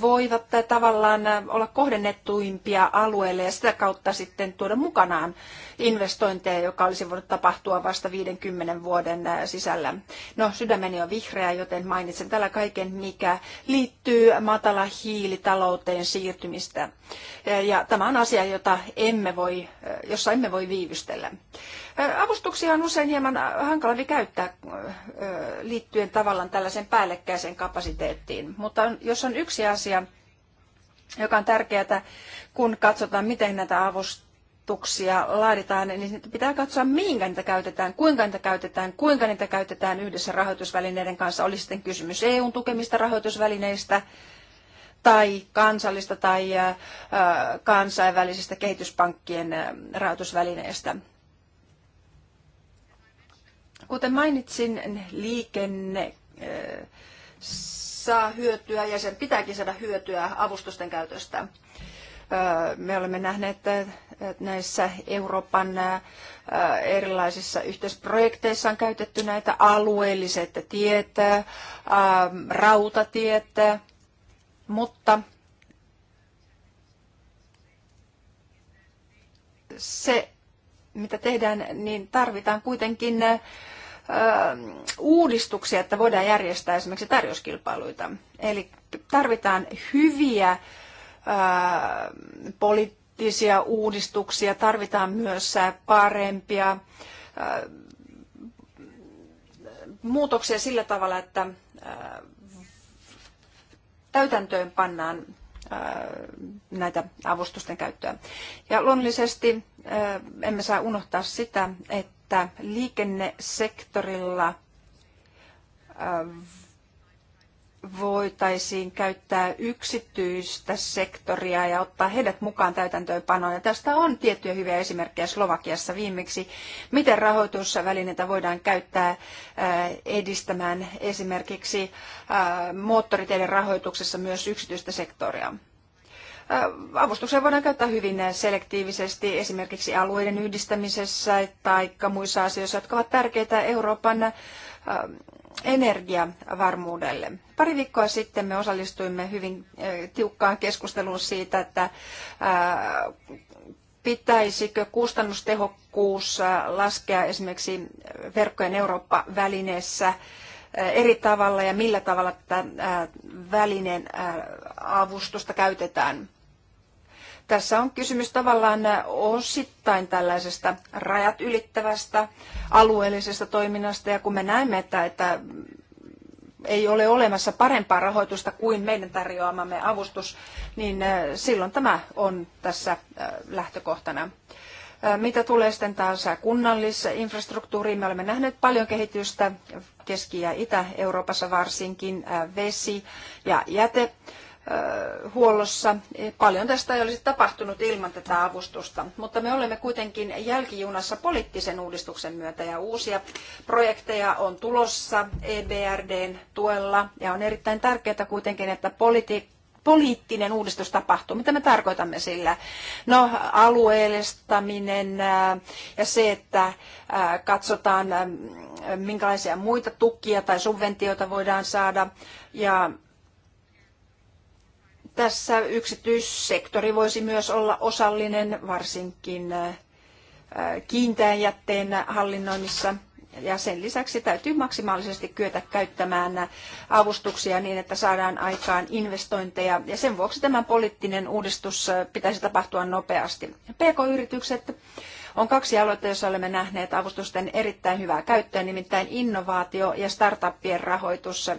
voivat tavallaan olla kohdennettuimpia alueille ja sitä kautta sitten tuoda mukanaan investointeja, joka olisi voinut tapahtua vasta 50 vuoden sisällä. No, sydämeni on vihreä, joten mainitsen tällä kaiken, mikä liittyy matala hiilitalouteen siirtymistä. Ja tämä on asia, jota emme voi, jossa emme voi viivystellä. Avustuksia on usein hieman hankalampi käyttää liittyen tavallaan tällaiseen päällekkäiseen kapasiteettiin, mutta jos on yksi asia, joka on tärkeää, kun katsotaan, miten näitä avustuksia asetuksia laaditaan, niin pitää katsoa, mihinkä niitä käytetään, kuinka niitä käytetään, kuinka niitä käytetään yhdessä rahoitusvälineiden kanssa. Oli sitten kysymys EUn tukemista rahoitusvälineistä tai kansallista tai kansainvälisistä kehityspankkien rahoitusvälineistä. Kuten mainitsin, liikenne saa hyötyä ja sen pitääkin saada hyötyä avustusten käytöstä. Me olemme nähneet näissä Euroopan erilaisissa yhteisprojekteissa on käytetty näitä alueelliset tiet, rautatiet, mutta se, mitä tehdään, niin tarvitaan kuitenkin uudistuksia, että voidaan järjestää esimerkiksi tarjouskilpailuita. Eli tarvitaan hyviä poliittisia uudistuksia, tarvitaan myös parempia muutoksia sillä tavalla, että täytäntöön pannaan näitä avustusten käyttöä. Ja luonnollisesti emme saa unohtaa sitä, että liikennesektorilla voitaisiin käyttää yksityistä sektoria ja ottaa heidät mukaan täytäntöönpanoon. Ja tästä on tiettyjä hyviä esimerkkejä Slovakiassa viimeksi, miten rahoitusvälineitä voidaan käyttää äh, edistämään esimerkiksi äh, moottoriteiden rahoituksessa myös yksityistä sektoria. Äh, avustuksia voidaan käyttää hyvin selektiivisesti esimerkiksi alueiden yhdistämisessä tai muissa asioissa, jotka ovat tärkeitä Euroopan energiavarmuudelle. Pari viikkoa sitten me osallistuimme hyvin eh, tiukkaan keskusteluun siitä, että eh, pitäisikö kustannustehokkuus eh, laskea esimerkiksi verkkojen Eurooppa-välineessä eri tavalla ja millä tavalla tätä välineen avustusta käytetään. Tässä on kysymys tavallaan osittain tällaisesta rajat ylittävästä alueellisesta toiminnasta, ja kun me näemme, että, että ei ole olemassa parempaa rahoitusta kuin meidän tarjoamamme avustus, niin äh, silloin tämä on tässä äh, lähtökohtana. Äh, mitä tulee sitten taas kunnallisinfrastruktuuriin, me olemme nähneet paljon kehitystä Keski- ja Itä-Euroopassa varsinkin vesi- ja jäte huollossa. Paljon tästä ei olisi tapahtunut ilman tätä avustusta, mutta me olemme kuitenkin jälkijunassa poliittisen uudistuksen myötä ja uusia projekteja on tulossa EBRDn tuella ja on erittäin tärkeää kuitenkin, että politi- poliittinen uudistus tapahtuu. Mitä me tarkoitamme sillä? No alueellistaminen ja se, että katsotaan minkälaisia muita tukia tai subventioita voidaan saada ja tässä yksityissektori voisi myös olla osallinen varsinkin kiinteän jätteen hallinnoinnissa. Ja sen lisäksi täytyy maksimaalisesti kyetä käyttämään avustuksia niin, että saadaan aikaan investointeja. Ja sen vuoksi tämä poliittinen uudistus pitäisi tapahtua nopeasti. PK-yritykset on kaksi aluetta, joissa olemme nähneet avustusten erittäin hyvää käyttöä, nimittäin innovaatio ja startuppien rahoitus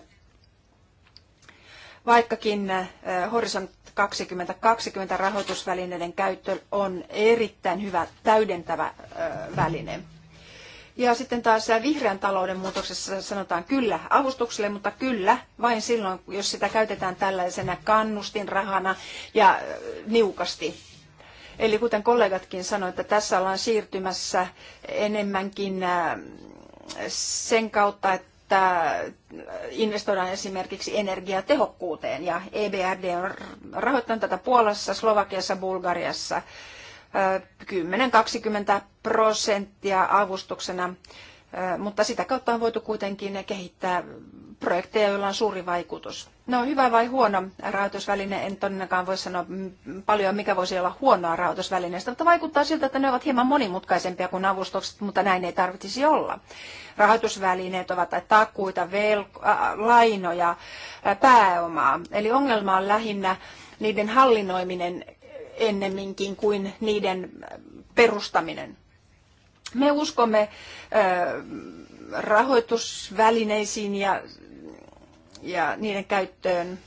vaikkakin äh, Horisont 2020 rahoitusvälineiden käyttö on erittäin hyvä täydentävä äh, väline. Ja sitten taas äh, vihreän talouden muutoksessa sanotaan kyllä avustukselle, mutta kyllä vain silloin, jos sitä käytetään tällaisena kannustinrahana ja niukasti. Eli kuten kollegatkin sanoivat, että tässä ollaan siirtymässä enemmänkin sen kautta, että että äh, investoidaan esimerkiksi energiatehokkuuteen. Ja EBRD on rahoittanut tätä Puolassa, Slovakiassa, Bulgariassa 10-20 äh, prosenttia avustuksena, äh, mutta sitä kautta on voitu kuitenkin kehittää projekteja, joilla on suuri vaikutus. No hyvä vai huono rahoitusväline, en todennäköisesti voi sanoa paljon, mikä voisi olla huonoa rahoitusvälineestä, mutta vaikuttaa siltä, että ne ovat hieman monimutkaisempia kuin avustukset, mutta näin ei tarvitsisi olla. Rahoitusvälineet ovat takuita, velko, äh, lainoja, äh, pääomaa. Eli ongelma on lähinnä niiden hallinnoiminen ennemminkin kuin niiden perustaminen. Me uskomme äh, rahoitusvälineisiin ja ja niiden käyttöön.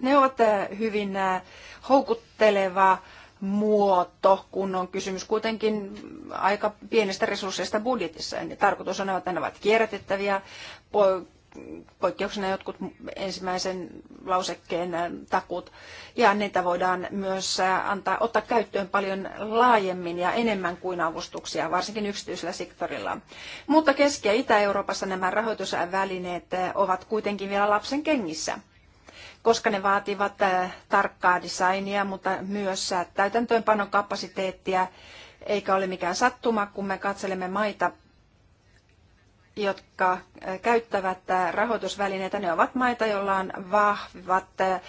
Ne ovat äh, hyvin äh, houkutteleva muoto, kun on kysymys kuitenkin aika pienestä resursseista budjetissa. Ja tarkoitus on, että ne ovat kierrätettäviä, poikkeuksena jotkut ensimmäisen lausekkeen takut. Ja niitä voidaan myös antaa, ottaa käyttöön paljon laajemmin ja enemmän kuin avustuksia, varsinkin yksityisellä sektorilla. Mutta Keski- ja Itä-Euroopassa nämä rahoitusvälineet ovat kuitenkin vielä lapsen kengissä koska ne vaativat äh, tarkkaa designia, mutta myös äh, täytäntöönpanokapasiteettia, eikä ole mikään sattuma, kun me katselemme maita, jotka äh, käyttävät äh, rahoitusvälineitä, ne ovat maita, joilla on vahvat äh,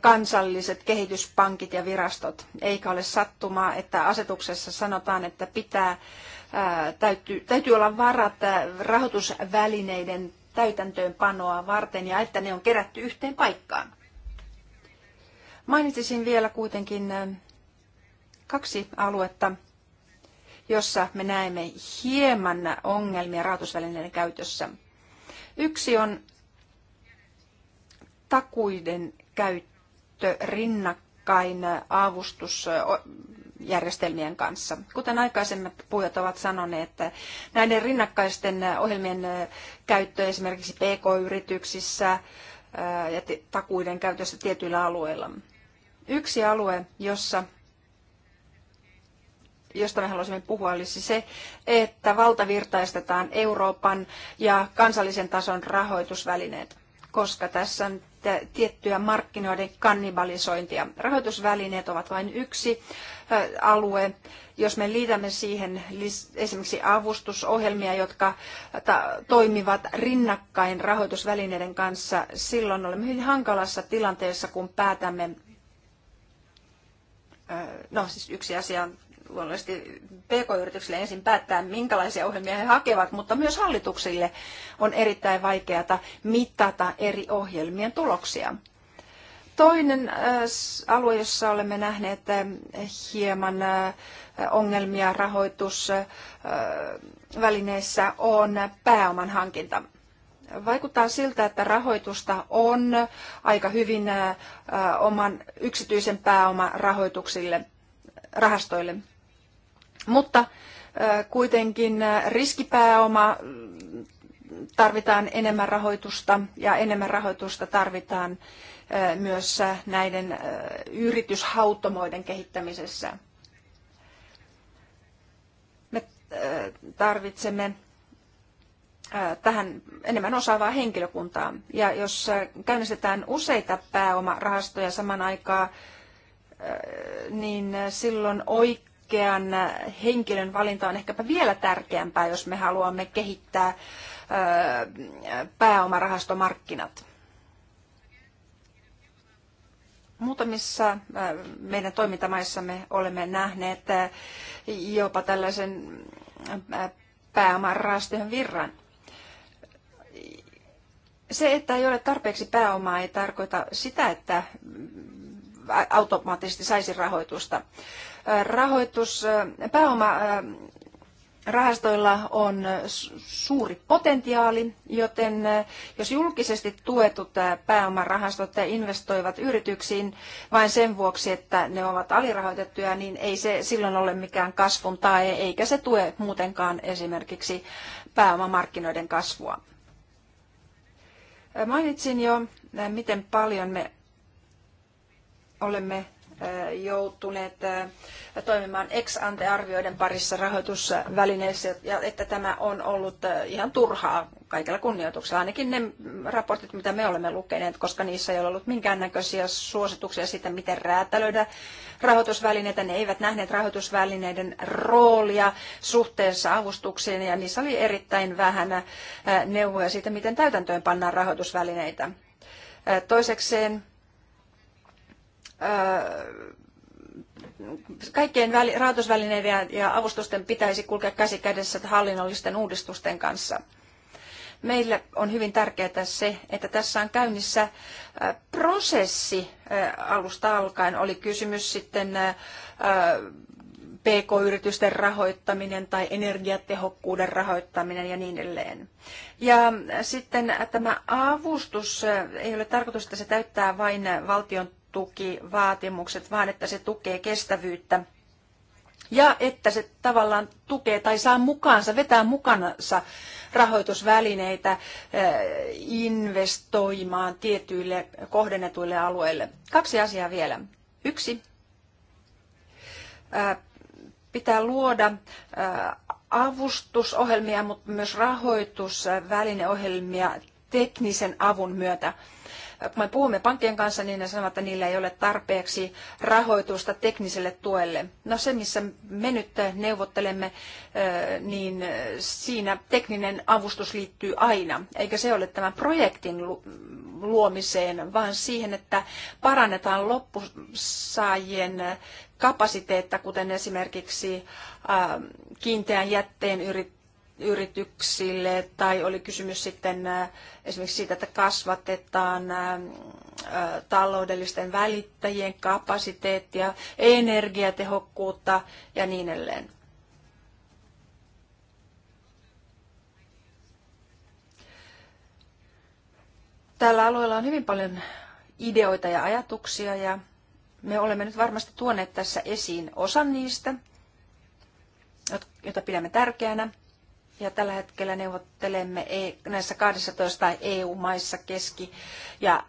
kansalliset kehityspankit ja virastot. Eikä ole sattumaa, että asetuksessa sanotaan, että pitää, täytyy, täytyy olla varat rahoitusvälineiden täytäntöönpanoa varten ja että ne on kerätty yhteen paikkaan. Mainitsisin vielä kuitenkin kaksi aluetta, jossa me näemme hieman ongelmia rahoitusvälineiden käytössä. Yksi on takuiden käyttö rinnakkain avustusjärjestelmien kanssa. Kuten aikaisemmat puhujat ovat sanoneet, että näiden rinnakkaisten ohjelmien käyttö esimerkiksi PK-yrityksissä äh, ja takuiden käytössä tietyillä alueilla. Yksi alue, jossa josta me haluaisimme puhua, olisi se, että valtavirtaistetaan Euroopan ja kansallisen tason rahoitusvälineet, koska tässä on tiettyä markkinoiden kannibalisointia. Rahoitusvälineet ovat vain yksi alue. Jos me liitämme siihen esimerkiksi avustusohjelmia, jotka toimivat rinnakkain rahoitusvälineiden kanssa, silloin olemme hyvin hankalassa tilanteessa, kun päätämme No siis yksi asia on luonnollisesti PK-yrityksille ensin päättää, minkälaisia ohjelmia he hakevat, mutta myös hallituksille on erittäin vaikeata mitata eri ohjelmien tuloksia. Toinen äh, alue, jossa olemme nähneet äh, hieman äh, ongelmia rahoitusvälineissä, on pääoman hankinta. Vaikuttaa siltä, että rahoitusta on aika hyvin oman yksityisen pääoman rahoituksille rahastoille. Mutta kuitenkin riskipääoma tarvitaan enemmän rahoitusta ja enemmän rahoitusta tarvitaan myös näiden yrityshautomoiden kehittämisessä. Me tarvitsemme tähän enemmän osaavaa henkilökuntaa. Ja jos käynnistetään useita pääomarahastoja saman aikaan, niin silloin oikein oikean henkilön valinta on ehkäpä vielä tärkeämpää, jos me haluamme kehittää pääomarahastomarkkinat. Muutamissa meidän toimintamaissamme olemme nähneet jopa tällaisen pääomarahastojen virran. Se, että ei ole tarpeeksi pääomaa, ei tarkoita sitä, että automaattisesti saisi rahoitusta. Rahoitus, pääoma rahastoilla on suuri potentiaali, joten jos julkisesti tuetut pääomarahastot investoivat yrityksiin vain sen vuoksi, että ne ovat alirahoitettuja, niin ei se silloin ole mikään kasvun tae, eikä se tue muutenkaan esimerkiksi pääomamarkkinoiden kasvua. Mainitsin jo, miten paljon me olemme joutuneet toimimaan ex-ante-arvioiden parissa rahoitusvälineissä, ja että tämä on ollut ihan turhaa kaikella kunnioituksella, ainakin ne raportit, mitä me olemme lukeneet, koska niissä ei ole ollut minkäännäköisiä suosituksia siitä, miten räätälöidä rahoitusvälineitä. Ne eivät nähneet rahoitusvälineiden roolia suhteessa avustuksiin, ja niissä oli erittäin vähän neuvoja siitä, miten täytäntöön pannaan rahoitusvälineitä. Toisekseen kaikkien rahoitusvälineiden ja avustusten pitäisi kulkea käsi kädessä hallinnollisten uudistusten kanssa. Meille on hyvin tärkeää se, että tässä on käynnissä prosessi alusta alkaen. Oli kysymys sitten PK-yritysten rahoittaminen tai energiatehokkuuden rahoittaminen ja niin edelleen. Ja sitten tämä avustus, ei ole tarkoitus, että se täyttää vain valtion tukivaatimukset, vaan että se tukee kestävyyttä ja että se tavallaan tukee tai saa mukaansa, vetää mukanansa rahoitusvälineitä eh, investoimaan tietyille kohdennetuille alueille. Kaksi asiaa vielä. Yksi. Eh, pitää luoda eh, avustusohjelmia, mutta myös rahoitusvälineohjelmia teknisen avun myötä kun me puhumme pankkien kanssa, niin ne sanovat, että niillä ei ole tarpeeksi rahoitusta tekniselle tuelle. No se, missä me nyt neuvottelemme, niin siinä tekninen avustus liittyy aina. Eikä se ole tämän projektin luomiseen, vaan siihen, että parannetaan loppusaajien kapasiteetta, kuten esimerkiksi kiinteän jätteen yrittäjien yrityksille, tai oli kysymys sitten äh, esimerkiksi siitä, että kasvatetaan äh, äh, taloudellisten välittäjien kapasiteettia, energiatehokkuutta ja niin edelleen. Tällä alueella on hyvin paljon ideoita ja ajatuksia ja me olemme nyt varmasti tuoneet tässä esiin osan niistä, joita pidämme tärkeänä. Ja tällä hetkellä neuvottelemme e, näissä 12 EU-maissa keski- ja,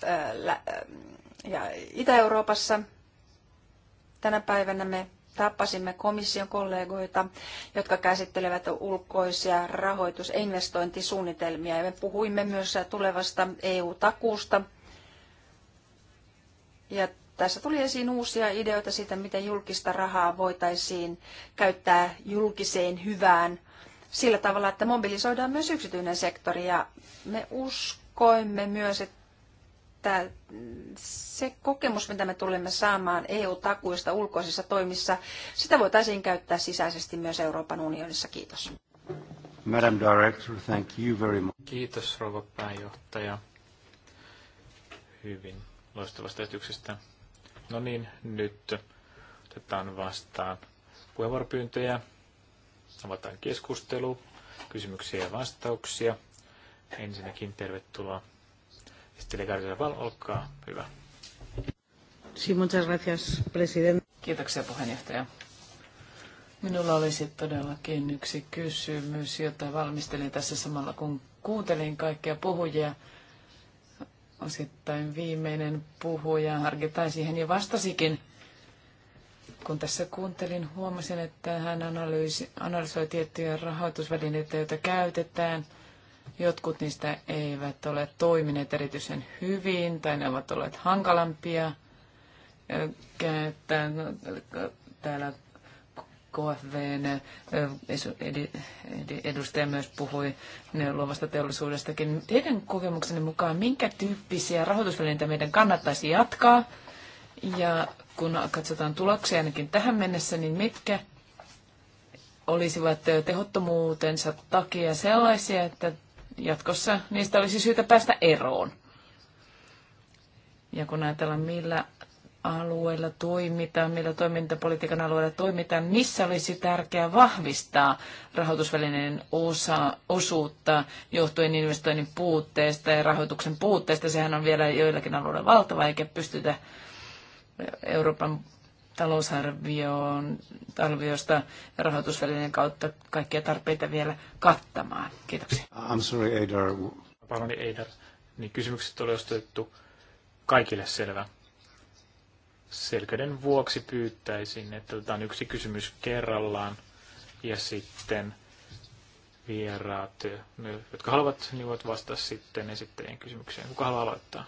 ja Itä-Euroopassa. Tänä päivänä me tapasimme komission kollegoita, jotka käsittelevät ulkoisia rahoitus- ja investointisuunnitelmia. Ja me puhuimme myös tulevasta EU-takuusta. Ja tässä tuli esiin uusia ideoita siitä, miten julkista rahaa voitaisiin käyttää julkiseen hyvään sillä tavalla, että mobilisoidaan myös yksityinen sektori. Ja me uskoimme myös, että se kokemus, mitä me tulemme saamaan EU-takuista ulkoisissa toimissa, sitä voitaisiin käyttää sisäisesti myös Euroopan unionissa. Kiitos. Madam Director, thank you very much. Kiitos rouva pääjohtaja. Hyvin loistavasta esityksestä. No niin, nyt otetaan vastaan puheenvuoropyyntöjä. Avataan keskustelu, kysymyksiä ja vastauksia. Ensinnäkin tervetuloa. Sitten Val, olkaa hyvä. Sí, muchas gracias, president. Kiitoksia puheenjohtaja. Minulla olisi todellakin yksi kysymys, jota valmistelin tässä samalla kun kuuntelin kaikkia puhujia. Osittain viimeinen puhuja harkitaan siihen jo vastasikin. Kun tässä kuuntelin, huomasin, että hän analyysi, analysoi tiettyjä rahoitusvälineitä, joita käytetään. Jotkut niistä eivät ole toimineet erityisen hyvin tai ne ovat olleet hankalampia käyttää. No, täällä KFVn edustaja myös puhui luovasta teollisuudestakin. Teidän kokemuksenne mukaan, minkä tyyppisiä rahoitusvälineitä meidän kannattaisi jatkaa? Ja kun katsotaan tuloksia ainakin tähän mennessä, niin mitkä olisivat tehottomuutensa takia sellaisia, että jatkossa niistä olisi syytä päästä eroon. Ja kun ajatellaan, millä alueella toimitaan, millä toimintapolitiikan alueella toimitaan, missä olisi tärkeää vahvistaa rahoitusvälineen osa, osuutta johtuen investoinnin puutteesta ja rahoituksen puutteesta. Sehän on vielä joillakin alueilla valtava, eikä pystytä Euroopan talousarvioon talviosta rahoitusvälineen kautta kaikkia tarpeita vielä kattamaan. Kiitoksia. I'm sorry, Eidar. Paloni Eidar. Niin kysymykset oli ostettu kaikille selvä. Selkeyden vuoksi pyytäisin, että otetaan yksi kysymys kerrallaan ja sitten vieraat, jotka haluavat, niin voit vastata sitten esittäjien kysymykseen. Kuka haluaa aloittaa?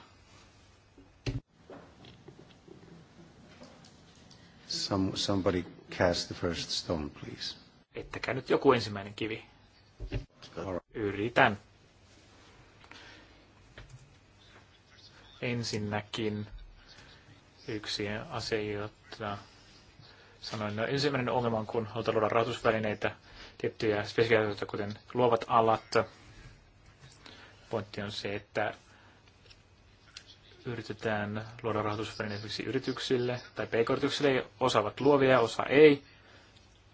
Some, somebody cast the first stone, please. Ettäkää nyt joku ensimmäinen kivi. Yritän. Ensinnäkin yksi asia, jota sanoin. No, ensimmäinen ongelma on, kun halutaan luoda rahoitusvälineitä, tiettyjä spesiaaliasioita, kuten luovat alat. Pointti on se, että yritetään luoda rahoitusväline esimerkiksi yrityksille tai pk-yrityksille, osaavat luovia osa ei,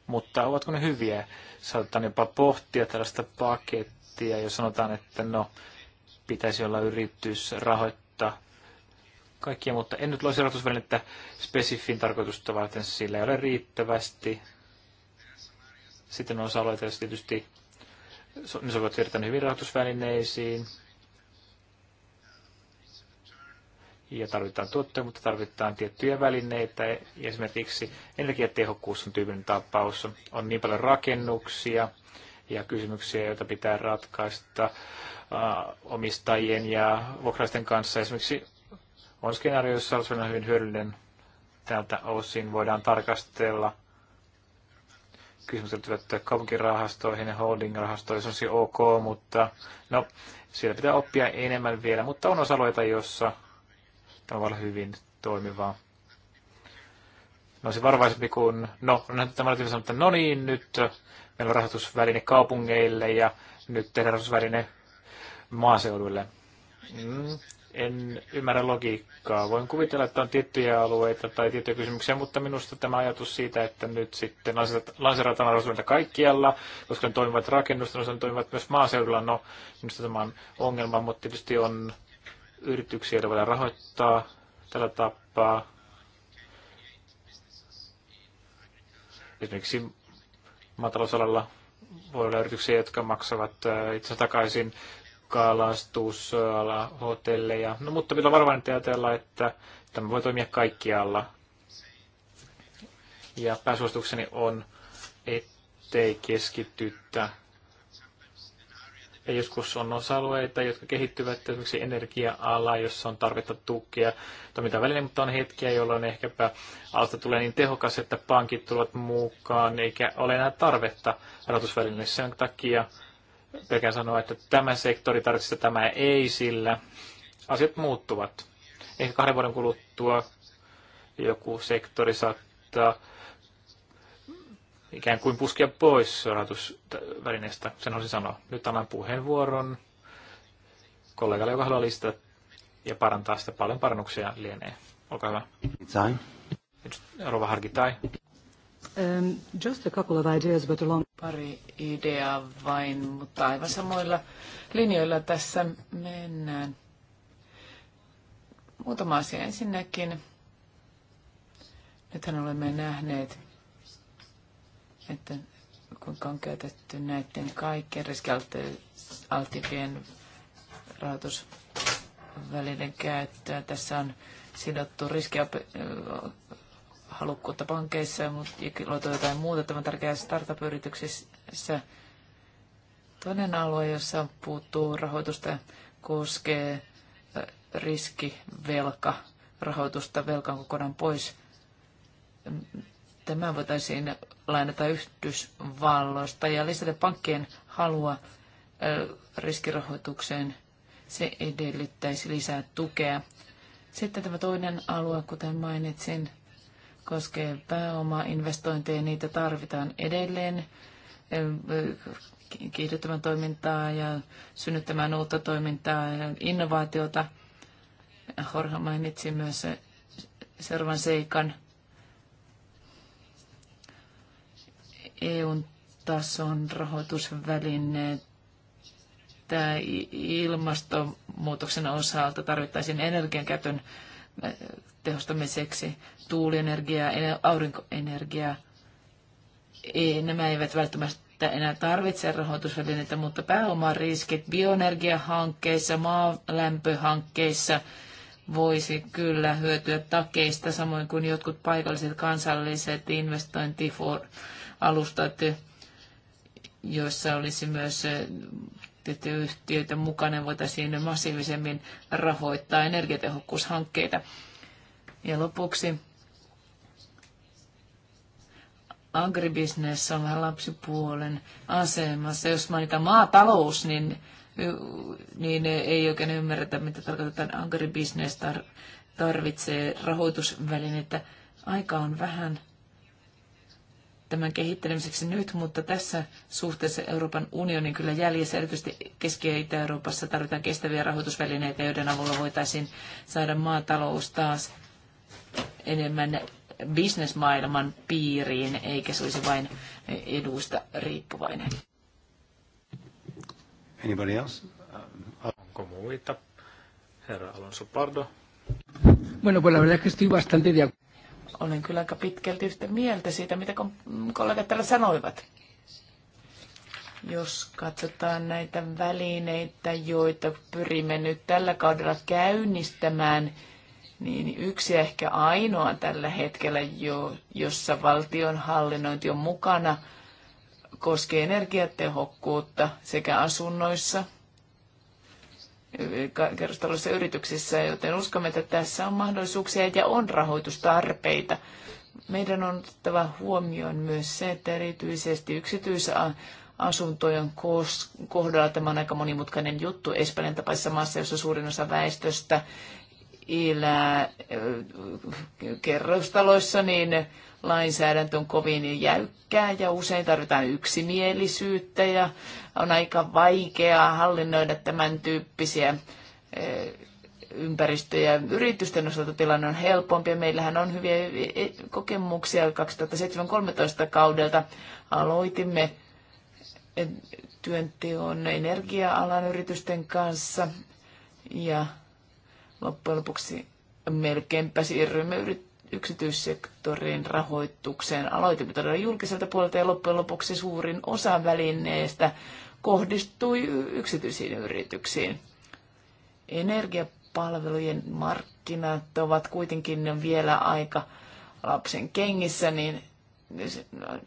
mutta ovatko ne hyviä? Saatetaan jopa pohtia tällaista pakettia, jos sanotaan, että no, pitäisi olla yritys rahoittaa kaikkia, mutta en nyt loisi rahoitusvälinettä spesifin tarkoitusta varten, sillä ei ole riittävästi. Sitten on osa-alueita, tietysti ne sopivat erittäin hyvin rahoitusvälineisiin, ja tarvitaan tuotteita, mutta tarvitaan tiettyjä välineitä. Esimerkiksi energiatehokkuus on tyypillinen tapaus. On niin paljon rakennuksia ja kysymyksiä, joita pitää ratkaista äh, omistajien ja vuokraisten kanssa. Esimerkiksi on skenaario, jossa on hyvin hyödyllinen tältä osin. Voidaan tarkastella kysymykset liittyvät kaupunkirahastoihin ja holdingrahastoihin, se on ok, mutta no, siellä pitää oppia enemmän vielä, mutta on osa joissa jossa tavalla hyvin toimivaa. Mä no, olisin varovaisempi kuin, no, tämä on sanonut, että no niin, nyt meillä on rahoitusväline kaupungeille ja nyt tehdään rahoitusväline maaseudulle. Mm, en ymmärrä logiikkaa. Voin kuvitella, että on tiettyjä alueita tai tiettyjä kysymyksiä, mutta minusta tämä ajatus siitä, että nyt sitten lanseerataan rahoitusväline kaikkialla, koska ne toimivat rakennusten, ne toimivat myös maaseudulla, no minusta tämä on ongelma, mutta tietysti on yrityksiä, joita voidaan rahoittaa tällä tapaa. Esimerkiksi maatalousalalla voi olla yrityksiä, jotka maksavat itse takaisin kalastusala, hotelleja. No mutta pitää varovainen ajatella, että tämä voi toimia kaikkialla. Ja pääsuositukseni on, ettei keskitytä ja joskus on osa-alueita, jotka kehittyvät esimerkiksi energia-ala, jossa on tarvetta tukea toimintaväline, mutta on hetkiä, jolloin ehkäpä alusta tulee niin tehokas, että pankit tulevat mukaan, eikä ole enää tarvetta rahoitusvälineille. Sen takia pelkään sanoa, että tämä sektori tarvitsee tämä ei, sillä asiat muuttuvat. Ehkä kahden vuoden kuluttua joku sektori saattaa ikään kuin puskea pois rahoitusvälineestä, sen olisi sanoa. Nyt annan puheenvuoron kollegalle, joka haluaa listata ja parantaa sitä paljon parannuksia lienee. Olkaa hyvä. Harkitai. Rova Harkitai. Um, just a couple of ideas, but along... Pari ideaa vain, mutta aivan samoilla linjoilla tässä mennään. Muutama asia ensinnäkin. Nythän olemme nähneet että kuinka on käytetty näiden kaikkien riskialtimpien rahoitusvälineiden käyttöä. Tässä on sidottu riskiä halukkuutta pankeissa, mutta luotu jotain muuta. tämän on tärkeää startup-yrityksissä. Toinen alue, jossa puuttuu rahoitusta, koskee riskivelka rahoitusta velkaan kokonaan pois Tämä voitaisiin lainata Yhdysvalloista ja lisätä pankkien halua riskirahoitukseen. Se edellyttäisi lisää tukea. Sitten tämä toinen alue, kuten mainitsin, koskee pääomainvestointeja. Niitä tarvitaan edelleen kiihdyttämään toimintaa ja synnyttämään uutta toimintaa ja innovaatiota. Horha mainitsi myös seuraavan seikan – EUn tason rahoitusvälineet että ilmastonmuutoksen osalta tarvittaisiin energiankäytön äh, tehostamiseksi tuulienergiaa, aurinkoenergiaa. E, nämä eivät välttämättä enää tarvitse rahoitusvälineitä, mutta pääomariskit bioenergiahankkeissa, maalämpöhankkeissa voisi kyllä hyötyä takeista, samoin kuin jotkut paikalliset kansalliset investointifoorumit alustat, joissa olisi myös eh, tiettyjä yhtiöitä mukana, voitaisiin massiivisemmin rahoittaa energiatehokkuushankkeita. Ja lopuksi agribisnes on vähän lapsipuolen asemassa. Jos mainitaan maatalous, niin, niin ei oikein ymmärretä, mitä tarkoitetaan agribisnes tar- tarvitsee rahoitusvälineitä. Aika on vähän tämän kehittelemiseksi nyt, mutta tässä suhteessa Euroopan unionin kyllä jäljessä, erityisesti Keski- ja Itä-Euroopassa tarvitaan kestäviä rahoitusvälineitä, joiden avulla voitaisiin saada maatalous taas enemmän bisnesmaailman piiriin, eikä se olisi vain eduista riippuvainen. Anybody else? Onko muita? Herra Alonso Pardo. Bueno, pues la verdad es que estoy bastante de acuerdo. Olen kyllä aika pitkälti yhtä mieltä siitä, mitä kollegat täällä sanoivat. Jos katsotaan näitä välineitä, joita pyrimme nyt tällä kaudella käynnistämään, niin yksi ehkä ainoa tällä hetkellä, jo, jossa valtion hallinnointi on mukana, koskee energiatehokkuutta sekä asunnoissa kerrostaloissa yrityksissä, joten uskomme, että tässä on mahdollisuuksia ja on rahoitustarpeita. Meidän on otettava huomioon myös se, että erityisesti yksityisasuntojen kohdalla tämä on aika monimutkainen juttu Espanjan tapaisessa maassa, jossa suurin osa väestöstä elää kerrostaloissa, niin lainsäädäntö on kovin jäykkää ja usein tarvitaan yksimielisyyttä ja on aika vaikeaa hallinnoida tämän tyyppisiä eh, ympäristöjä. Yritysten osalta tilanne on helpompi ja meillähän on hyviä eh, kokemuksia 2007-2013 kaudelta. Aloitimme eh, työnteon energia-alan yritysten kanssa ja loppujen lopuksi melkeinpä siirryimme yksityissektorin rahoitukseen. Aloitimme todella julkiselta puolelta ja loppujen lopuksi suurin osa välineestä kohdistui yksityisiin yrityksiin. Energiapalvelujen markkinat ovat kuitenkin vielä aika lapsen kengissä, niin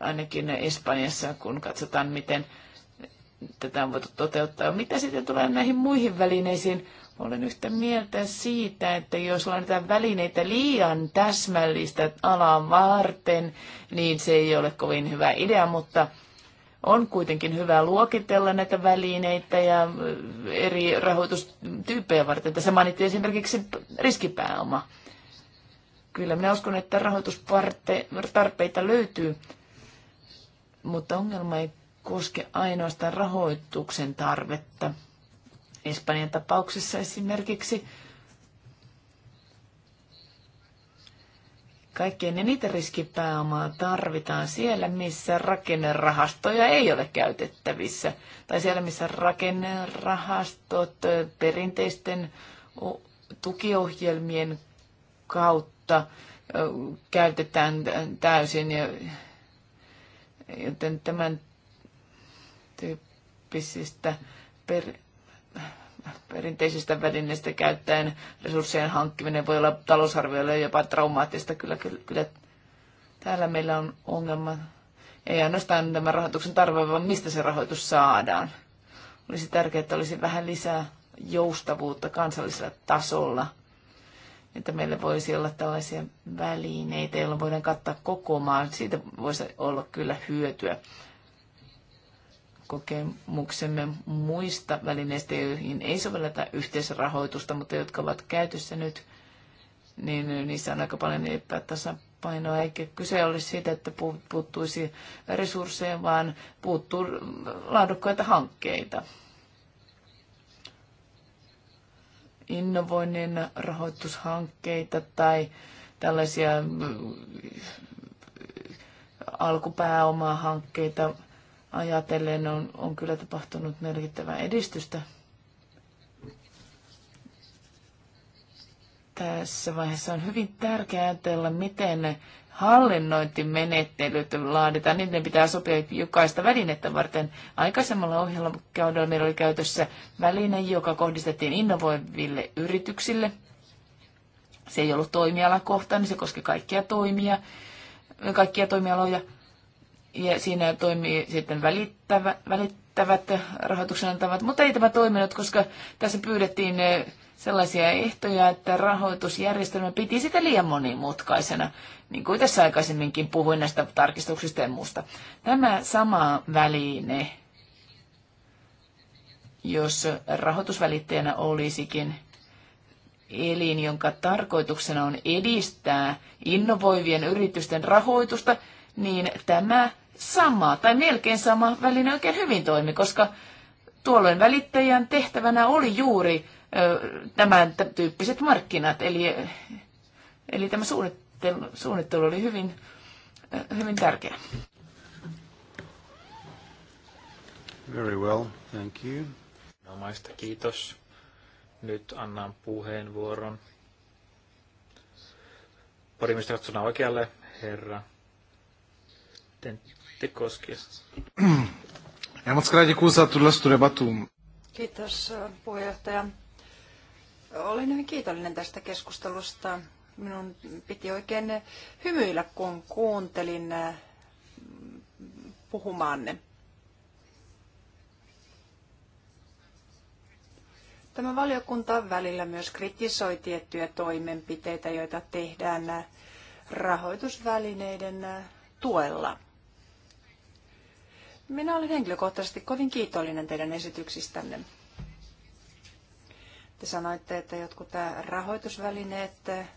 ainakin Espanjassa, kun katsotaan, miten tätä on voitu toteuttaa. Mitä sitten tulee näihin muihin välineisiin? Olen yhtä mieltä siitä, että jos laitetaan välineitä liian täsmällistä alaa varten, niin se ei ole kovin hyvä idea, mutta on kuitenkin hyvä luokitella näitä välineitä ja eri rahoitustyyppejä varten. Tässä mainittiin esimerkiksi riskipääoma. Kyllä minä uskon, että rahoitustarpeita löytyy, mutta ongelma ei koske ainoastaan rahoituksen tarvetta. Espanjan tapauksessa esimerkiksi kaikkein eniten riskipääomaa tarvitaan siellä, missä rakennerahastoja ei ole käytettävissä. Tai siellä, missä rakennerahastot perinteisten tukiohjelmien kautta käytetään täysin. Joten tämän tyyppisistä per- perinteisistä välineistä käyttäen resurssien hankkiminen voi olla talousarvioille jopa traumaattista. Kyllä, kyllä, kyllä täällä meillä on ongelma. Ei ainoastaan tämä rahoituksen tarve, vaan mistä se rahoitus saadaan. Olisi tärkeää, että olisi vähän lisää joustavuutta kansallisella tasolla, että meillä voisi olla tällaisia välineitä, joilla voidaan kattaa koko maan. Siitä voisi olla kyllä hyötyä kokemuksemme muista välineistä, joihin ei sovelleta yhteisrahoitusta, mutta jotka ovat käytössä nyt, niin niissä on aika paljon epätasapainoa. Eikä kyse olisi siitä, että puuttuisi resursseja, vaan puuttuu laadukkaita hankkeita. Innovoinnin rahoitushankkeita tai tällaisia alkupääomahankkeita hankkeita ajatellen on, on kyllä tapahtunut merkittävää edistystä. Tässä vaiheessa on hyvin tärkeää ajatella, miten hallinnointimenettelyt laaditaan. ne pitää sopia jokaista välinettä varten. Aikaisemmalla ohjelmakaudella meillä oli käytössä väline, joka kohdistettiin innovoiville yrityksille. Se ei ollut toimialakohtainen, se koski kaikkia toimia, kaikkia toimialoja – ja siinä toimii sitten välittävä, välittävät rahoituksen antavat, mutta ei tämä toiminut, koska tässä pyydettiin eh, sellaisia ehtoja, että rahoitusjärjestelmä piti sitä liian monimutkaisena, niin kuin tässä aikaisemminkin puhuin näistä tarkistuksista ja muusta. Tämä sama väline, jos rahoitusvälittäjänä olisikin elin, jonka tarkoituksena on edistää innovoivien yritysten rahoitusta – niin tämä sama tai melkein sama väline oikein hyvin toimi, koska tuolloin välittäjän tehtävänä oli juuri tämän tyyppiset markkinat, eli, eli tämä suunnittelu, suunnittelu oli hyvin, hyvin tärkeä. Very well, thank you. Nomaista kiitos. Nyt annan puheenvuoron. Pari mistä oikealle, herra sitten Tekoskias. Ja moc krát děkuji za tuhle Kiitos puheenjohtaja. Olin hyvin kiitollinen tästä keskustelusta. Minun piti oikein hymyillä, kun kuuntelin mm, puhumaanne. Tämä valiokunta välillä myös kritisoi tiettyjä toimenpiteitä, joita tehdään rahoitusvälineiden tuella. Minä olen henkilökohtaisesti kovin kiitollinen teidän esityksistänne. Te sanoitte, että jotkut äh, rahoitusvälineet äh,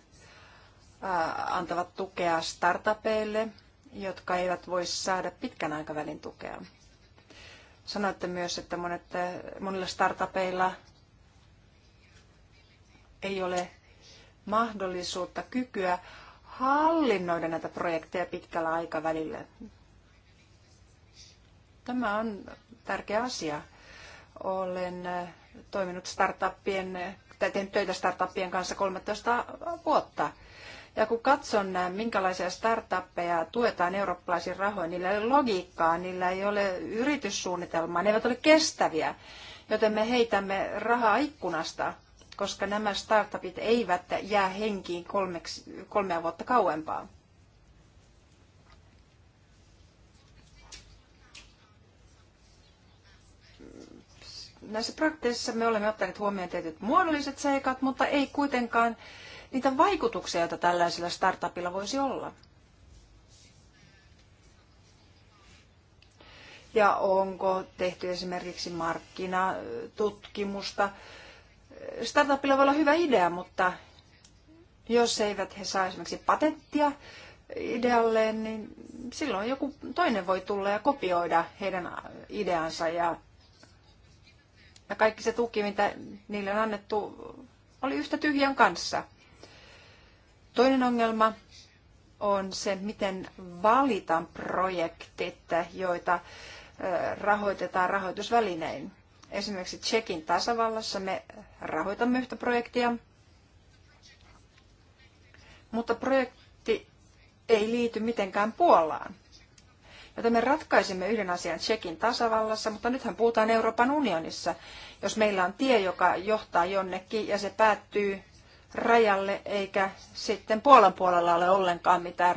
antavat tukea startupeille, jotka eivät voi saada pitkän aikavälin tukea. Sanoitte myös, että monet, äh, monilla startupeilla ei ole mahdollisuutta, kykyä hallinnoida näitä projekteja pitkällä aikavälillä. Tämä on tärkeä asia. Olen äh, toiminut startuppien, tai tehnyt töitä startuppien kanssa 13 vuotta. Ja kun katson, äh, minkälaisia startuppeja tuetaan eurooppalaisin rahoin, niillä ei ole logiikkaa, niillä ei ole yrityssuunnitelmaa, ne eivät ole kestäviä. Joten me heitämme rahaa ikkunasta, koska nämä startupit eivät jää henkiin kolmeksi, kolmea vuotta kauempaa. näissä projekteissa me olemme ottaneet huomioon tietyt muodolliset seikat, mutta ei kuitenkaan niitä vaikutuksia, joita tällaisella startupilla voisi olla. Ja onko tehty esimerkiksi markkinatutkimusta? Startupilla voi olla hyvä idea, mutta jos eivät he saa esimerkiksi patenttia idealleen, niin silloin joku toinen voi tulla ja kopioida heidän ideansa ja ja kaikki se tuki, mitä niille on annettu, oli yhtä tyhjän kanssa. Toinen ongelma on se, miten valitaan projektit, joita rahoitetaan rahoitusvälinein. Esimerkiksi Tsekin tasavallassa me rahoitamme yhtä projektia, mutta projekti ei liity mitenkään Puolaan. Joten me ratkaisimme yhden asian Tsekin tasavallassa, mutta nythän puhutaan Euroopan unionissa. Jos meillä on tie, joka johtaa jonnekin ja se päättyy rajalle, eikä sitten Puolan puolella ole ollenkaan mitään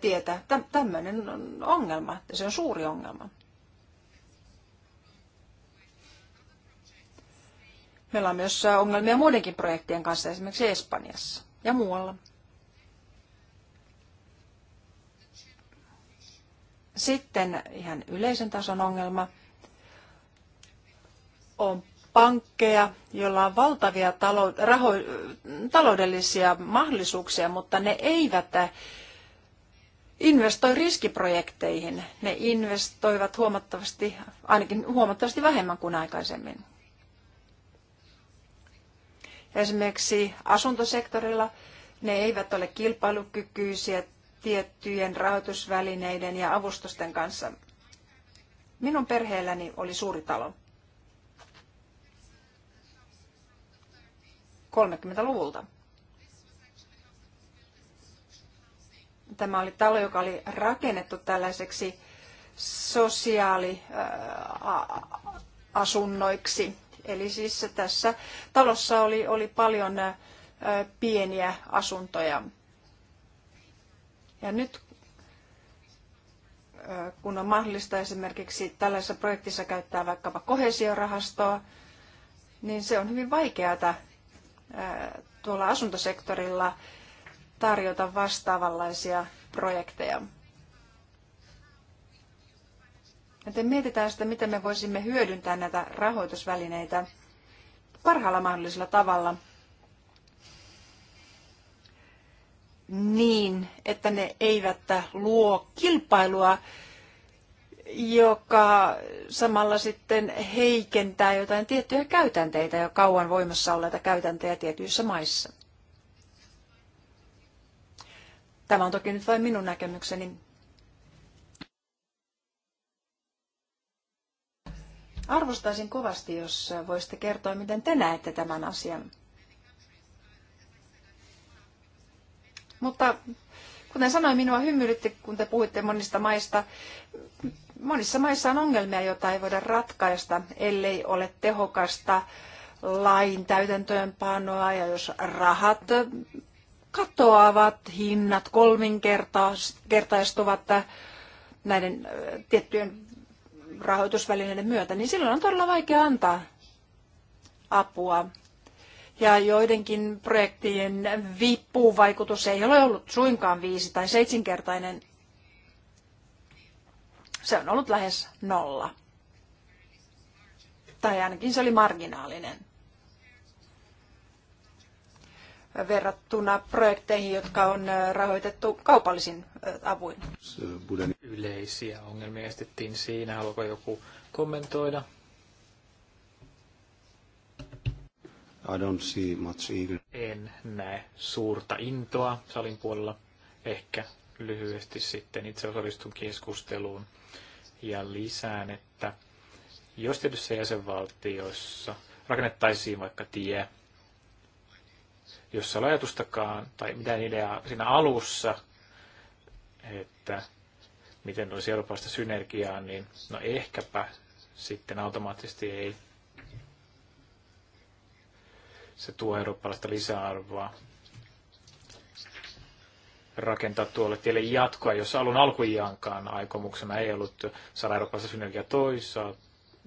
tietä. Tä- tämmöinen on ongelma, se on suuri ongelma. Meillä on myös ongelmia muidenkin projektien kanssa, esimerkiksi Espanjassa ja muualla. Sitten ihan yleisen tason ongelma on pankkeja, joilla on valtavia raho- taloudellisia mahdollisuuksia, mutta ne eivät investoi riskiprojekteihin. Ne investoivat huomattavasti, ainakin huomattavasti vähemmän kuin aikaisemmin. Esimerkiksi asuntosektorilla ne eivät ole kilpailukykyisiä tiettyjen rahoitusvälineiden ja avustusten kanssa. Minun perheelläni oli suuri talo 30-luvulta. Tämä oli talo, joka oli rakennettu tällaiseksi sosiaaliasunnoiksi. Eli siis tässä talossa oli, oli paljon pieniä asuntoja. Ja nyt äh, kun on mahdollista esimerkiksi tällaisessa projektissa käyttää vaikkapa kohesiorahastoa, niin se on hyvin vaikeata äh, tuolla asuntosektorilla tarjota vastaavanlaisia projekteja. Joten mietitään sitä, miten me voisimme hyödyntää näitä rahoitusvälineitä parhaalla mahdollisella tavalla – niin, että ne eivät luo kilpailua, joka samalla sitten heikentää jotain tiettyjä käytänteitä ja kauan voimassa olleita käytäntöjä tietyissä maissa. Tämä on toki nyt vain minun näkemykseni. Arvostaisin kovasti, jos voisitte kertoa, miten te näette tämän asian. Mutta kuten sanoin, minua hymyilytti, kun te puhuitte monista maista. Monissa maissa on ongelmia, joita ei voida ratkaista, ellei ole tehokasta lain täytäntöönpanoa ja jos rahat katoavat, hinnat kolminkertaistuvat näiden tiettyjen rahoitusvälineiden myötä, niin silloin on todella vaikea antaa apua ja joidenkin projektien vipuvaikutus ei ole ollut suinkaan viisi tai seitsinkertainen. Se on ollut lähes nolla. Tai ainakin se oli marginaalinen verrattuna projekteihin, jotka on rahoitettu kaupallisin avuin. Yleisiä ongelmia estettiin siinä. Haluaako joku kommentoida? I don't see much eager. En näe suurta intoa salin puolella. Ehkä lyhyesti sitten itse osallistun keskusteluun ja lisään, että jos tietyissä jäsenvaltioissa rakennettaisiin vaikka tie, jossa ei ajatustakaan tai mitään ideaa siinä alussa, että miten olisi eurooppalaista synergiaa, niin no ehkäpä sitten automaattisesti ei se tuo eurooppalaista lisäarvoa rakentaa tuolle tielle jatkoa, jos alun alkujaankaan aikomuksena ei ollut saada eurooppalaista synergiaa toisa,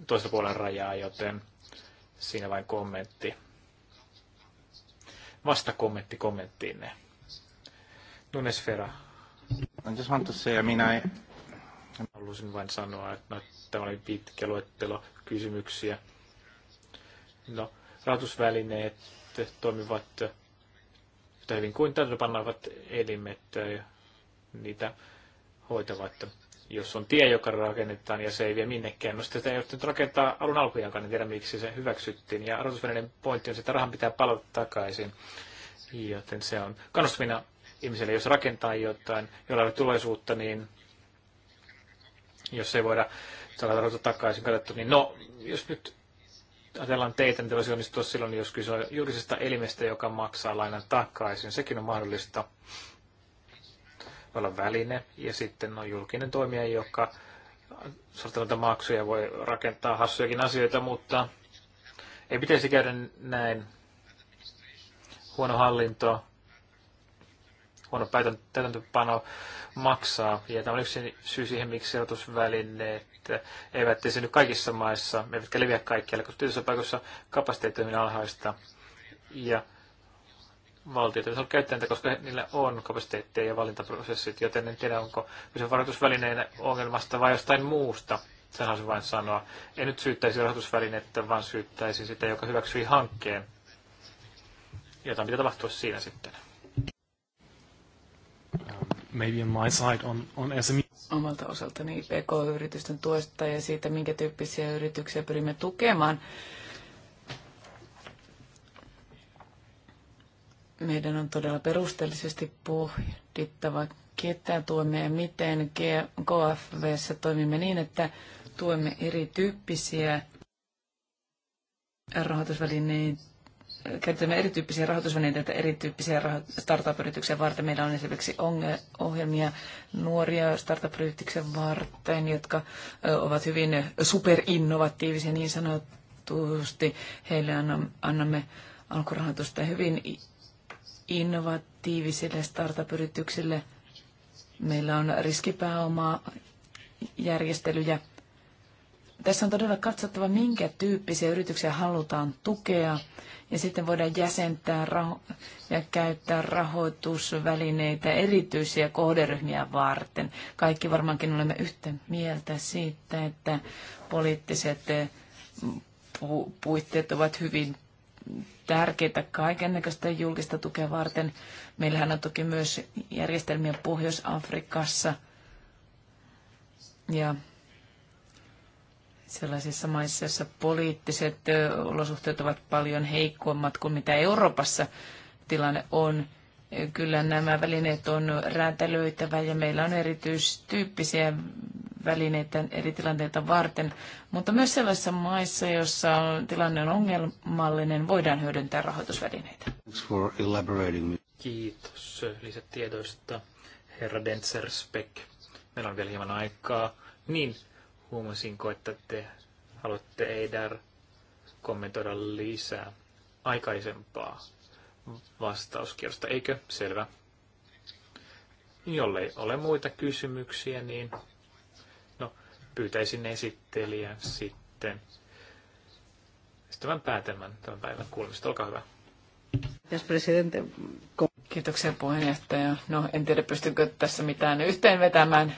toista puolen rajaa, joten siinä vain kommentti. Vasta kommentti ne. Nunes Fera. I just want to say, I mean, I... vain sanoa, että no, tämä oli pitkä luettelo kysymyksiä. No, rahoitusvälineet toimivat yhtä hyvin kuin täytäntöpannavat elimet niitä hoitavat. Jos on tie, joka rakennetaan ja se ei vie minnekään, no sitä ei nyt rakentaa alun alkujaankaan, en tiedä miksi se hyväksyttiin. Ja rahoitusvälineen pointti on se, että rahan pitää palata takaisin, joten se on kannustamina ihmiselle, jos rakentaa jotain, jolla ei ole niin jos ei voida saada rahoitusta takaisin katsottu, niin no, jos nyt ajatellaan teitä, niin voisi onnistua silloin, jos kyse on julkisesta elimestä, joka maksaa lainan takaisin. Sekin on mahdollista olla väline ja sitten on julkinen toimija, joka sortilta maksuja voi rakentaa hassujakin asioita, mutta ei pitäisi käydä näin. Huono hallinto, huono päätäntöpano maksaa. Ja tämä on yksi syy siihen, miksi sijoitusvälineet eivät esiinny kaikissa maissa, eivätkä leviä kaikkialle, koska tietyissä paikoissa kapasiteetti on alhaista. Ja valtiot eivät halua käyttää niitä, koska niillä on kapasiteetteja ja valintaprosessit, joten en tiedä, onko kyse varoitusvälineen ongelmasta vai jostain muusta. Sen haluaisin vain sanoa. En nyt syyttäisi rahoitusvälinettä, vaan syyttäisi sitä, joka hyväksyi hankkeen. Jotain pitää tapahtua siinä sitten maybe on my side on, on SME. Omalta osaltani PK-yritysten tuesta ja siitä, minkä tyyppisiä yrityksiä pyrimme tukemaan. Meidän on todella perusteellisesti pohdittava, ketä tuemme ja miten KFVssä toimimme niin, että tuemme erityyppisiä rahoitusvälineitä käytämme erityyppisiä rahoitusvälineitä erityyppisiä startup-yrityksiä varten. Meillä on esimerkiksi ohjelmia nuoria startup-yrityksiä varten, jotka ovat hyvin superinnovatiivisia niin sanotusti. Heille annamme alkurahoitusta hyvin innovatiivisille startup-yrityksille. Meillä on riskipääomaa järjestelyjä. Tässä on todella katsottava, minkä tyyppisiä yrityksiä halutaan tukea ja sitten voidaan jäsentää raho- ja käyttää rahoitusvälineitä erityisiä kohderyhmiä varten. Kaikki varmaankin olemme yhtä mieltä siitä, että poliittiset eh, pu- puitteet ovat hyvin tärkeitä kaikennäköistä julkista tukea varten. Meillähän on toki myös järjestelmiä Pohjois-Afrikassa ja sellaisissa maissa, joissa poliittiset olosuhteet ovat paljon heikommat kuin mitä Euroopassa tilanne on. Kyllä nämä välineet on räätälöitävä ja meillä on erityistyyppisiä välineitä eri tilanteita varten, mutta myös sellaisissa maissa, joissa tilanne on ongelmallinen, voidaan hyödyntää rahoitusvälineitä. Kiitos lisätiedoista, herra Denzer Speck. Meillä on vielä hieman aikaa. Niin, Huomasinko, että te haluatte Eidar kommentoida lisää aikaisempaa vastauskierrosta, eikö? Selvä. Jollei ole muita kysymyksiä, niin no, pyytäisin esittelijä sitten tämän päätelmän tämän päivän kuulemista. Olkaa hyvä. Kiitoksia puheenjohtaja. No en tiedä pystynkö tässä mitään yhteen vetämään,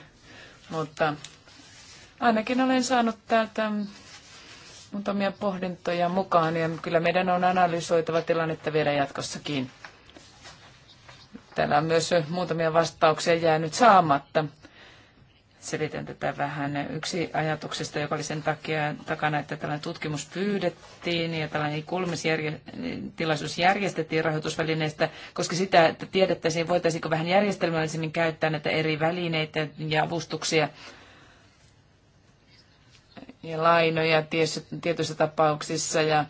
mutta Ainakin olen saanut täältä muutamia pohdintoja mukaan ja kyllä meidän on analysoitava tilannetta vielä jatkossakin. Täällä on myös muutamia vastauksia jäänyt saamatta. Selitän tätä vähän yksi ajatuksesta, joka oli sen takia takana, että tällainen tutkimus pyydettiin ja tällainen kulmistilaisuus järjestettiin rahoitusvälineistä, koska sitä, että tiedettäisiin, voitaisiinko vähän järjestelmällisemmin käyttää näitä eri välineitä ja avustuksia ja lainoja tietyissä tapauksissa ja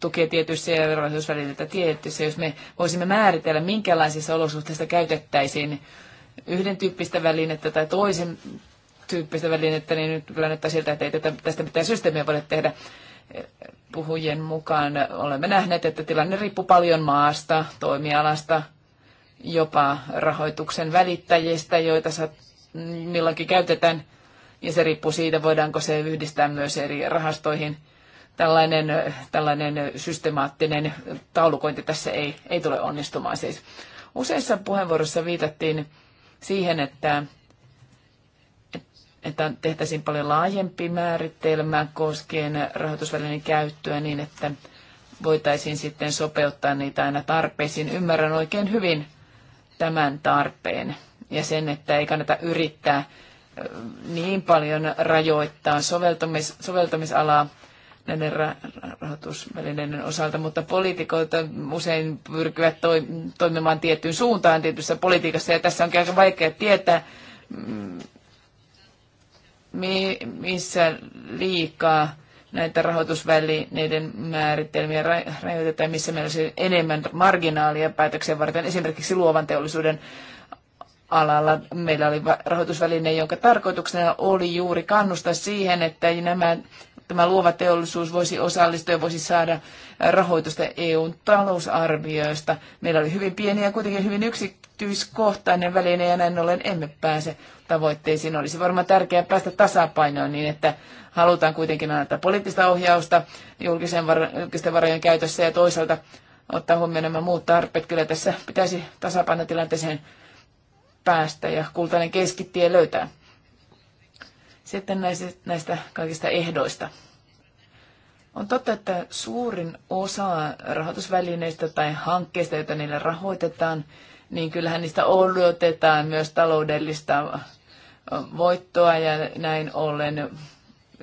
tukea tietyissä ja verorahoitusvälineitä tietyissä. Jos me voisimme määritellä, minkälaisissa olosuhteissa käytettäisiin yhden tyyppistä välinettä tai toisen tyyppistä välinettä, niin nyt kyllä näyttää siltä, että ei tätä, tästä mitään systeemiä voida tehdä puhujien mukaan. Olemme nähneet, että tilanne riippuu paljon maasta, toimialasta, jopa rahoituksen välittäjistä, joita milloinkin käytetään – ja se riippuu siitä, voidaanko se yhdistää myös eri rahastoihin. Tällainen, tällainen systemaattinen taulukointi tässä ei, ei tule onnistumaan siis. Useissa puheenvuoroissa viitattiin siihen, että, että tehtäisiin paljon laajempi määritelmä koskien rahoitusvälineen käyttöä niin, että voitaisiin sitten sopeuttaa niitä aina tarpeisiin. Ymmärrän oikein hyvin tämän tarpeen ja sen, että ei kannata yrittää niin paljon rajoittaa soveltamis, soveltamisalaa näiden rahoitusvälineiden osalta, mutta poliitikot usein pyrkivät toimimaan tiettyyn suuntaan tietyssä politiikassa, ja tässä onkin aika vaikea tietää, mm, missä liikaa näitä rahoitusvälineiden määritelmiä rajoitetaan, missä meillä olisi enemmän marginaalia päätöksen varten, esimerkiksi luovan teollisuuden alalla. Meillä oli rahoitusväline, jonka tarkoituksena oli juuri kannustaa siihen, että nämä, tämä luova teollisuus voisi osallistua ja voisi saada rahoitusta EUn talousarvioista. Meillä oli hyvin pieni ja kuitenkin hyvin yksityiskohtainen väline ja näin ollen emme pääse tavoitteisiin. Olisi varmaan tärkeää päästä tasapainoon niin, että halutaan kuitenkin antaa poliittista ohjausta julkisen var- julkisten varojen käytössä ja toisaalta ottaa huomioon nämä muut tarpeet. Kyllä tässä pitäisi tasapainotilanteeseen päästä ja kultainen keskittie löytää. Sitten näistä kaikista ehdoista. On totta, että suurin osa rahoitusvälineistä tai hankkeista, joita niillä rahoitetaan, niin kyllähän niistä odotetaan myös taloudellista voittoa ja näin ollen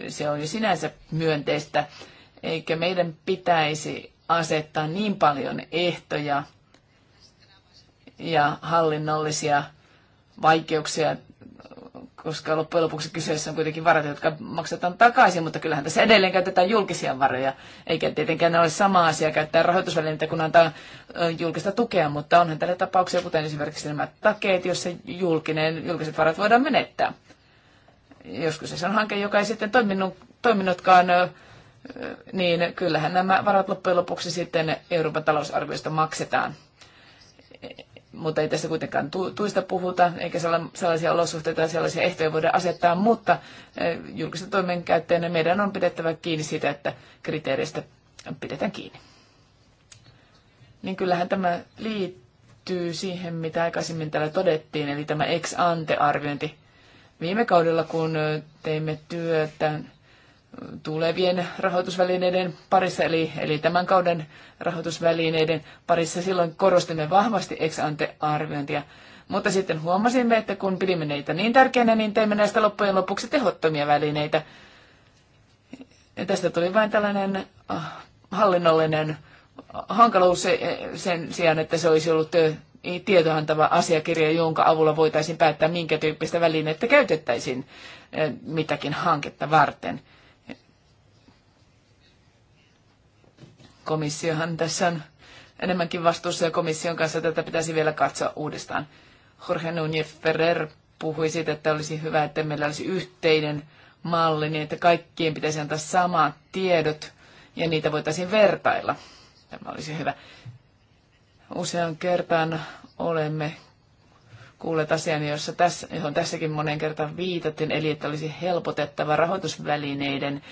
se on jo sinänsä myönteistä, eikä meidän pitäisi asettaa niin paljon ehtoja ja hallinnollisia vaikeuksia, koska loppujen lopuksi kyseessä on kuitenkin varat, jotka maksetaan takaisin, mutta kyllähän tässä edelleen käytetään julkisia varoja, eikä tietenkään ole sama asia käyttää rahoitusvälineitä, kun antaa julkista tukea, mutta onhan tällä tapauksia, kuten esimerkiksi nämä takeet, joissa julkinen, julkiset varat voidaan menettää. Joskus se on hanke, joka ei sitten toiminut, toiminutkaan niin kyllähän nämä varat loppujen lopuksi sitten Euroopan talousarviosta maksetaan mutta ei tässä kuitenkaan tuista puhuta, eikä sellaisia olosuhteita ja sellaisia ehtoja voida asettaa, mutta eh, julkisen toimen käyttäjänä meidän on pidettävä kiinni siitä, että kriteereistä pidetään kiinni. Niin kyllähän tämä liittyy siihen, mitä aikaisemmin täällä todettiin, eli tämä ex-ante-arviointi. Viime kaudella, kun eh, teimme työtä tulevien rahoitusvälineiden parissa, eli, eli tämän kauden rahoitusvälineiden parissa. Silloin korostimme vahvasti ex ante arviointia. Mutta sitten huomasimme, että kun pidimme niitä niin tärkeänä, niin teimme näistä loppujen lopuksi tehottomia välineitä. Ja tästä tuli vain tällainen ah, hallinnollinen hankaluus sen sijaan, että se olisi ollut eh, tietoantava asiakirja, jonka avulla voitaisiin päättää, minkä tyyppistä välineettä käytettäisiin eh, mitäkin hanketta varten. komissiohan tässä on enemmänkin vastuussa ja komission kanssa tätä pitäisi vielä katsoa uudestaan. Jorge Núñez Ferrer puhui siitä, että olisi hyvä, että meillä olisi yhteinen malli, niin että kaikkien pitäisi antaa samat tiedot ja niitä voitaisiin vertailla. Tämä olisi hyvä. Usean kertaan olemme kuulleet asian, jossa tässä, johon tässäkin monen kertaan viitattiin, eli että olisi helpotettava rahoitusvälineiden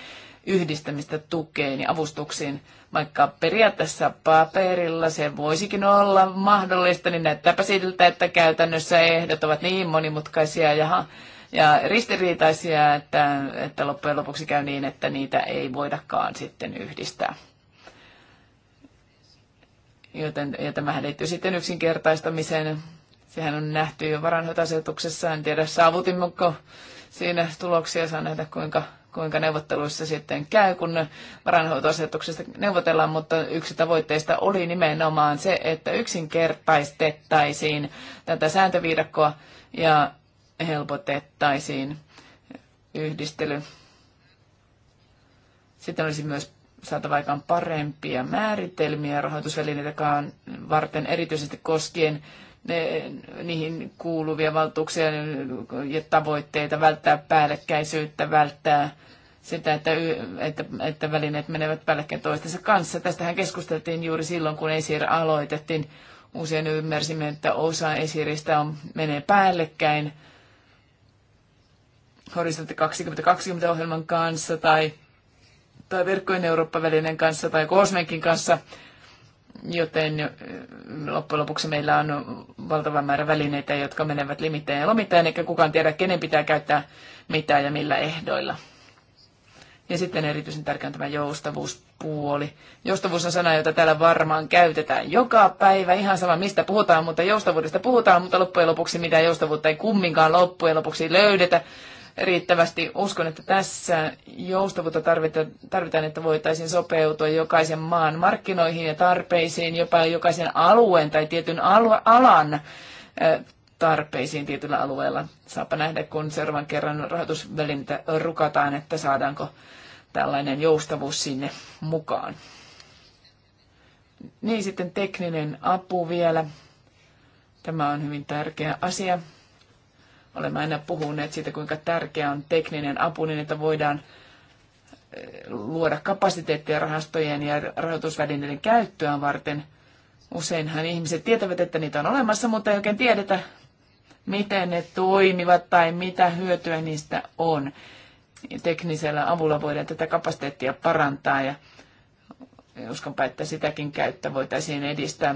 yhdistämistä tukeen ja avustuksiin. Vaikka periaatteessa paperilla se voisikin olla mahdollista, niin näyttääpä siltä, että käytännössä ehdot ovat niin monimutkaisia ja, ja ristiriitaisia, että, että loppujen lopuksi käy niin, että niitä ei voidakaan sitten yhdistää. Joten, ja tämähän liittyy sitten yksinkertaistamiseen. Sehän on nähty jo varanhoitasetuksessa. En tiedä, saavutimmeko siinä tuloksia. Saa nähdä, kuinka kuinka neuvotteluissa sitten käy, kun varainhoitoasetuksesta neuvotellaan, mutta yksi tavoitteista oli nimenomaan se, että yksinkertaistettaisiin tätä sääntöviidakkoa ja helpotettaisiin yhdistely. Sitten olisi myös saatava aikaan parempia määritelmiä rahoitusvälineitä varten, erityisesti koskien ne niihin kuuluvia valtuuksia ja tavoitteita, välttää päällekkäisyyttä, välttää sitä, että, että, että välineet menevät päällekkäin toistensa kanssa. Tästähän keskusteltiin juuri silloin, kun ESIR aloitettiin. Usein ymmärsimme, että osa ESIRistä on, menee päällekkäin Horisontti 2020-ohjelman kanssa tai, tai Verkkojen Eurooppa-välinen kanssa tai Kosmenkin kanssa – joten loppujen lopuksi meillä on valtava määrä välineitä, jotka menevät limittäin ja lomittain, eikä kukaan tiedä, kenen pitää käyttää mitä ja millä ehdoilla. Ja sitten erityisen tärkeä on tämä joustavuuspuoli. Joustavuus on sana, jota täällä varmaan käytetään joka päivä, ihan sama mistä puhutaan, mutta joustavuudesta puhutaan, mutta loppujen lopuksi mitä joustavuutta ei kumminkaan loppujen lopuksi löydetä riittävästi. Uskon, että tässä joustavuutta tarvitaan, että voitaisiin sopeutua jokaisen maan markkinoihin ja tarpeisiin, jopa jokaisen alueen tai tietyn alan tarpeisiin tietyllä alueella. Saapa nähdä, kun seuraavan kerran rahoitusvälintä rukataan, että saadaanko tällainen joustavuus sinne mukaan. Niin sitten tekninen apu vielä. Tämä on hyvin tärkeä asia. Olemme aina puhuneet siitä, kuinka tärkeää on tekninen apu niin, että voidaan eh, luoda kapasiteettia rahastojen ja rahoitusvälineiden käyttöä varten. Useinhan ihmiset tietävät, että niitä on olemassa, mutta ei oikein tiedetä, miten ne toimivat tai mitä hyötyä niistä on. Teknisellä avulla voidaan tätä kapasiteettia parantaa ja uskonpa, että sitäkin käyttöä voitaisiin edistää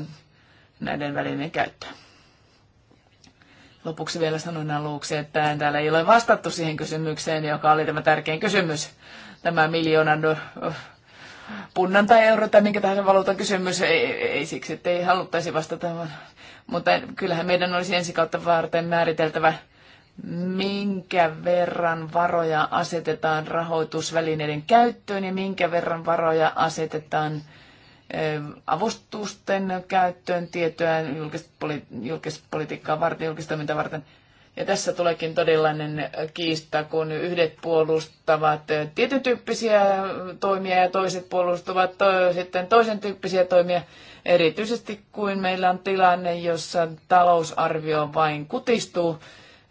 näiden välineiden käyttöön. Lopuksi vielä sanoin aluksi, että en täällä ei ole vastattu siihen kysymykseen, joka oli tämä tärkein kysymys. Tämä miljoonan punnan tai euro tai minkä tahansa valuutan kysymys, ei, ei siksi, että ei haluttaisi vastata, vaan, mutta kyllähän meidän olisi ensi kautta varten määriteltävä, minkä verran varoja asetetaan rahoitusvälineiden käyttöön ja minkä verran varoja asetetaan avustusten käyttöön tietoa julkispolitiikkaa varten, julkistoimintaa varten. Ja tässä tuleekin todellinen kiista, kun yhdet puolustavat tietyn tyyppisiä toimia ja toiset puolustavat to- sitten toisen tyyppisiä toimia. Erityisesti kun meillä on tilanne, jossa talousarvio vain kutistuu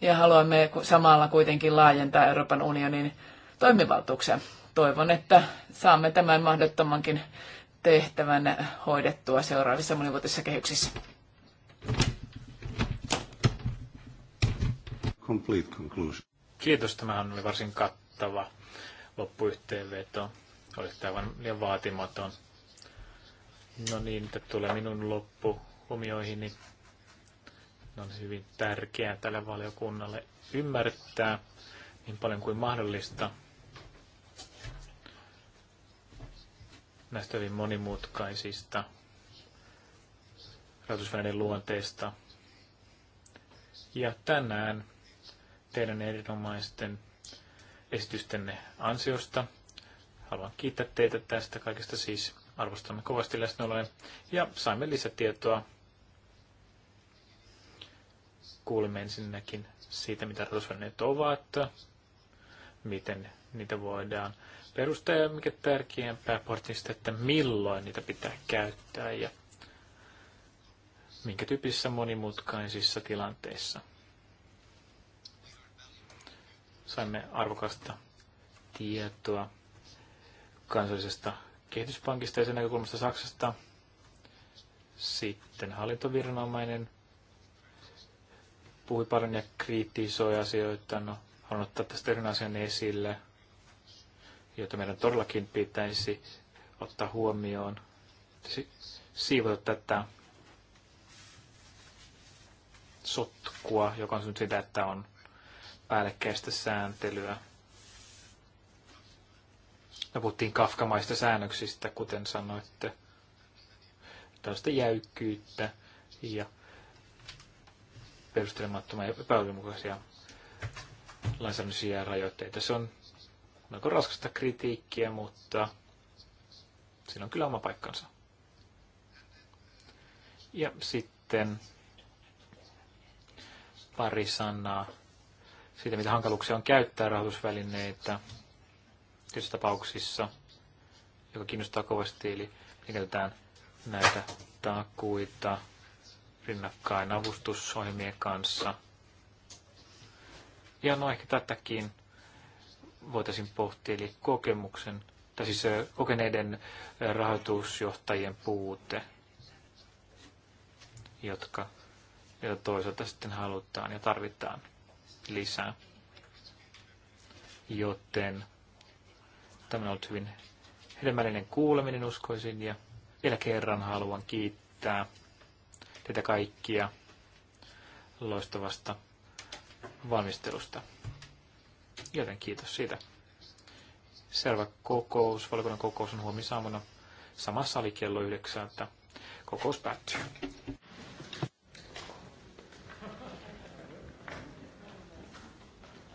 ja haluamme samalla kuitenkin laajentaa Euroopan unionin toimivaltuuksia. Toivon, että saamme tämän mahdottomankin tehtävän hoidettua seuraavissa monivuotisissa kehyksissä. Complete conclusion. Kiitos, tämähän oli varsin kattava loppuyhteenveto. tämä vain liian vaatimaton. No niin, että tulee minun loppuhumioihini. Ne no on niin, hyvin tärkeää tälle valiokunnalle ymmärtää niin paljon kuin mahdollista näistä hyvin monimutkaisista rahoitusvälineiden luonteista. Ja tänään teidän erinomaisten esitystenne ansiosta haluan kiittää teitä tästä kaikesta siis. Arvostamme kovasti läsnäoloja ja saimme lisätietoa. Kuulimme ensinnäkin siitä, mitä rahoitusvälineet ovat, miten niitä voidaan perusta ja mikä tärkeämpää portista, että milloin niitä pitää käyttää ja minkä tyyppisissä monimutkaisissa tilanteissa. Saimme arvokasta tietoa kansallisesta kehityspankista ja sen näkökulmasta Saksasta. Sitten hallintoviranomainen puhui paljon ja kriittisoi asioita. No, haluan ottaa tästä yhden asian esille joita meidän todellakin pitäisi ottaa huomioon, siivota tätä sotkua, joka on nyt sitä, että on päällekkäistä sääntelyä. Me puhuttiin kafkamaista säännöksistä, kuten sanoitte, tällaista jäykkyyttä ja perustelemattomia epäoikeudenmukaisia lainsäädännöllisiä rajoitteita. Se on melko raskasta kritiikkiä, mutta siinä on kyllä oma paikkansa. Ja sitten pari sanaa siitä, mitä hankaluuksia on käyttää rahoitusvälineitä tietyissä tapauksissa, joka kiinnostaa kovasti, eli käytetään näitä takuita rinnakkain avustusohjelmien kanssa. Ja no ehkä tätäkin voitaisiin pohtia, eli kokemuksen, tai siis äh, kokeneiden äh, rahoitusjohtajien puute, jotka jota toisaalta sitten halutaan ja tarvitaan lisää. Joten tämä on ollut hyvin hedelmällinen kuuleminen uskoisin ja vielä kerran haluan kiittää teitä kaikkia loistavasta valmistelusta. Joten kiitos siitä. Selvä kokous, valiokunnan kokous on huomisaamuna sama sali kello että Kokous päättyy.